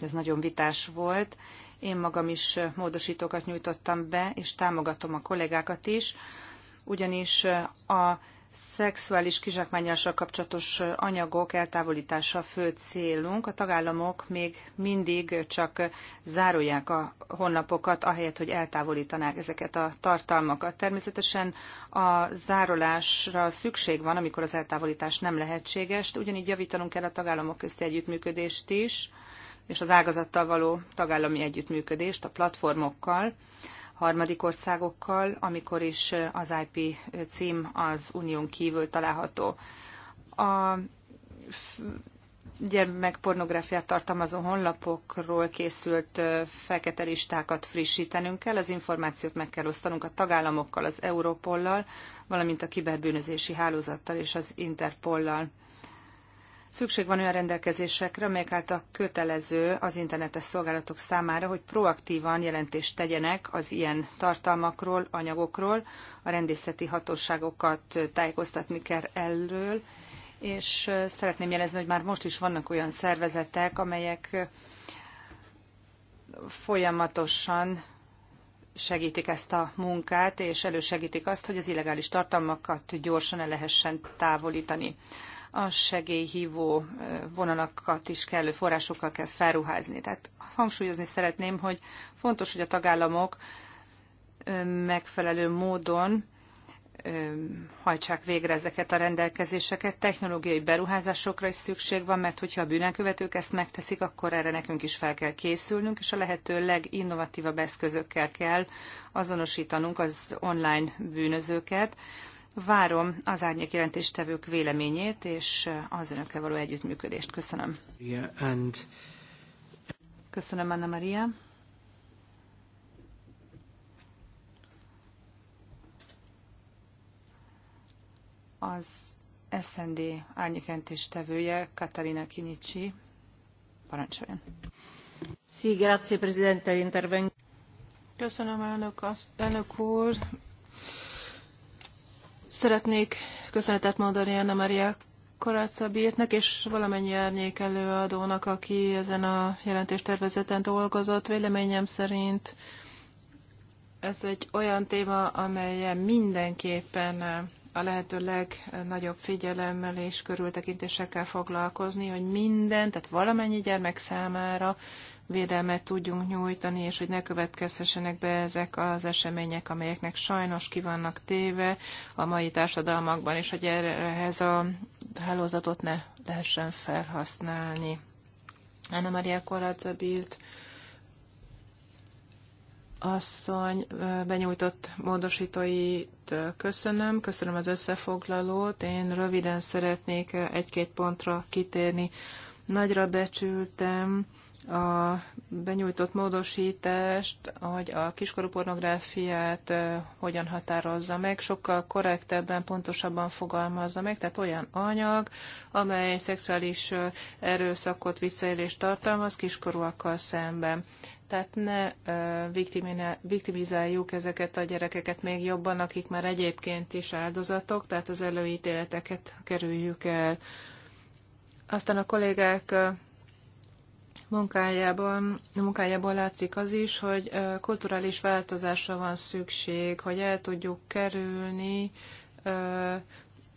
Ez nagyon vitás volt. Én magam is módosítókat nyújtottam be, és támogatom a kollégákat is, ugyanis a szexuális kizsákmányással kapcsolatos anyagok eltávolítása a fő célunk. A tagállamok még mindig csak zárulják a honlapokat, ahelyett, hogy eltávolítanák ezeket a tartalmakat. Természetesen a zárolásra szükség van, amikor az eltávolítás nem lehetséges, ugyanígy javítanunk kell a tagállamok közti együttműködést is és az ágazattal való tagállami együttműködést, a platformokkal, harmadik országokkal, amikor is az IP cím az unión kívül található. A gyermekpornográfiát tartalmazó honlapokról készült fekete listákat frissítenünk kell, az információt meg kell osztanunk a tagállamokkal, az Europollal, valamint a kiberbűnözési hálózattal és az Interpollal. Szükség van olyan rendelkezésekre, amelyek által kötelező az internetes szolgálatok számára, hogy proaktívan jelentést tegyenek az ilyen tartalmakról, anyagokról, a rendészeti hatóságokat tájékoztatni kell erről, és szeretném jelezni, hogy már most is vannak olyan szervezetek, amelyek folyamatosan segítik ezt a munkát, és elősegítik azt, hogy az illegális tartalmakat gyorsan el lehessen távolítani a segélyhívó vonalakat is kellő forrásokkal kell felruházni. Tehát hangsúlyozni szeretném, hogy fontos, hogy a tagállamok megfelelő módon hajtsák végre ezeket a rendelkezéseket. Technológiai beruházásokra is szükség van, mert hogyha a bűnelkövetők ezt megteszik, akkor erre nekünk is fel kell készülnünk, és a lehető leginnovatívabb eszközökkel kell azonosítanunk az online bűnözőket, Várom az árnyék jelentéstevők véleményét és az önökkel való együttműködést. Köszönöm. Yeah, and... Köszönöm, Anna Maria. Az SND tevője, Katalina Kinicsi. Parancsoljon. Sí, grazie, Presidente, interven... Köszönöm, elnök, azt, elnök úr. Szeretnék köszönetet mondani Anna Maria Karácsa Bírtnek és valamennyi árnyék előadónak, aki ezen a jelentéstervezeten dolgozott. Véleményem szerint ez egy olyan téma, amelyen mindenképpen a lehető legnagyobb figyelemmel és körültekintésekkel foglalkozni, hogy minden, tehát valamennyi gyermek számára védelmet tudjunk nyújtani, és hogy ne következhessenek be ezek az események, amelyeknek sajnos ki vannak téve a mai társadalmakban, és hogy ehhez a hálózatot ne lehessen felhasználni. Anna Maria Corazza asszony benyújtott módosítóit köszönöm, köszönöm az összefoglalót. Én röviden szeretnék egy-két pontra kitérni. Nagyra becsültem a benyújtott módosítást, hogy a kiskorú pornográfiát hogyan határozza meg, sokkal korrektebben, pontosabban fogalmazza meg, tehát olyan anyag, amely szexuális erőszakot, visszaélést tartalmaz kiskorúakkal szemben. Tehát ne viktimizáljuk ezeket a gyerekeket még jobban, akik már egyébként is áldozatok, tehát az előítéleteket kerüljük el. Aztán a kollégák munkájában, munkájából látszik az is, hogy kulturális változásra van szükség, hogy el tudjuk kerülni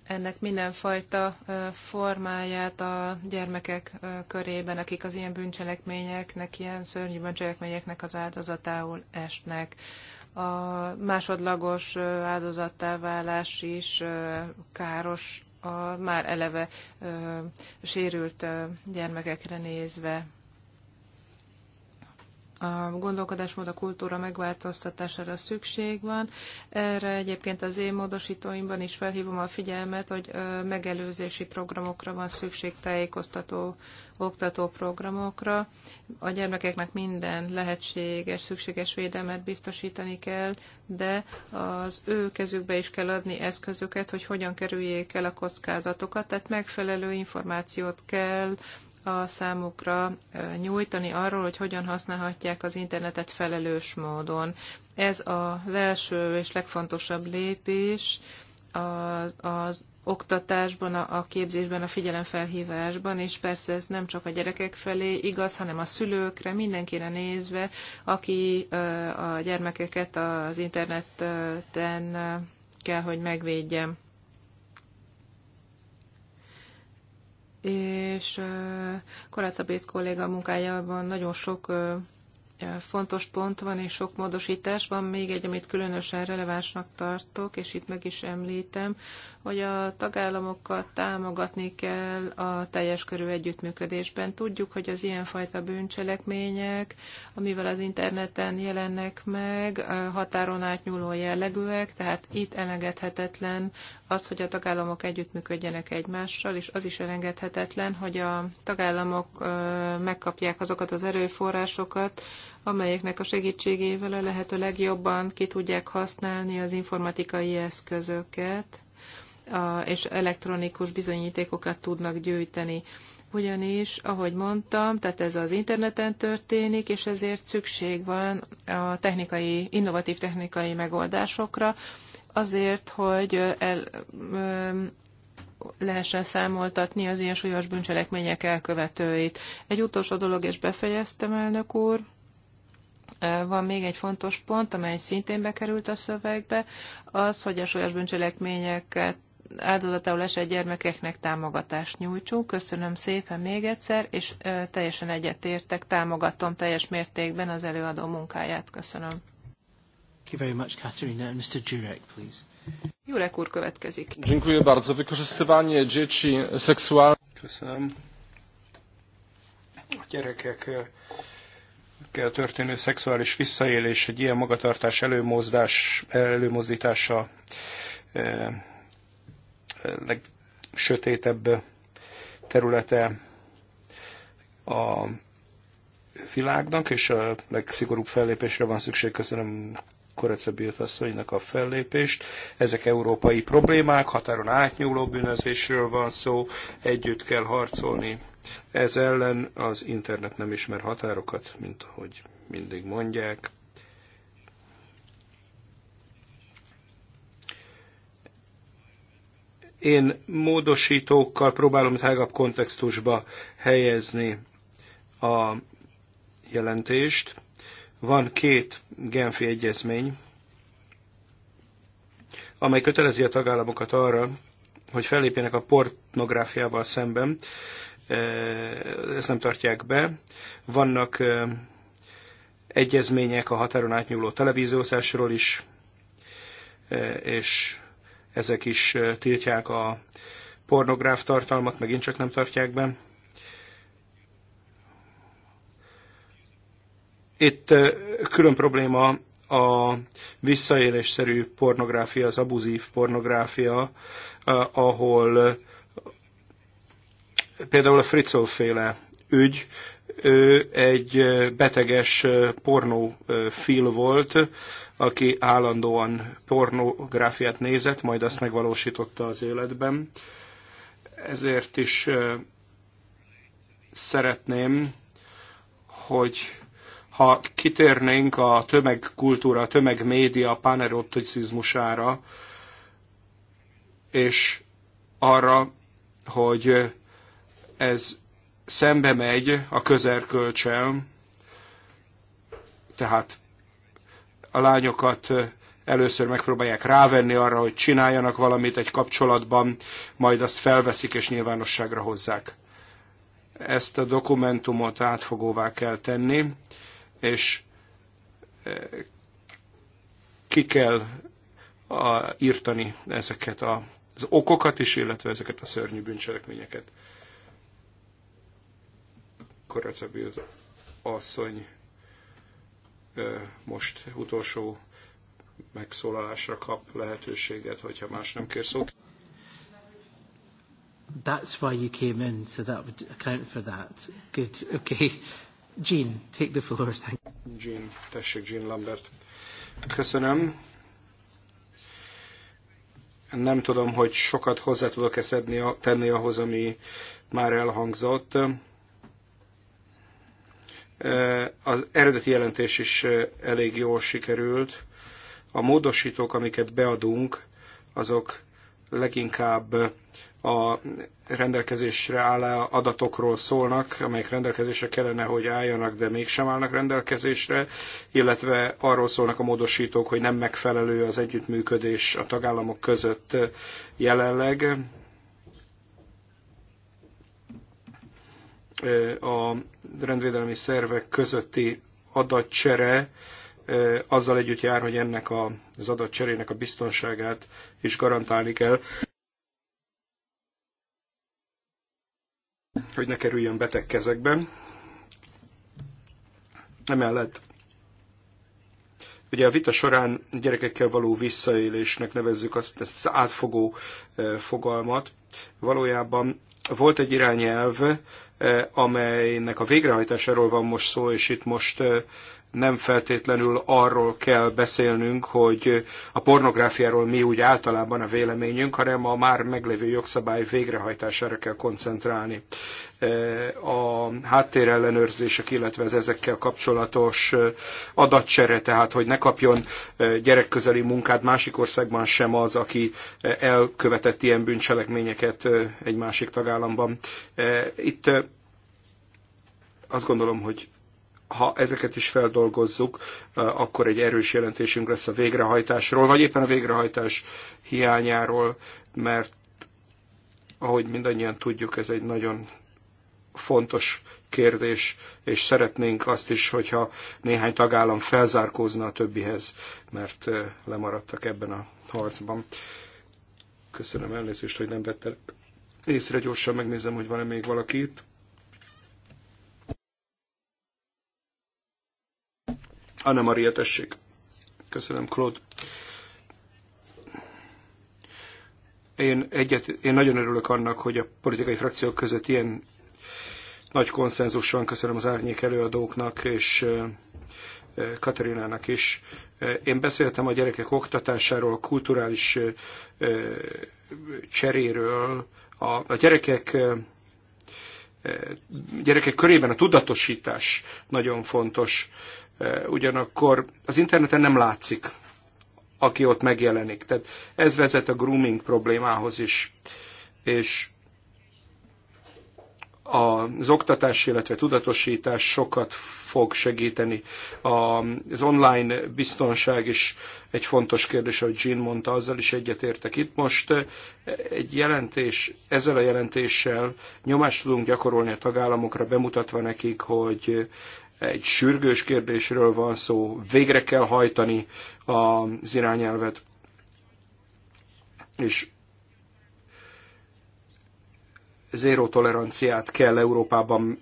ennek mindenfajta formáját a gyermekek körében, akik az ilyen bűncselekményeknek, ilyen szörnyű bűncselekményeknek az áldozatául esnek. A másodlagos áldozattá válás is káros a már eleve sérült gyermekekre nézve a gondolkodásmód, a kultúra megváltoztatására szükség van. Erre egyébként az én módosítóimban is felhívom a figyelmet, hogy megelőzési programokra van szükség, tájékoztató, oktató programokra. A gyermekeknek minden lehetséges, szükséges védelmet biztosítani kell, de az ő kezükbe is kell adni eszközöket, hogy hogyan kerüljék el a kockázatokat, tehát megfelelő információt kell a számukra nyújtani arról, hogy hogyan használhatják az internetet felelős módon. Ez az első és legfontosabb lépés az oktatásban, a képzésben, a figyelemfelhívásban, és persze ez nem csak a gyerekek felé igaz, hanem a szülőkre, mindenkire nézve, aki a gyermekeket az interneten kell, hogy megvédjem. és Karácsabét kolléga munkájában nagyon sok fontos pont van, és sok módosítás van. Még egy, amit különösen relevánsnak tartok, és itt meg is említem, hogy a tagállamokat támogatni kell a teljes körű együttműködésben. Tudjuk, hogy az ilyenfajta bűncselekmények, amivel az interneten jelennek meg, határon átnyúló jellegűek, tehát itt elengedhetetlen az, hogy a tagállamok együttműködjenek egymással, és az is elengedhetetlen, hogy a tagállamok megkapják azokat az erőforrásokat, amelyeknek a segítségével a lehető legjobban ki tudják használni az informatikai eszközöket, és elektronikus bizonyítékokat tudnak gyűjteni ugyanis, ahogy mondtam, tehát ez az interneten történik, és ezért szükség van a technikai, innovatív technikai megoldásokra, azért, hogy el, lehessen számoltatni az ilyen súlyos bűncselekmények elkövetőit. Egy utolsó dolog, és befejeztem, elnök úr. Van még egy fontos pont, amely szintén bekerült a szövegbe, az, hogy a súlyos bűncselekményeket áldozatául esett gyermekeknek támogatást nyújtsunk. Köszönöm szépen még egyszer, és teljesen egyetértek, támogatom teljes mértékben az előadó munkáját. Köszönöm. Thank you very much, Mr. Jurek, please. Jurek úr következik. Köszönöm. A gyerekek gyerekekkel történő szexuális visszaélés egy ilyen magatartás előmozdás, előmozdítása legsötétebb területe a világnak, és a legszigorúbb fellépésre van szükség. Köszönöm Korecebilt asszonynak a fellépést. Ezek európai problémák, határon átnyúló bűnözésről van szó, együtt kell harcolni. Ez ellen az internet nem ismer határokat, mint ahogy mindig mondják. Én módosítókkal próbálom tágabb kontextusba helyezni a jelentést. Van két Genfi egyezmény, amely kötelezi a tagállamokat arra, hogy fellépjenek a pornográfiával szemben. E, ezt nem tartják be. Vannak e, egyezmények a határon átnyúló televíziózásról is, e, és ezek is tiltják a pornográf tartalmat, megint csak nem tartják be. Itt külön probléma a visszaélésszerű pornográfia, az abuzív pornográfia, ahol például a Fritzl féle ügy, ő egy beteges pornófil volt, aki állandóan pornográfiát nézett, majd azt megvalósította az életben. Ezért is szeretném, hogy ha kitérnénk a tömegkultúra, a tömegmédia panerotticizmusára, és arra, hogy ez szembe megy a közerkölcsel, tehát a lányokat először megpróbálják rávenni arra, hogy csináljanak valamit egy kapcsolatban, majd azt felveszik és nyilvánosságra hozzák. Ezt a dokumentumot átfogóvá kell tenni, és ki kell a, írtani ezeket az okokat is, illetve ezeket a szörnyű bűncselekményeket. Koracabilt asszony most utolsó megszólalásra kap lehetőséget, hogyha más nem kér szót. That's why you came in, so that would account for that. Good, okay. Jean, take the floor. Thank you. Jean, tessék, Jean Lambert. Köszönöm. Nem tudom, hogy sokat hozzá tudok-e tenni ahhoz, ami már elhangzott. Az eredeti jelentés is elég jól sikerült. A módosítók, amiket beadunk, azok leginkább a rendelkezésre álló adatokról szólnak, amelyek rendelkezésre kellene, hogy álljanak, de mégsem állnak rendelkezésre, illetve arról szólnak a módosítók, hogy nem megfelelő az együttműködés a tagállamok között jelenleg. a rendvédelmi szervek közötti adatcsere azzal együtt jár, hogy ennek az adatcserének a biztonságát is garantálni kell. hogy ne kerüljön beteg kezekben. Emellett Ugye a vita során gyerekekkel való visszaélésnek nevezzük azt, ezt az átfogó fogalmat. Valójában volt egy irányelv, eh, amelynek a végrehajtásáról van most szó, és itt most eh, nem feltétlenül arról kell beszélnünk, hogy a pornográfiáról mi úgy általában a véleményünk, hanem a már meglévő jogszabály végrehajtására kell koncentrálni. E, a háttérellenőrzések, illetve az ezekkel kapcsolatos e, adatcsere, tehát hogy ne kapjon e, gyerekközeli munkát másik országban sem az, aki elkövetett ilyen bűncselekményeket egy másik tagállamban. Itt azt gondolom, hogy ha ezeket is feldolgozzuk, eh, akkor egy erős jelentésünk lesz a végrehajtásról, vagy éppen a végrehajtás hiányáról, mert ahogy mindannyian tudjuk, ez egy nagyon fontos kérdés, és szeretnénk azt is, hogyha néhány tagállam felzárkózna a többihez, mert eh, lemaradtak ebben a harcban. Köszönöm elnézést, hogy nem vettem észre, gyorsan megnézem, hogy van-e még valaki itt. Anna Maria, tessék. Köszönöm, Claude. Én, egyet, én nagyon örülök annak, hogy a politikai frakciók között ilyen nagy konszenzus van. Köszönöm az árnyék előadóknak és Katerinának is. Én beszéltem a gyerekek oktatásáról, a kulturális cseréről. A, a gyerekek gyerekek körében a tudatosítás nagyon fontos ugyanakkor az interneten nem látszik, aki ott megjelenik. Tehát ez vezet a grooming problémához is. És az oktatás, illetve tudatosítás sokat fog segíteni. Az online biztonság is egy fontos kérdés, ahogy Jean mondta, azzal is egyetértek itt. Most egy jelentés, ezzel a jelentéssel nyomást tudunk gyakorolni a tagállamokra, bemutatva nekik, hogy egy sürgős kérdésről van szó, végre kell hajtani az irányelvet, és zéró toleranciát kell Európában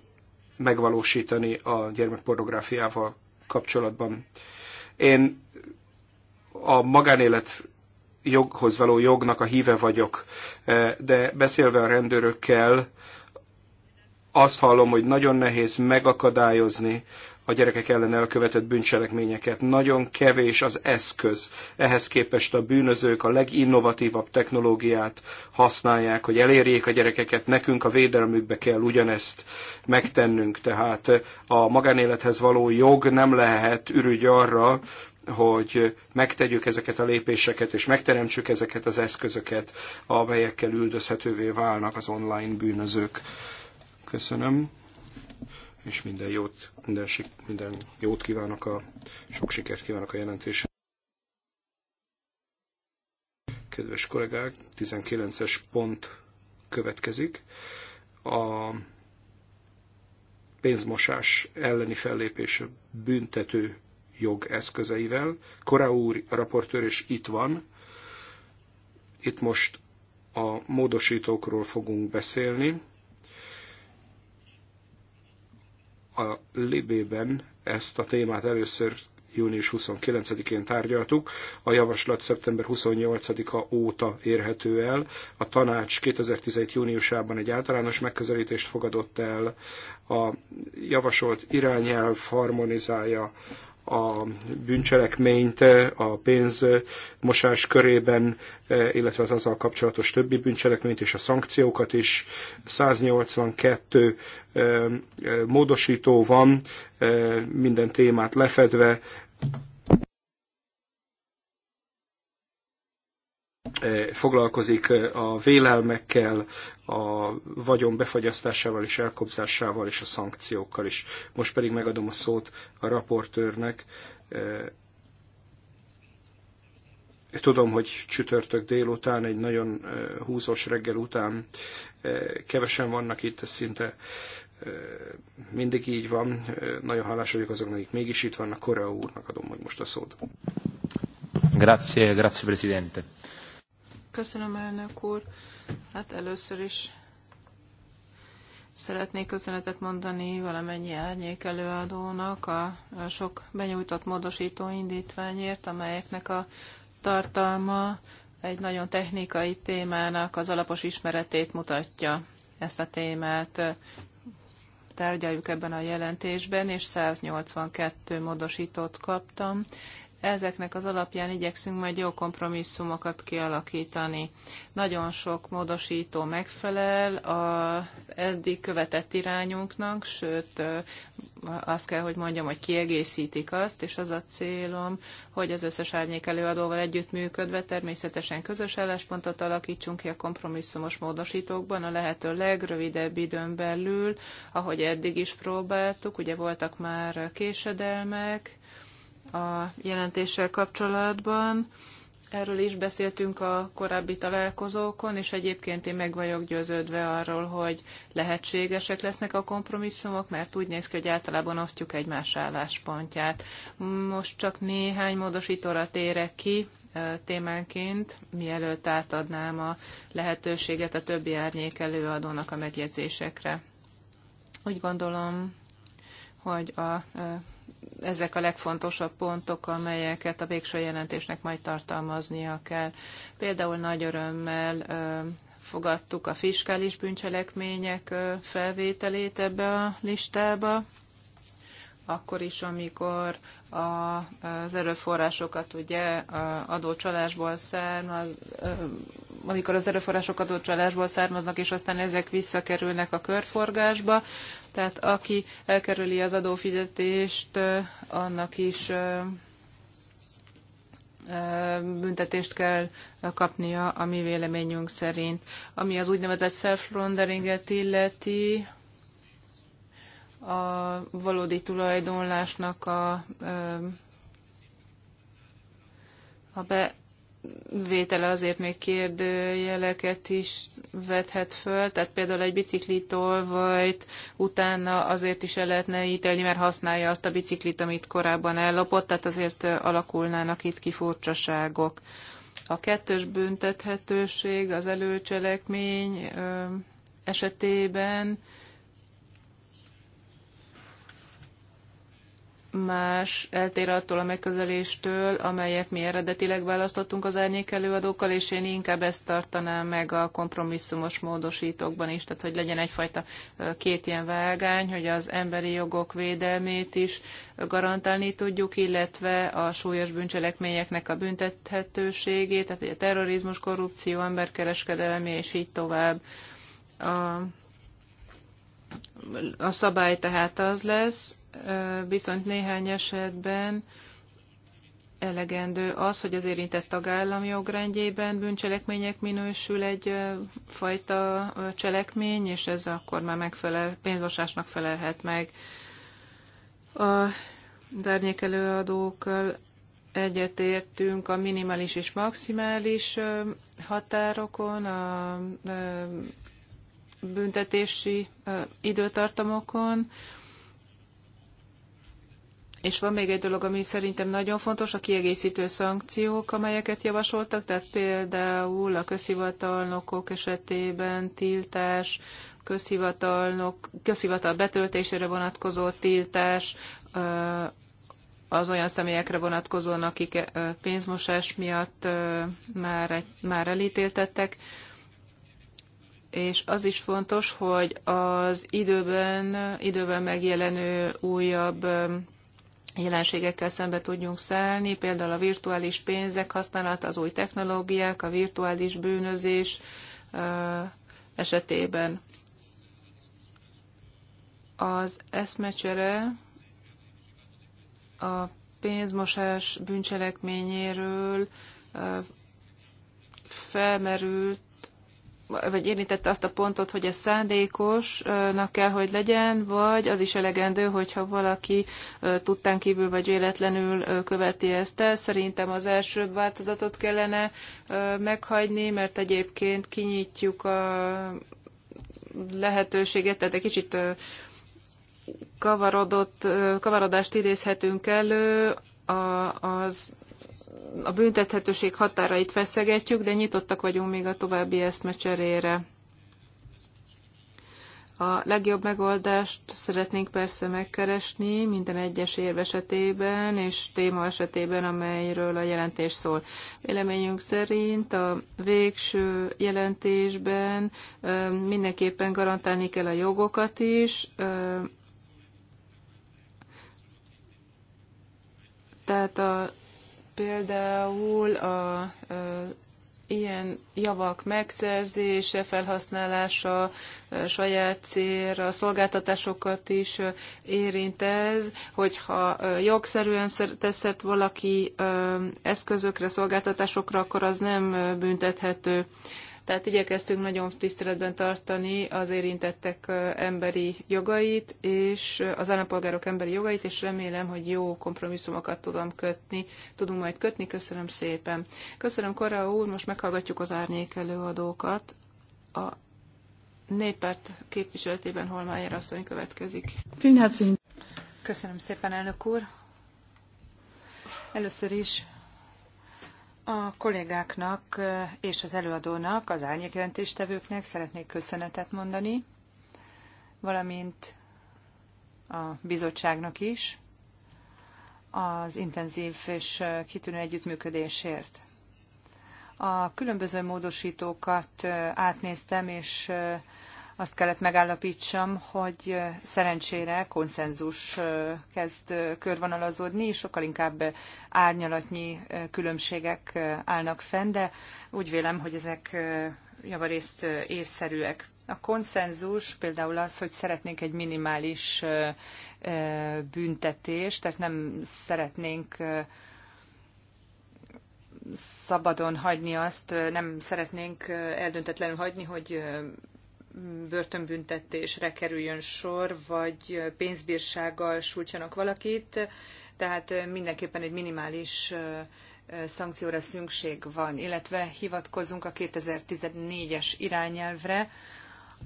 megvalósítani a gyermekpornográfiával kapcsolatban. Én a magánélet joghoz való jognak a híve vagyok, de beszélve a rendőrökkel, azt hallom, hogy nagyon nehéz megakadályozni a gyerekek ellen elkövetett bűncselekményeket. Nagyon kevés az eszköz. Ehhez képest a bűnözők a leginnovatívabb technológiát használják, hogy elérjék a gyerekeket, nekünk a védelmükbe kell ugyanezt megtennünk. Tehát a magánélethez való jog nem lehet ürügy arra, hogy megtegyük ezeket a lépéseket, és megteremtsük ezeket az eszközöket, amelyekkel üldözhetővé válnak az online bűnözők. Köszönöm, és minden jót, minden, minden jót kívánok, a, sok sikert kívánok a jelentés Kedves kollégák, 19-es pont következik. A pénzmosás elleni fellépés büntető jog eszközeivel. Kora úr, a raportőr is itt van. Itt most a módosítókról fogunk beszélni. a Libében ezt a témát először június 29-én tárgyaltuk, a javaslat szeptember 28-a óta érhető el. A tanács 2017. júniusában egy általános megközelítést fogadott el, a javasolt irányelv harmonizálja a bűncselekményt a pénzmosás körében, e, illetve az azzal kapcsolatos többi bűncselekményt és a szankciókat is. 182 e, e, módosító van, minden témát lefedve, foglalkozik a vélelmekkel, a vagyon befagyasztásával és elkobzásával és a szankciókkal is. Most pedig megadom a szót a raportőrnek. Tudom, hogy csütörtök délután, egy nagyon húzós reggel után kevesen vannak itt, ez szinte mindig így van. Nagyon hálás vagyok azoknak, akik mégis itt vannak. Korea úrnak adom meg most a szót. Grazie, grazie Presidente. Köszönöm, elnök úr. Hát először is Szeretnék köszönetet mondani valamennyi árnyék előadónak a sok benyújtott módosító indítványért, amelyeknek a tartalma egy nagyon technikai témának az alapos ismeretét mutatja. Ezt a témát tárgyaljuk ebben a jelentésben, és 182 módosítót kaptam, Ezeknek az alapján igyekszünk majd jó kompromisszumokat kialakítani. Nagyon sok módosító megfelel az eddig követett irányunknak, sőt azt kell, hogy mondjam, hogy kiegészítik azt, és az a célom, hogy az összes árnyék előadóval együttműködve természetesen közös álláspontot alakítsunk ki a kompromisszumos módosítókban a lehető legrövidebb időn belül, ahogy eddig is próbáltuk, ugye voltak már késedelmek, a jelentéssel kapcsolatban. Erről is beszéltünk a korábbi találkozókon, és egyébként én meg vagyok győződve arról, hogy lehetségesek lesznek a kompromisszumok, mert úgy néz ki, hogy általában osztjuk egymás álláspontját. Most csak néhány módosítóra térek ki témánként, mielőtt átadnám a lehetőséget a többi árnyék előadónak a megjegyzésekre. Úgy gondolom, hogy a ezek a legfontosabb pontok, amelyeket a végső jelentésnek majd tartalmaznia kell. Például nagy örömmel fogadtuk a fiskális bűncselekmények felvételét ebbe a listába akkor is, amikor a, az erőforrásokat ugye adócsalásból származ, amikor az erőforrások adócsalásból származnak, és aztán ezek visszakerülnek a körforgásba. Tehát aki elkerüli az adófizetést, annak is büntetést kell kapnia a mi véleményünk szerint. Ami az úgynevezett self-launderinget illeti, a valódi tulajdonlásnak a, a bevétele azért még kérdőjeleket is vethet föl, tehát például egy vagy utána azért is el lehetne ítelni, mert használja azt a biciklit, amit korábban ellopott, tehát azért alakulnának itt kifurcsaságok. A kettős büntethetőség, az előcselekmény esetében más, eltér attól a megközeléstől, amelyet mi eredetileg választottunk az árnyékelőadókkal, és én inkább ezt tartanám meg a kompromisszumos módosítókban is, tehát hogy legyen egyfajta két ilyen vágány, hogy az emberi jogok védelmét is garantálni tudjuk, illetve a súlyos bűncselekményeknek a büntethetőségét, tehát a terrorizmus, korrupció, emberkereskedelmi és így tovább. A, a szabály tehát az lesz, viszont néhány esetben elegendő az, hogy az érintett tagállam jogrendjében bűncselekmények minősül egy fajta cselekmény, és ez akkor már megfelel, pénzmosásnak felelhet meg. A dárnyékelőadókkal egyetértünk a minimális és maximális határokon, a büntetési időtartamokon, és van még egy dolog, ami szerintem nagyon fontos, a kiegészítő szankciók, amelyeket javasoltak, tehát például a közhivatalnokok esetében tiltás, közhivatalnok, közhivatal betöltésére vonatkozó tiltás, az olyan személyekre vonatkozóan, akik pénzmosás miatt már, már elítéltettek, és az is fontos, hogy az időben, időben megjelenő újabb jelenségekkel szembe tudjunk szállni, például a virtuális pénzek használata, az új technológiák, a virtuális bűnözés esetében. Az eszmecsere a pénzmosás bűncselekményéről felmerült vagy érintette azt a pontot, hogy ez szándékosnak kell, hogy legyen, vagy az is elegendő, hogyha valaki tudtán kívül vagy véletlenül követi ezt el. Szerintem az első változatot kellene meghagyni, mert egyébként kinyitjuk a lehetőséget, tehát egy kicsit kavarodott, kavarodást idézhetünk elő az a büntethetőség határait feszegetjük, de nyitottak vagyunk még a további eszmecserére. A legjobb megoldást szeretnénk persze megkeresni minden egyes érv esetében és téma esetében, amelyről a jelentés szól. Véleményünk szerint a végső jelentésben mindenképpen garantálni kell a jogokat is, tehát a például a, a ilyen javak megszerzése, felhasználása saját célra, szolgáltatásokat is érint ez, hogyha jogszerűen teszett valaki eszközökre, szolgáltatásokra, akkor az nem büntethető. Tehát igyekeztünk nagyon tiszteletben tartani az érintettek emberi jogait, és az állampolgárok emberi jogait, és remélem, hogy jó kompromisszumokat tudom kötni, tudunk majd kötni. Köszönöm szépen. Köszönöm, Kora úr, most meghallgatjuk az árnyék előadókat. A néppárt képviseletében Holmájer asszony következik. Köszönöm szépen, elnök úr. Először is a kollégáknak és az előadónak, az árnyékjelentéstevőknek szeretnék köszönetet mondani, valamint a bizottságnak is az intenzív és kitűnő együttműködésért. A különböző módosítókat átnéztem, és azt kellett megállapítsam, hogy szerencsére konszenzus kezd körvonalazódni, sokkal inkább árnyalatnyi különbségek állnak fenn, de úgy vélem, hogy ezek javarészt észszerűek. A konszenzus például az, hogy szeretnénk egy minimális büntetést, tehát nem szeretnénk szabadon hagyni azt, nem szeretnénk eldöntetlenül hagyni, hogy börtönbüntetésre kerüljön sor, vagy pénzbírsággal sújtsanak valakit, tehát mindenképpen egy minimális szankcióra szükség van, illetve hivatkozunk a 2014-es irányelvre,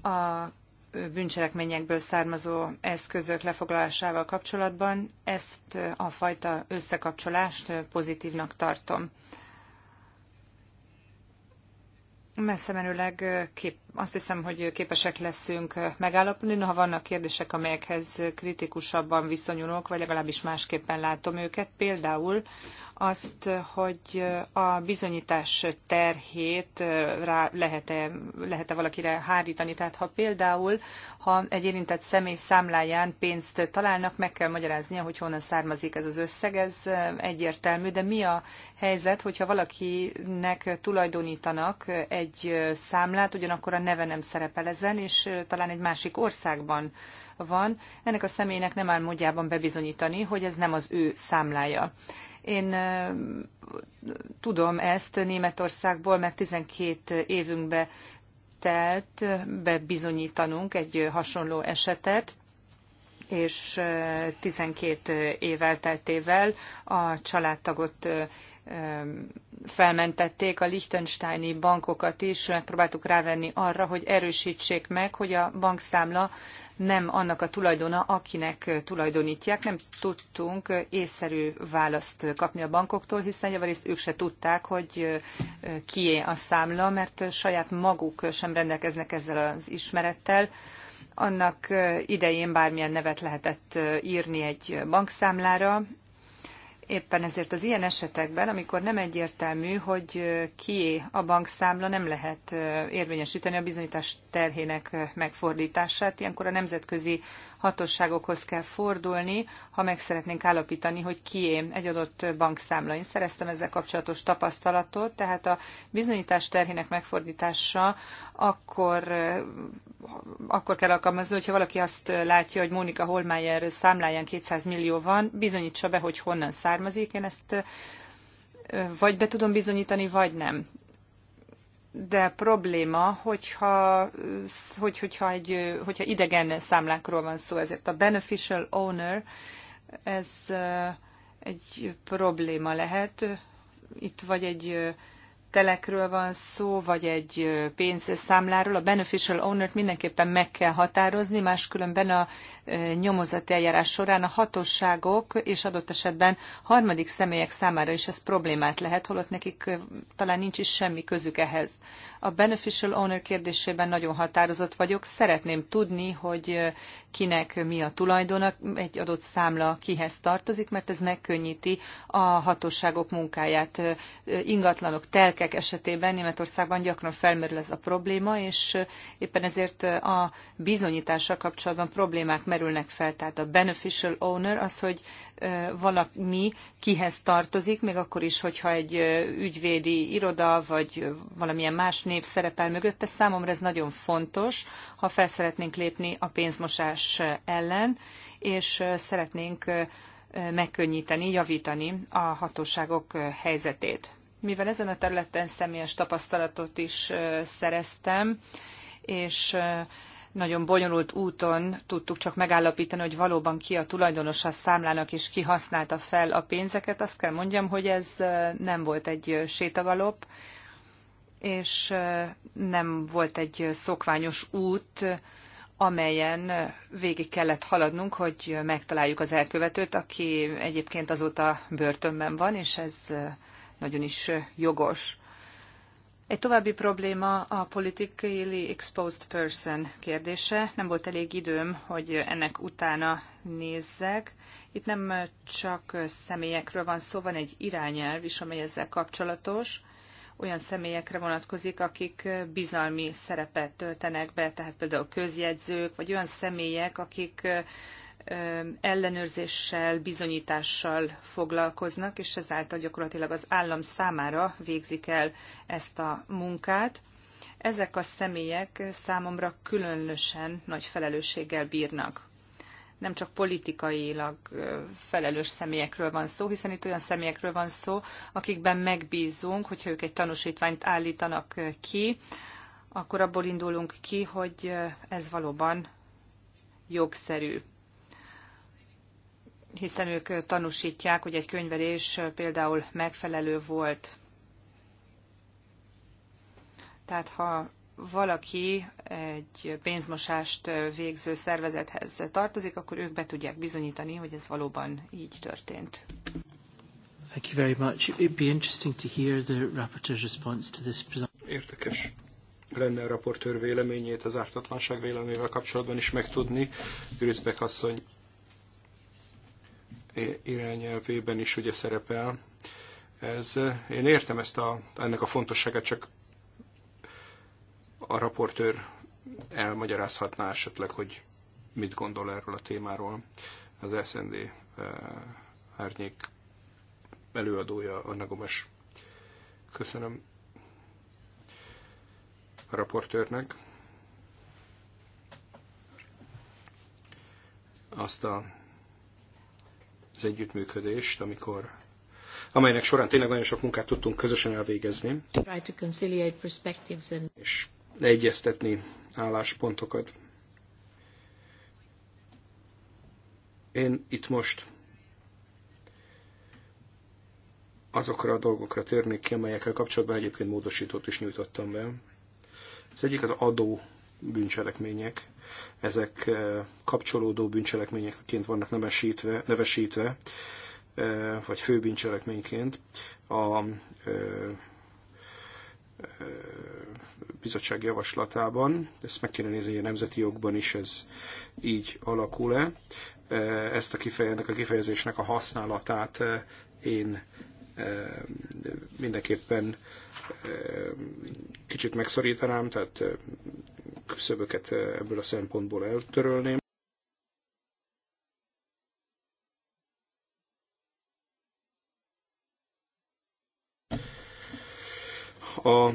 a bűncselekményekből származó eszközök lefoglalásával kapcsolatban. Ezt a fajta összekapcsolást pozitívnak tartom messze menőleg kép, azt hiszem, hogy képesek leszünk megállapodni, ha vannak kérdések, amelyekhez kritikusabban viszonyulok, vagy legalábbis másképpen látom őket. Például azt, hogy a bizonyítás terhét lehet-e, lehet-e valakire hárítani. Tehát ha például ha egy érintett személy számláján pénzt találnak, meg kell magyaráznia, hogy honnan származik ez az összeg, ez egyértelmű, de mi a helyzet, hogyha valakinek tulajdonítanak egy számlát, ugyanakkor a neve nem szerepel ezen, és talán egy másik országban van, ennek a személynek nem áll módjában bebizonyítani, hogy ez nem az ő számlája. Én tudom ezt Németországból, mert 12 évünkbe telt bebizonyítanunk egy hasonló esetet, és 12 év elteltével a családtagot felmentették, a lichtensteini bankokat is, megpróbáltuk rávenni arra, hogy erősítsék meg, hogy a bankszámla nem annak a tulajdona, akinek tulajdonítják. Nem tudtunk észszerű választ kapni a bankoktól, hiszen javarészt ők se tudták, hogy kié a számla, mert saját maguk sem rendelkeznek ezzel az ismerettel annak idején bármilyen nevet lehetett írni egy bankszámlára, Éppen ezért az ilyen esetekben, amikor nem egyértelmű, hogy kié a bankszámla, nem lehet érvényesíteni a bizonyítás terhének megfordítását. Ilyenkor a nemzetközi hatóságokhoz kell fordulni, ha meg szeretnénk állapítani, hogy kié egy adott bankszámla. Én szereztem ezzel kapcsolatos tapasztalatot, tehát a bizonyítás terhének megfordítása akkor, akkor kell alkalmazni, hogyha valaki azt látja, hogy Mónika Holmeyer számláján 200 millió van, bizonyítsa be, hogy honnan száll származik, én ezt vagy be tudom bizonyítani, vagy nem. De probléma, hogyha, hogy, hogyha, egy, hogyha idegen számlákról van szó, ezért a beneficial owner, ez egy probléma lehet. Itt vagy egy telekről van szó, vagy egy pénzszámláról, a beneficial owner mindenképpen meg kell határozni, máskülönben a nyomozati eljárás során a hatóságok és adott esetben harmadik személyek számára is ez problémát lehet, holott nekik talán nincs is semmi közük ehhez. A beneficial owner kérdésében nagyon határozott vagyok. Szeretném tudni, hogy kinek mi a tulajdona, egy adott számla kihez tartozik, mert ez megkönnyíti a hatóságok munkáját. Ingatlanok, telkek, gyerekek esetében Németországban gyakran felmerül ez a probléma, és éppen ezért a bizonyítása kapcsolatban problémák merülnek fel. Tehát a beneficial owner az, hogy valami kihez tartozik, még akkor is, hogyha egy ügyvédi iroda vagy valamilyen más név szerepel mögötte. Számomra ez nagyon fontos, ha fel szeretnénk lépni a pénzmosás ellen, és szeretnénk megkönnyíteni, javítani a hatóságok helyzetét mivel ezen a területen személyes tapasztalatot is szereztem, és nagyon bonyolult úton tudtuk csak megállapítani, hogy valóban ki a tulajdonos a számlának és ki használta fel a pénzeket. Azt kell mondjam, hogy ez nem volt egy sétagalop, és nem volt egy szokványos út, amelyen végig kellett haladnunk, hogy megtaláljuk az elkövetőt, aki egyébként azóta börtönben van, és ez nagyon is jogos. Egy további probléma a politically exposed person kérdése. Nem volt elég időm, hogy ennek utána nézzek. Itt nem csak személyekről van szó, van egy irányelv is, amely ezzel kapcsolatos. Olyan személyekre vonatkozik, akik bizalmi szerepet töltenek be, tehát például közjegyzők, vagy olyan személyek, akik ellenőrzéssel, bizonyítással foglalkoznak, és ezáltal gyakorlatilag az állam számára végzik el ezt a munkát. Ezek a személyek számomra különösen nagy felelősséggel bírnak. Nem csak politikailag felelős személyekről van szó, hiszen itt olyan személyekről van szó, akikben megbízunk, hogyha ők egy tanúsítványt állítanak ki, akkor abból indulunk ki, hogy ez valóban jogszerű hiszen ők tanúsítják, hogy egy könyvelés például megfelelő volt. Tehát ha valaki egy pénzmosást végző szervezethez tartozik, akkor ők be tudják bizonyítani, hogy ez valóban így történt. Thank you very much. It would be interesting to hear the rapporteur's response to this Érdekes. lenne a raportőr véleményét az ártatlanság vélemével kapcsolatban is megtudni. Griszbek asszony irányelvében is ugye szerepel. Ez, én értem ezt a, ennek a fontosságát, csak a raportőr elmagyarázhatná esetleg, hogy mit gondol erről a témáról. Az SND eh, árnyék előadója Anna Gomes. Köszönöm a raportőrnek. Azt a az együttműködést, amikor amelynek során tényleg nagyon sok munkát tudtunk közösen elvégezni, és egyeztetni álláspontokat. Én itt most azokra a dolgokra térnék ki, amelyekkel kapcsolatban egyébként módosítót is nyújtottam be. Az egyik az adó bűncselekmények, ezek eh, kapcsolódó bűncselekményeként vannak nevesítve, nevesítve eh, vagy főbűncselekményként a eh, bizottság javaslatában. Ezt meg kéne nézni, hogy a nemzeti jogban is ez így alakul-e. Ezt a, kifeje, ennek a kifejezésnek a használatát én mindenképpen Eh, kicsit megszorítanám, tehát eh, küszöböket eh, ebből a szempontból eltörölném. A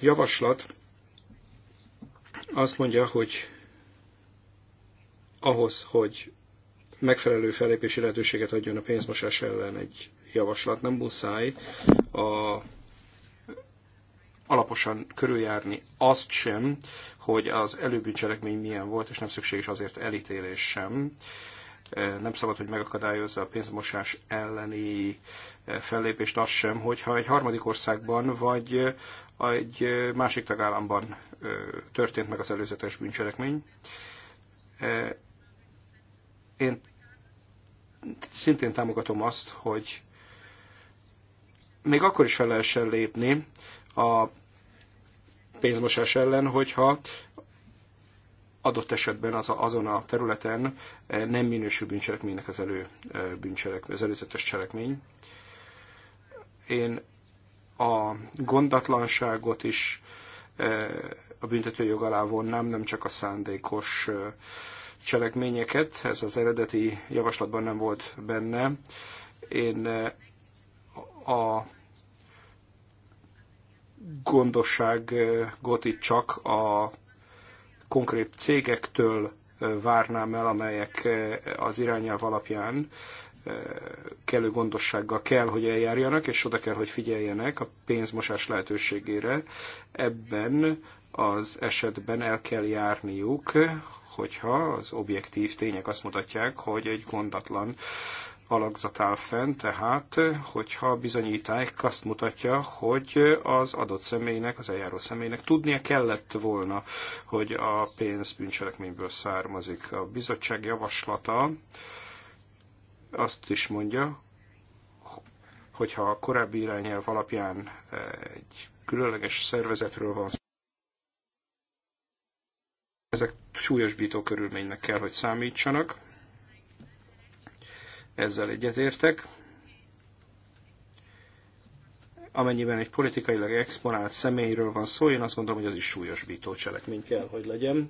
javaslat azt mondja, hogy ahhoz, hogy megfelelő fellépési lehetőséget adjon a pénzmosás ellen egy javaslat, nem muszáj a alaposan körüljárni azt sem, hogy az cselekmény milyen volt, és nem szükséges azért elítélés sem. E, nem szabad, hogy megakadályozza a pénzmosás elleni e, fellépést azt sem, hogyha egy harmadik országban vagy egy másik tagállamban e, történt meg az előzetes bűncselekmény. Én szintén támogatom azt, hogy még akkor is fel lehessen lépni a pénzmosás ellen, hogyha adott esetben az a, azon a területen eh, nem minősül bűncselekménynek az elő eh, bűncselek, az előzetes cselekmény. Én a gondatlanságot is eh, a büntető jog alá vonnám, nem csak a szándékos cselekményeket, ez az eredeti javaslatban nem volt benne. Én a gondosságot itt csak a konkrét cégektől várnám el, amelyek az irányelv alapján kellő gondossággal kell, hogy eljárjanak, és oda kell, hogy figyeljenek a pénzmosás lehetőségére. Ebben az esetben el kell járniuk, hogyha az objektív tények azt mutatják, hogy egy gondatlan alakzat áll fenn, tehát hogyha bizonyíták azt mutatja, hogy az adott személynek, az eljáró személynek tudnia kellett volna, hogy a pénz bűncselekményből származik. A bizottság javaslata azt is mondja, hogyha a korábbi irányelv alapján egy különleges szervezetről van szó, ezek súlyosbító körülménynek kell, hogy számítsanak, ezzel egyetértek. Amennyiben egy politikailag exponált személyről van szó, én azt mondom, hogy az is súlyos bító cselekmény kell, hogy legyen.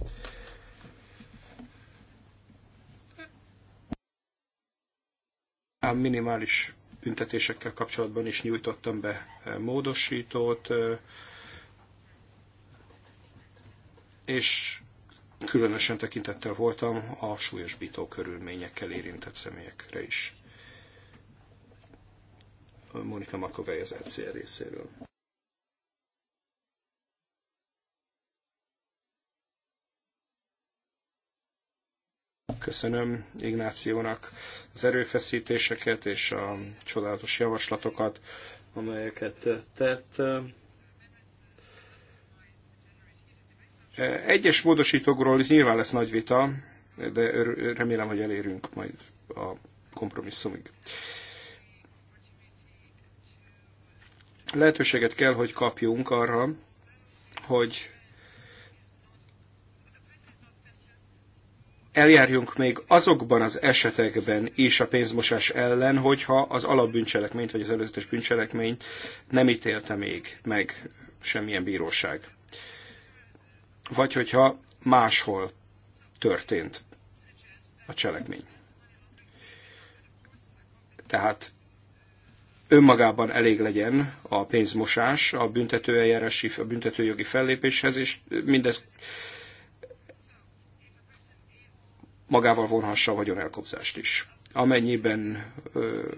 A minimális büntetésekkel kapcsolatban is nyújtottam be eh, módosítót, eh, és Különösen tekintettel voltam a súlyosbító körülményekkel érintett személyekre is. Monika Makovej az e részéről. köszönöm Ignációnak az erőfeszítéseket és a csodálatos javaslatokat, amelyeket tett. Egyes módosítókról nyilván lesz nagy vita, de remélem, hogy elérünk majd a kompromisszumig. Lehetőséget kell, hogy kapjunk arra, hogy eljárjunk még azokban az esetekben is a pénzmosás ellen, hogyha az alapbűncselekményt vagy az előzetes bűncselekményt nem ítélte még meg semmilyen bíróság vagy hogyha máshol történt a cselekmény. Tehát önmagában elég legyen a pénzmosás a büntetőeljárási, a büntetőjogi fellépéshez, és mindez magával vonhassa a vagyonelkobzást is. Amennyiben ö,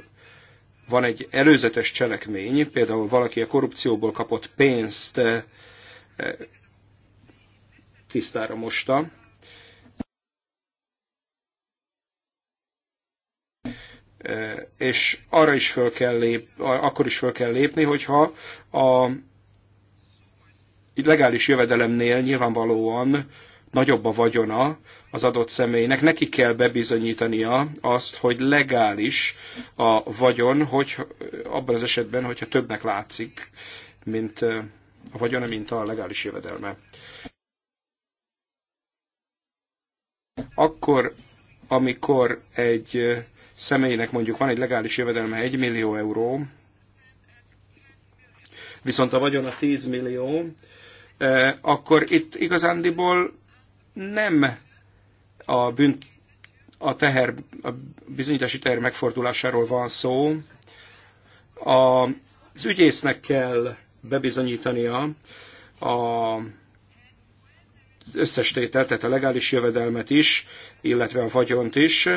van egy előzetes cselekmény, például valaki a korrupcióból kapott pénzt ö, tisztára mosta. És arra is föl kell lép, akkor is föl kell lépni, hogyha a legális jövedelemnél nyilvánvalóan nagyobb a vagyona az adott személynek, neki kell bebizonyítania azt, hogy legális a vagyon, hogy abban az esetben, hogyha többnek látszik, mint a vagyona, mint a legális jövedelme. Akkor, amikor egy személynek mondjuk van egy legális jövedelme 1 millió euró, viszont a vagyona 10 millió, akkor itt igazándiból nem a bűnt, a teher, a bizonyítási teher megfordulásáról van szó. A, az ügyésznek kell bebizonyítania a az összes tételt, tehát a legális jövedelmet is, illetve a vagyont is,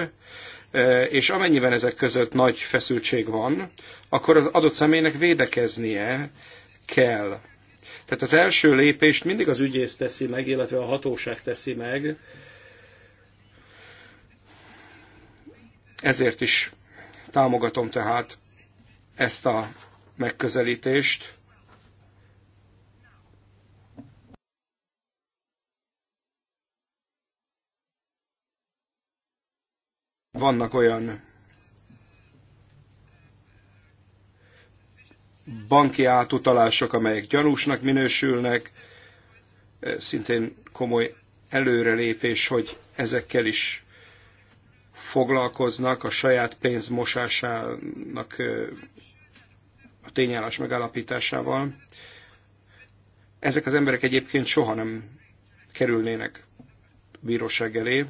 e, és amennyiben ezek között nagy feszültség van, akkor az adott személynek védekeznie kell. Tehát az első lépést mindig az ügyész teszi meg, illetve a hatóság teszi meg. Ezért is támogatom tehát ezt a megközelítést. vannak olyan banki átutalások, amelyek gyanúsnak minősülnek, szintén komoly előrelépés, hogy ezekkel is foglalkoznak a saját pénzmosásának a tényállás megállapításával. Ezek az emberek egyébként soha nem kerülnének bíróság elé,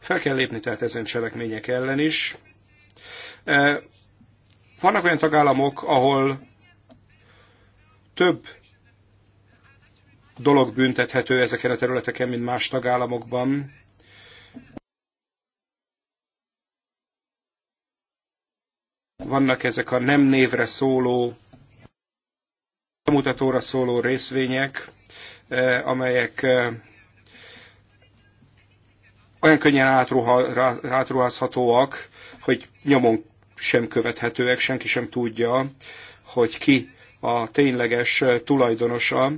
Fel kell lépni tehát ezen cselekmények ellen is. E, vannak olyan tagállamok, ahol több dolog büntethető ezeken a területeken, mint más tagállamokban. Vannak ezek a nem névre szóló, mutatóra szóló részvények, e, amelyek e, olyan könnyen átruházhatóak, hogy nyomon sem követhetőek, senki sem tudja, hogy ki a tényleges tulajdonosa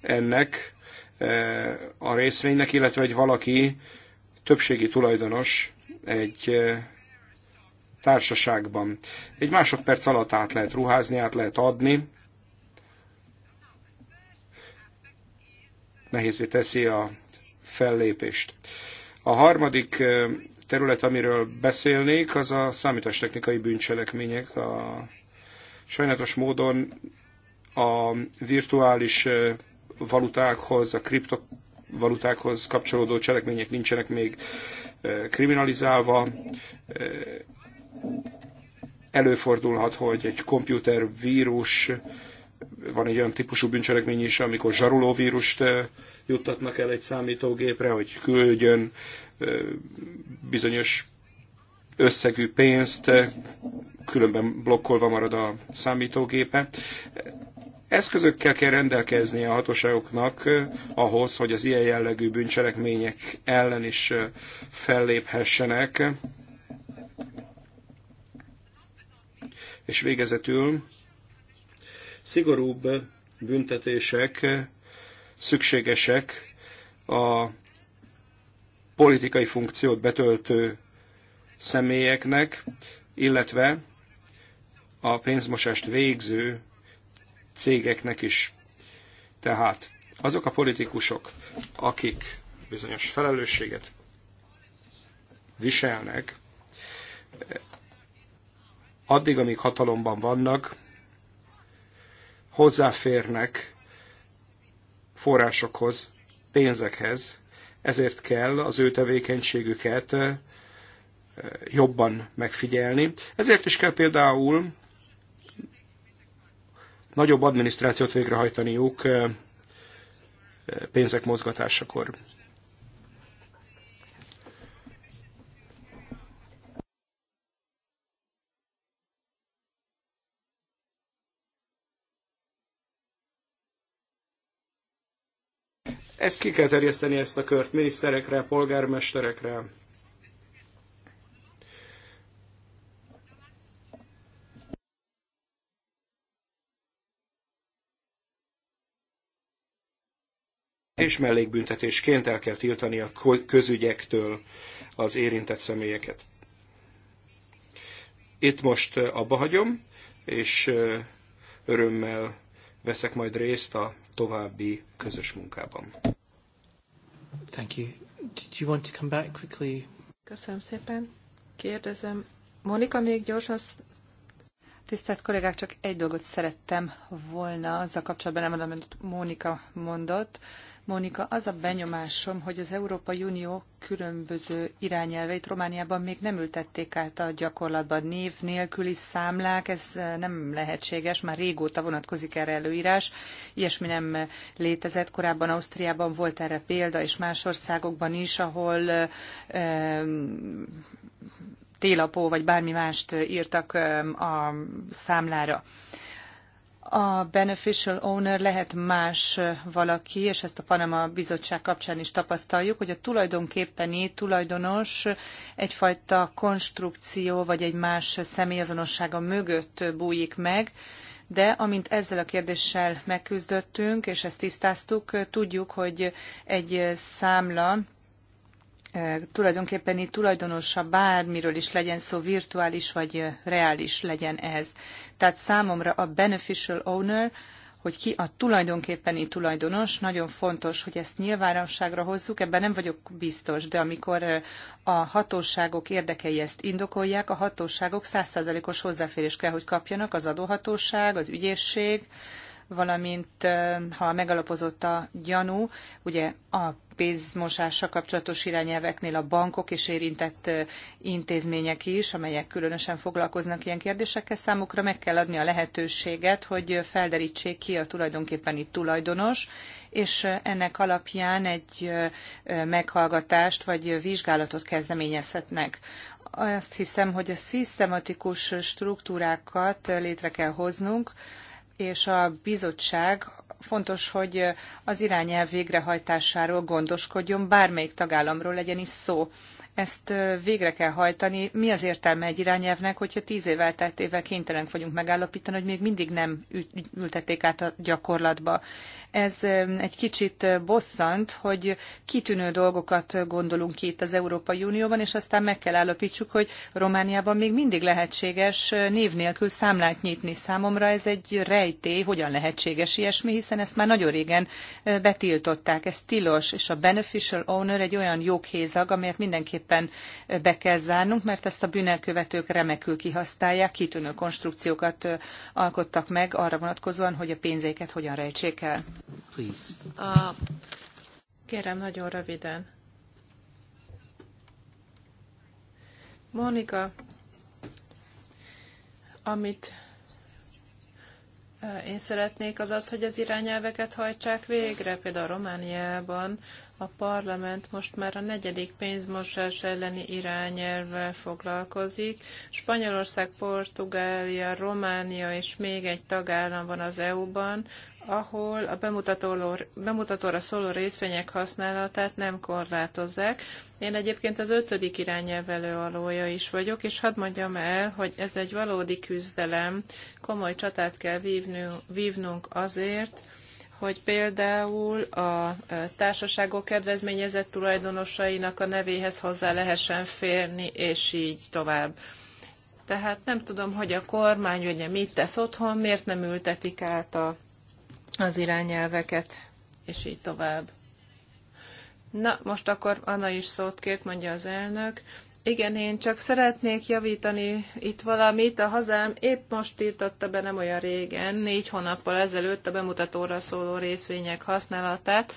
ennek e, a részvénynek, illetve egy valaki többségi tulajdonos egy e, társaságban. Egy másodperc alatt át lehet ruházni, át lehet adni. Nehézé teszi a fellépést. A harmadik terület, amiről beszélnék, az a számítástechnikai bűncselekmények. A sajnálatos módon a virtuális valutákhoz, a kriptovalutákhoz kapcsolódó cselekmények nincsenek még kriminalizálva. Előfordulhat, hogy egy komputervírus, van egy olyan típusú bűncselekmény is, amikor zsarolóvírust juttatnak el egy számítógépre, hogy küldjön bizonyos összegű pénzt, különben blokkolva marad a számítógépe. Eszközökkel kell rendelkezni a hatóságoknak ahhoz, hogy az ilyen jellegű bűncselekmények ellen is felléphessenek. És végezetül szigorúbb büntetések szükségesek a politikai funkciót betöltő személyeknek, illetve a pénzmosást végző cégeknek is. Tehát azok a politikusok, akik bizonyos felelősséget viselnek, addig, amíg hatalomban vannak, hozzáférnek forrásokhoz, pénzekhez, ezért kell az ő tevékenységüket eh, jobban megfigyelni. Ezért is kell például nagyobb adminisztrációt végrehajtaniuk eh, eh, pénzek mozgatásakor. Ezt ki kell terjeszteni ezt a kört miniszterekre, polgármesterekre. És mellékbüntetésként el kell tiltani a közügyektől az érintett személyeket. Itt most abba hagyom, és örömmel veszek majd részt a további közös munkában. Thank you. Did you want to come back quickly? Köszönöm szépen. Kérdezem, Monika még gyorsan Tisztelt kollégák, csak egy dolgot szerettem volna azzal kapcsolatban elmondom, amit Mónika mondott. Mónika, az a benyomásom, hogy az Európai Unió különböző irányelveit Romániában még nem ültették át a gyakorlatban. Név nélküli számlák, ez eh, nem lehetséges, már régóta vonatkozik erre előírás. Ilyesmi nem létezett. Korábban Ausztriában volt erre példa, és más országokban is, ahol eh, télapó vagy bármi mást írtak a számlára. A beneficial owner lehet más valaki, és ezt a Panama Bizottság kapcsán is tapasztaljuk, hogy a tulajdonképpeni tulajdonos egyfajta konstrukció vagy egy más személyazonossága mögött bújik meg, de amint ezzel a kérdéssel megküzdöttünk, és ezt tisztáztuk, tudjuk, hogy egy számla tulajdonképpeni tulajdonosa bármiről is legyen szó, virtuális vagy reális legyen ez. Tehát számomra a beneficial owner, hogy ki a tulajdonképpeni tulajdonos, nagyon fontos, hogy ezt nyilvánosságra hozzuk, ebben nem vagyok biztos, de amikor a hatóságok érdekei ezt indokolják, a hatóságok százszázalékos hozzáférés kell, hogy kapjanak az adóhatóság, az ügyészség, valamint ha megalapozott a gyanú, ugye a pénzmosással kapcsolatos irányelveknél a bankok és érintett intézmények is, amelyek különösen foglalkoznak ilyen kérdésekkel, számukra meg kell adni a lehetőséget, hogy felderítsék ki a tulajdonképpen itt tulajdonos, és ennek alapján egy meghallgatást vagy vizsgálatot kezdeményezhetnek azt hiszem, hogy a szisztematikus struktúrákat létre kell hoznunk, és a bizottság fontos, hogy az irányelv végrehajtásáról gondoskodjon, bármelyik tagállamról legyen is szó. Ezt végre kell hajtani. Mi az értelme egy irányelvnek, hogyha tíz év elteltével kénytelenek vagyunk megállapítani, hogy még mindig nem ültették át a gyakorlatba. Ez egy kicsit bosszant, hogy kitűnő dolgokat gondolunk ki itt az Európai Unióban, és aztán meg kell állapítsuk, hogy Romániában még mindig lehetséges név nélkül számlát nyitni. Számomra ez egy rejtély, hogyan lehetséges ilyesmi, hiszen ezt már nagyon régen betiltották. Ez tilos, és a beneficial owner egy olyan joghézag, amelyet mindenképp mindenképpen be kell zárnunk, mert ezt a bűnelkövetők remekül kihasználják, kitűnő konstrukciókat alkottak meg arra vonatkozóan, hogy a pénzéket hogyan rejtsék el. Please. Kérem, nagyon röviden. Mónika, amit én szeretnék, az az, hogy az irányelveket hajtsák végre. Például Romániában a parlament most már a negyedik pénzmosás elleni irányelvvel foglalkozik. Spanyolország, Portugália, Románia és még egy tagállam van az EU-ban, ahol a bemutatóra szóló részvények használatát nem korlátozzák. Én egyébként az ötödik irányelv előalója is vagyok, és hadd mondjam el, hogy ez egy valódi küzdelem, komoly csatát kell vívnünk, vívnunk azért, hogy például a e, társaságok kedvezményezett tulajdonosainak a nevéhez hozzá lehessen férni, és így tovább. Tehát nem tudom, hogy a kormány ugye mit tesz otthon, miért nem ültetik át a, az irányelveket, és így tovább. Na, most akkor Anna is szót kért, mondja az elnök. Igen, én csak szeretnék javítani itt valamit. A hazám épp most írtatta be nem olyan régen, négy hónappal ezelőtt a bemutatóra szóló részvények használatát,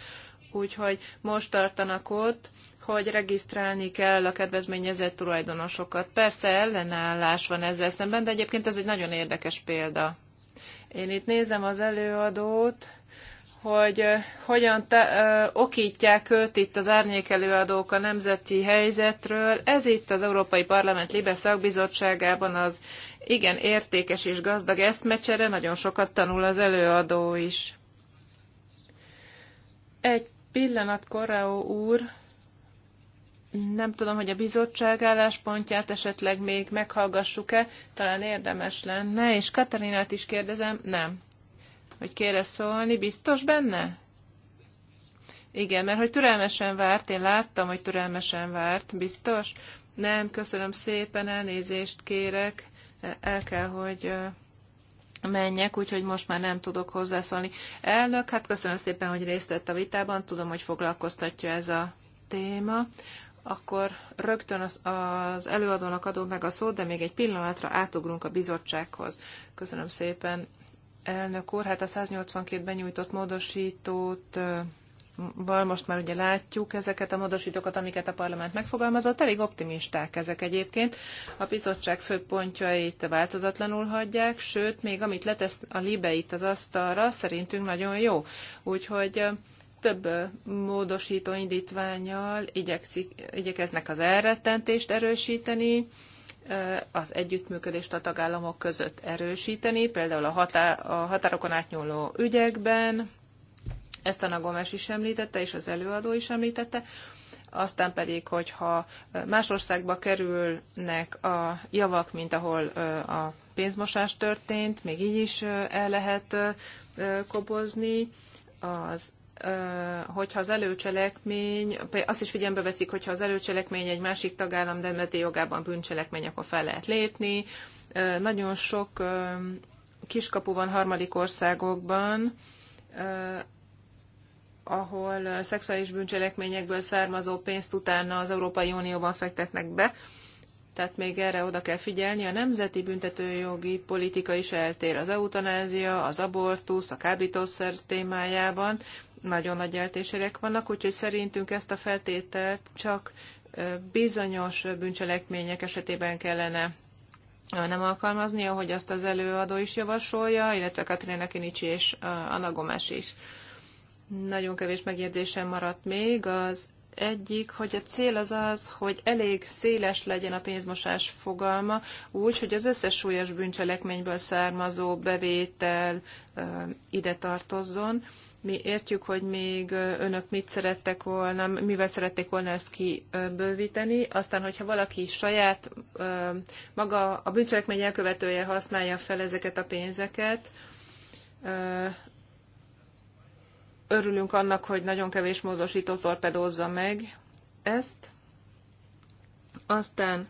úgyhogy most tartanak ott, hogy regisztrálni kell a kedvezményezett tulajdonosokat. Persze ellenállás van ezzel szemben, de egyébként ez egy nagyon érdekes példa. Én itt nézem az előadót, hogy hogyan te, ö, okítják őt itt az árnyékelőadók a nemzeti helyzetről. Ez itt az Európai Parlament Libe szakbizottságában az igen értékes és gazdag eszmecsere, nagyon sokat tanul az előadó is. Egy pillanat, Korreó úr, nem tudom, hogy a bizottság álláspontját esetleg még meghallgassuk-e, talán érdemes lenne, és Katarinát is kérdezem, nem hogy kére szólni, biztos benne? Igen, mert hogy türelmesen várt, én láttam, hogy türelmesen várt, biztos. Nem, köszönöm szépen, elnézést kérek, el kell, hogy menjek, úgyhogy most már nem tudok hozzászólni. Elnök, hát köszönöm szépen, hogy részt vett a vitában, tudom, hogy foglalkoztatja ez a téma. Akkor rögtön az, az előadónak adom meg a szót, de még egy pillanatra átugrunk a bizottsághoz. Köszönöm szépen, Elnök úr, hát a 182 benyújtott módosítót most már ugye látjuk ezeket a módosítókat, amiket a parlament megfogalmazott, elég optimisták ezek egyébként. A bizottság fő pontjait változatlanul hagyják, sőt, még amit letesz a libe itt az asztalra, szerintünk nagyon jó. Úgyhogy több módosító indítványjal igyekszik, igyekeznek az elrettentést erősíteni, az együttműködést a tagállamok között erősíteni, például a, határ, a határokon átnyúló ügyekben, ezt a Nagomes is említette, és az előadó is említette, aztán pedig, hogyha más országba kerülnek a javak, mint ahol a pénzmosás történt, még így is el lehet kobozni, az hogyha az előcselekmény, azt is figyelembe veszik, hogyha az előcselekmény egy másik tagállam nemzeti jogában bűncselekmény, akkor fel lehet lépni. Nagyon sok kiskapu van harmadik országokban, ahol szexuális bűncselekményekből származó pénzt utána az Európai Unióban fektetnek be, tehát még erre oda kell figyelni. A nemzeti büntetőjogi politika is eltér az eutanázia, az abortusz, a kábítószer témájában, nagyon nagy eltérségek vannak, úgyhogy szerintünk ezt a feltételt csak bizonyos bűncselekmények esetében kellene nem alkalmazni, ahogy azt az előadó is javasolja, illetve Katrina Kinicsi és Anna Gomes is. Nagyon kevés megjegyzésem maradt még. Az egyik, hogy a cél az az, hogy elég széles legyen a pénzmosás fogalma, úgy, hogy az összes súlyos bűncselekményből származó bevétel ide tartozzon, mi értjük, hogy még önök mit szerettek volna, mivel szerették volna ezt kibővíteni. Aztán, hogyha valaki saját, maga a bűncselekmény elkövetője használja fel ezeket a pénzeket, örülünk annak, hogy nagyon kevés módosító torpedózza meg ezt. Aztán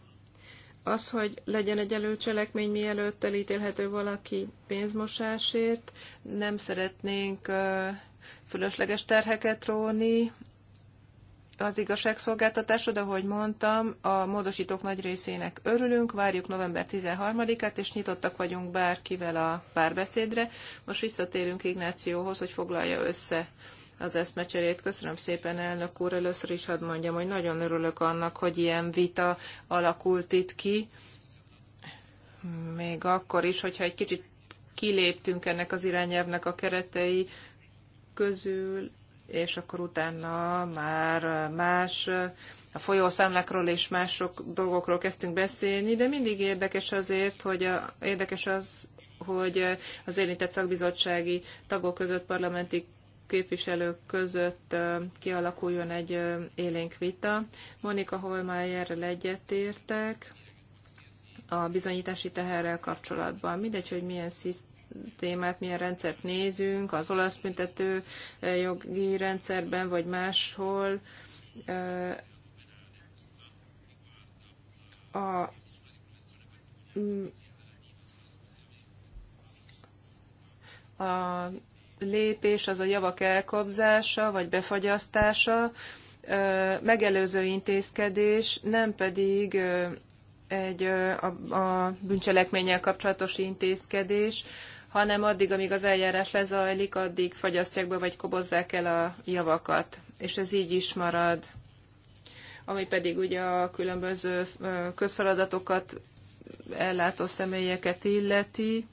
az, hogy legyen egy előcselekmény, mielőtt elítélhető valaki pénzmosásért, nem szeretnénk fölösleges terheket róni az igazságszolgáltatásra, de ahogy mondtam, a módosítók nagy részének örülünk, várjuk november 13-át, és nyitottak vagyunk bárkivel a párbeszédre. Most visszatérünk Ignációhoz, hogy foglalja össze az eszmecserét. Köszönöm szépen, elnök úr. Először is hadd mondjam, hogy nagyon örülök annak, hogy ilyen vita alakult itt ki. Még akkor is, hogyha egy kicsit kiléptünk ennek az irányelvnek a keretei közül, és akkor utána már más a folyószámlákról és mások dolgokról kezdtünk beszélni, de mindig érdekes azért, hogy a, érdekes az, hogy az érintett szakbizottsági tagok között, parlamenti képviselők között kialakuljon egy élénk vita. Monika Holmájerrel egyetértek a bizonyítási teherrel kapcsolatban. Mindegy, hogy milyen témát, milyen rendszert nézünk, az olasz büntető jogi rendszerben, vagy máshol. A a lépés az a javak elkobzása vagy befagyasztása, megelőző intézkedés, nem pedig egy a, a bűncselekménnyel kapcsolatos intézkedés, hanem addig, amíg az eljárás lezajlik, addig fagyasztják be vagy kobozzák el a javakat. És ez így is marad. Ami pedig ugye a különböző közfeladatokat ellátó személyeket illeti,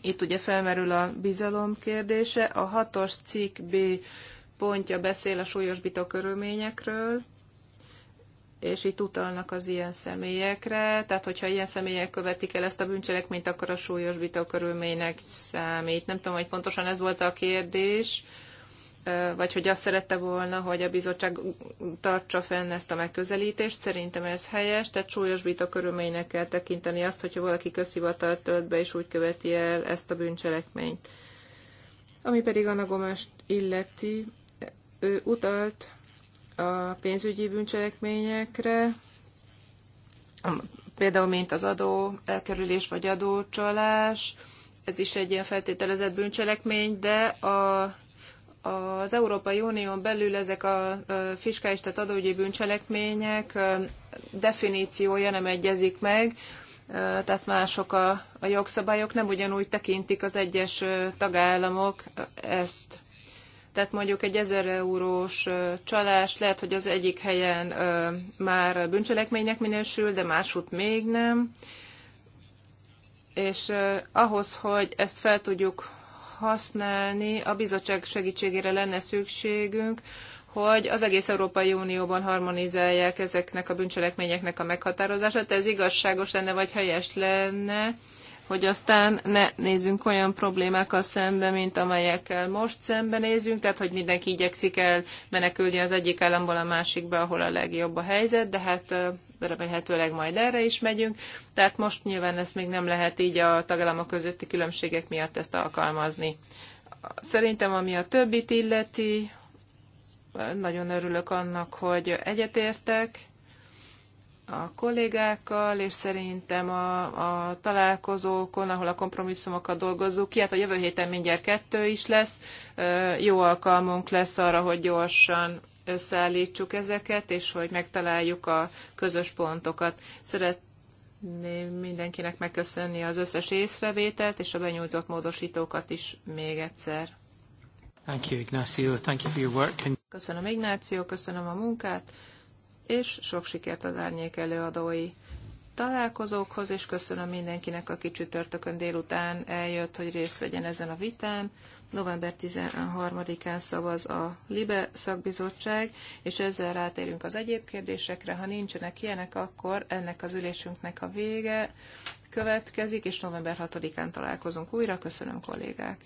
itt ugye felmerül a bizalom kérdése. A hatos cikk B pontja beszél a súlyosbító körülményekről, és itt utalnak az ilyen személyekre, tehát hogyha ilyen személyek követik el ezt a bűncselekményt, akkor a súlyos körülménynek számít. Nem tudom, hogy pontosan ez volt a kérdés, vagy hogy azt szerette volna, hogy a bizottság tartsa fenn ezt a megközelítést. Szerintem ez helyes, tehát súlyos vita körülménynek kell tekinteni azt, hogyha valaki közhivatalt tölt be, és úgy követi el ezt a bűncselekményt. Ami pedig Anna Gomást illeti, ő utalt a pénzügyi bűncselekményekre, például mint az adó elkerülés vagy adócsalás, ez is egy ilyen feltételezett bűncselekmény, de a az Európai Unión belül ezek a fiskális, tehát adógyi bűncselekmények definíciója nem egyezik meg, tehát mások a, a jogszabályok, nem ugyanúgy tekintik az egyes tagállamok ezt. Tehát mondjuk egy 1000 eurós csalás lehet, hogy az egyik helyen már bűncselekménynek minősül, de máshogy még nem. És ahhoz, hogy ezt fel tudjuk használni, a bizottság segítségére lenne szükségünk, hogy az egész Európai Unióban harmonizálják ezeknek a bűncselekményeknek a meghatározását. Ez igazságos lenne, vagy helyes lenne, hogy aztán ne nézzünk olyan problémákkal szembe, mint amelyekkel most szembenézünk, tehát hogy mindenki igyekszik el menekülni az egyik államból a másikba, ahol a legjobb a helyzet, de hát remélhetőleg majd erre is megyünk, tehát most nyilván ezt még nem lehet így a tagállamok közötti különbségek miatt ezt alkalmazni. Szerintem, ami a többit illeti, nagyon örülök annak, hogy egyetértek a kollégákkal, és szerintem a, a találkozókon, ahol a kompromisszumokat dolgozzuk ki, hát a jövő héten mindjárt kettő is lesz, jó alkalmunk lesz arra, hogy gyorsan összeállítsuk ezeket, és hogy megtaláljuk a közös pontokat. Szeretném mindenkinek megköszönni az összes észrevételt, és a benyújtott módosítókat is még egyszer. Thank you, Ignacio. Thank you for your work. Köszönöm, Ignáció, köszönöm a munkát, és sok sikert az árnyék előadói találkozókhoz, és köszönöm mindenkinek, aki csütörtökön délután eljött, hogy részt vegyen ezen a vitán november 13-án szavaz a LIBE szakbizottság, és ezzel rátérünk az egyéb kérdésekre. Ha nincsenek ilyenek, akkor ennek az ülésünknek a vége következik, és november 6-án találkozunk újra. Köszönöm kollégák!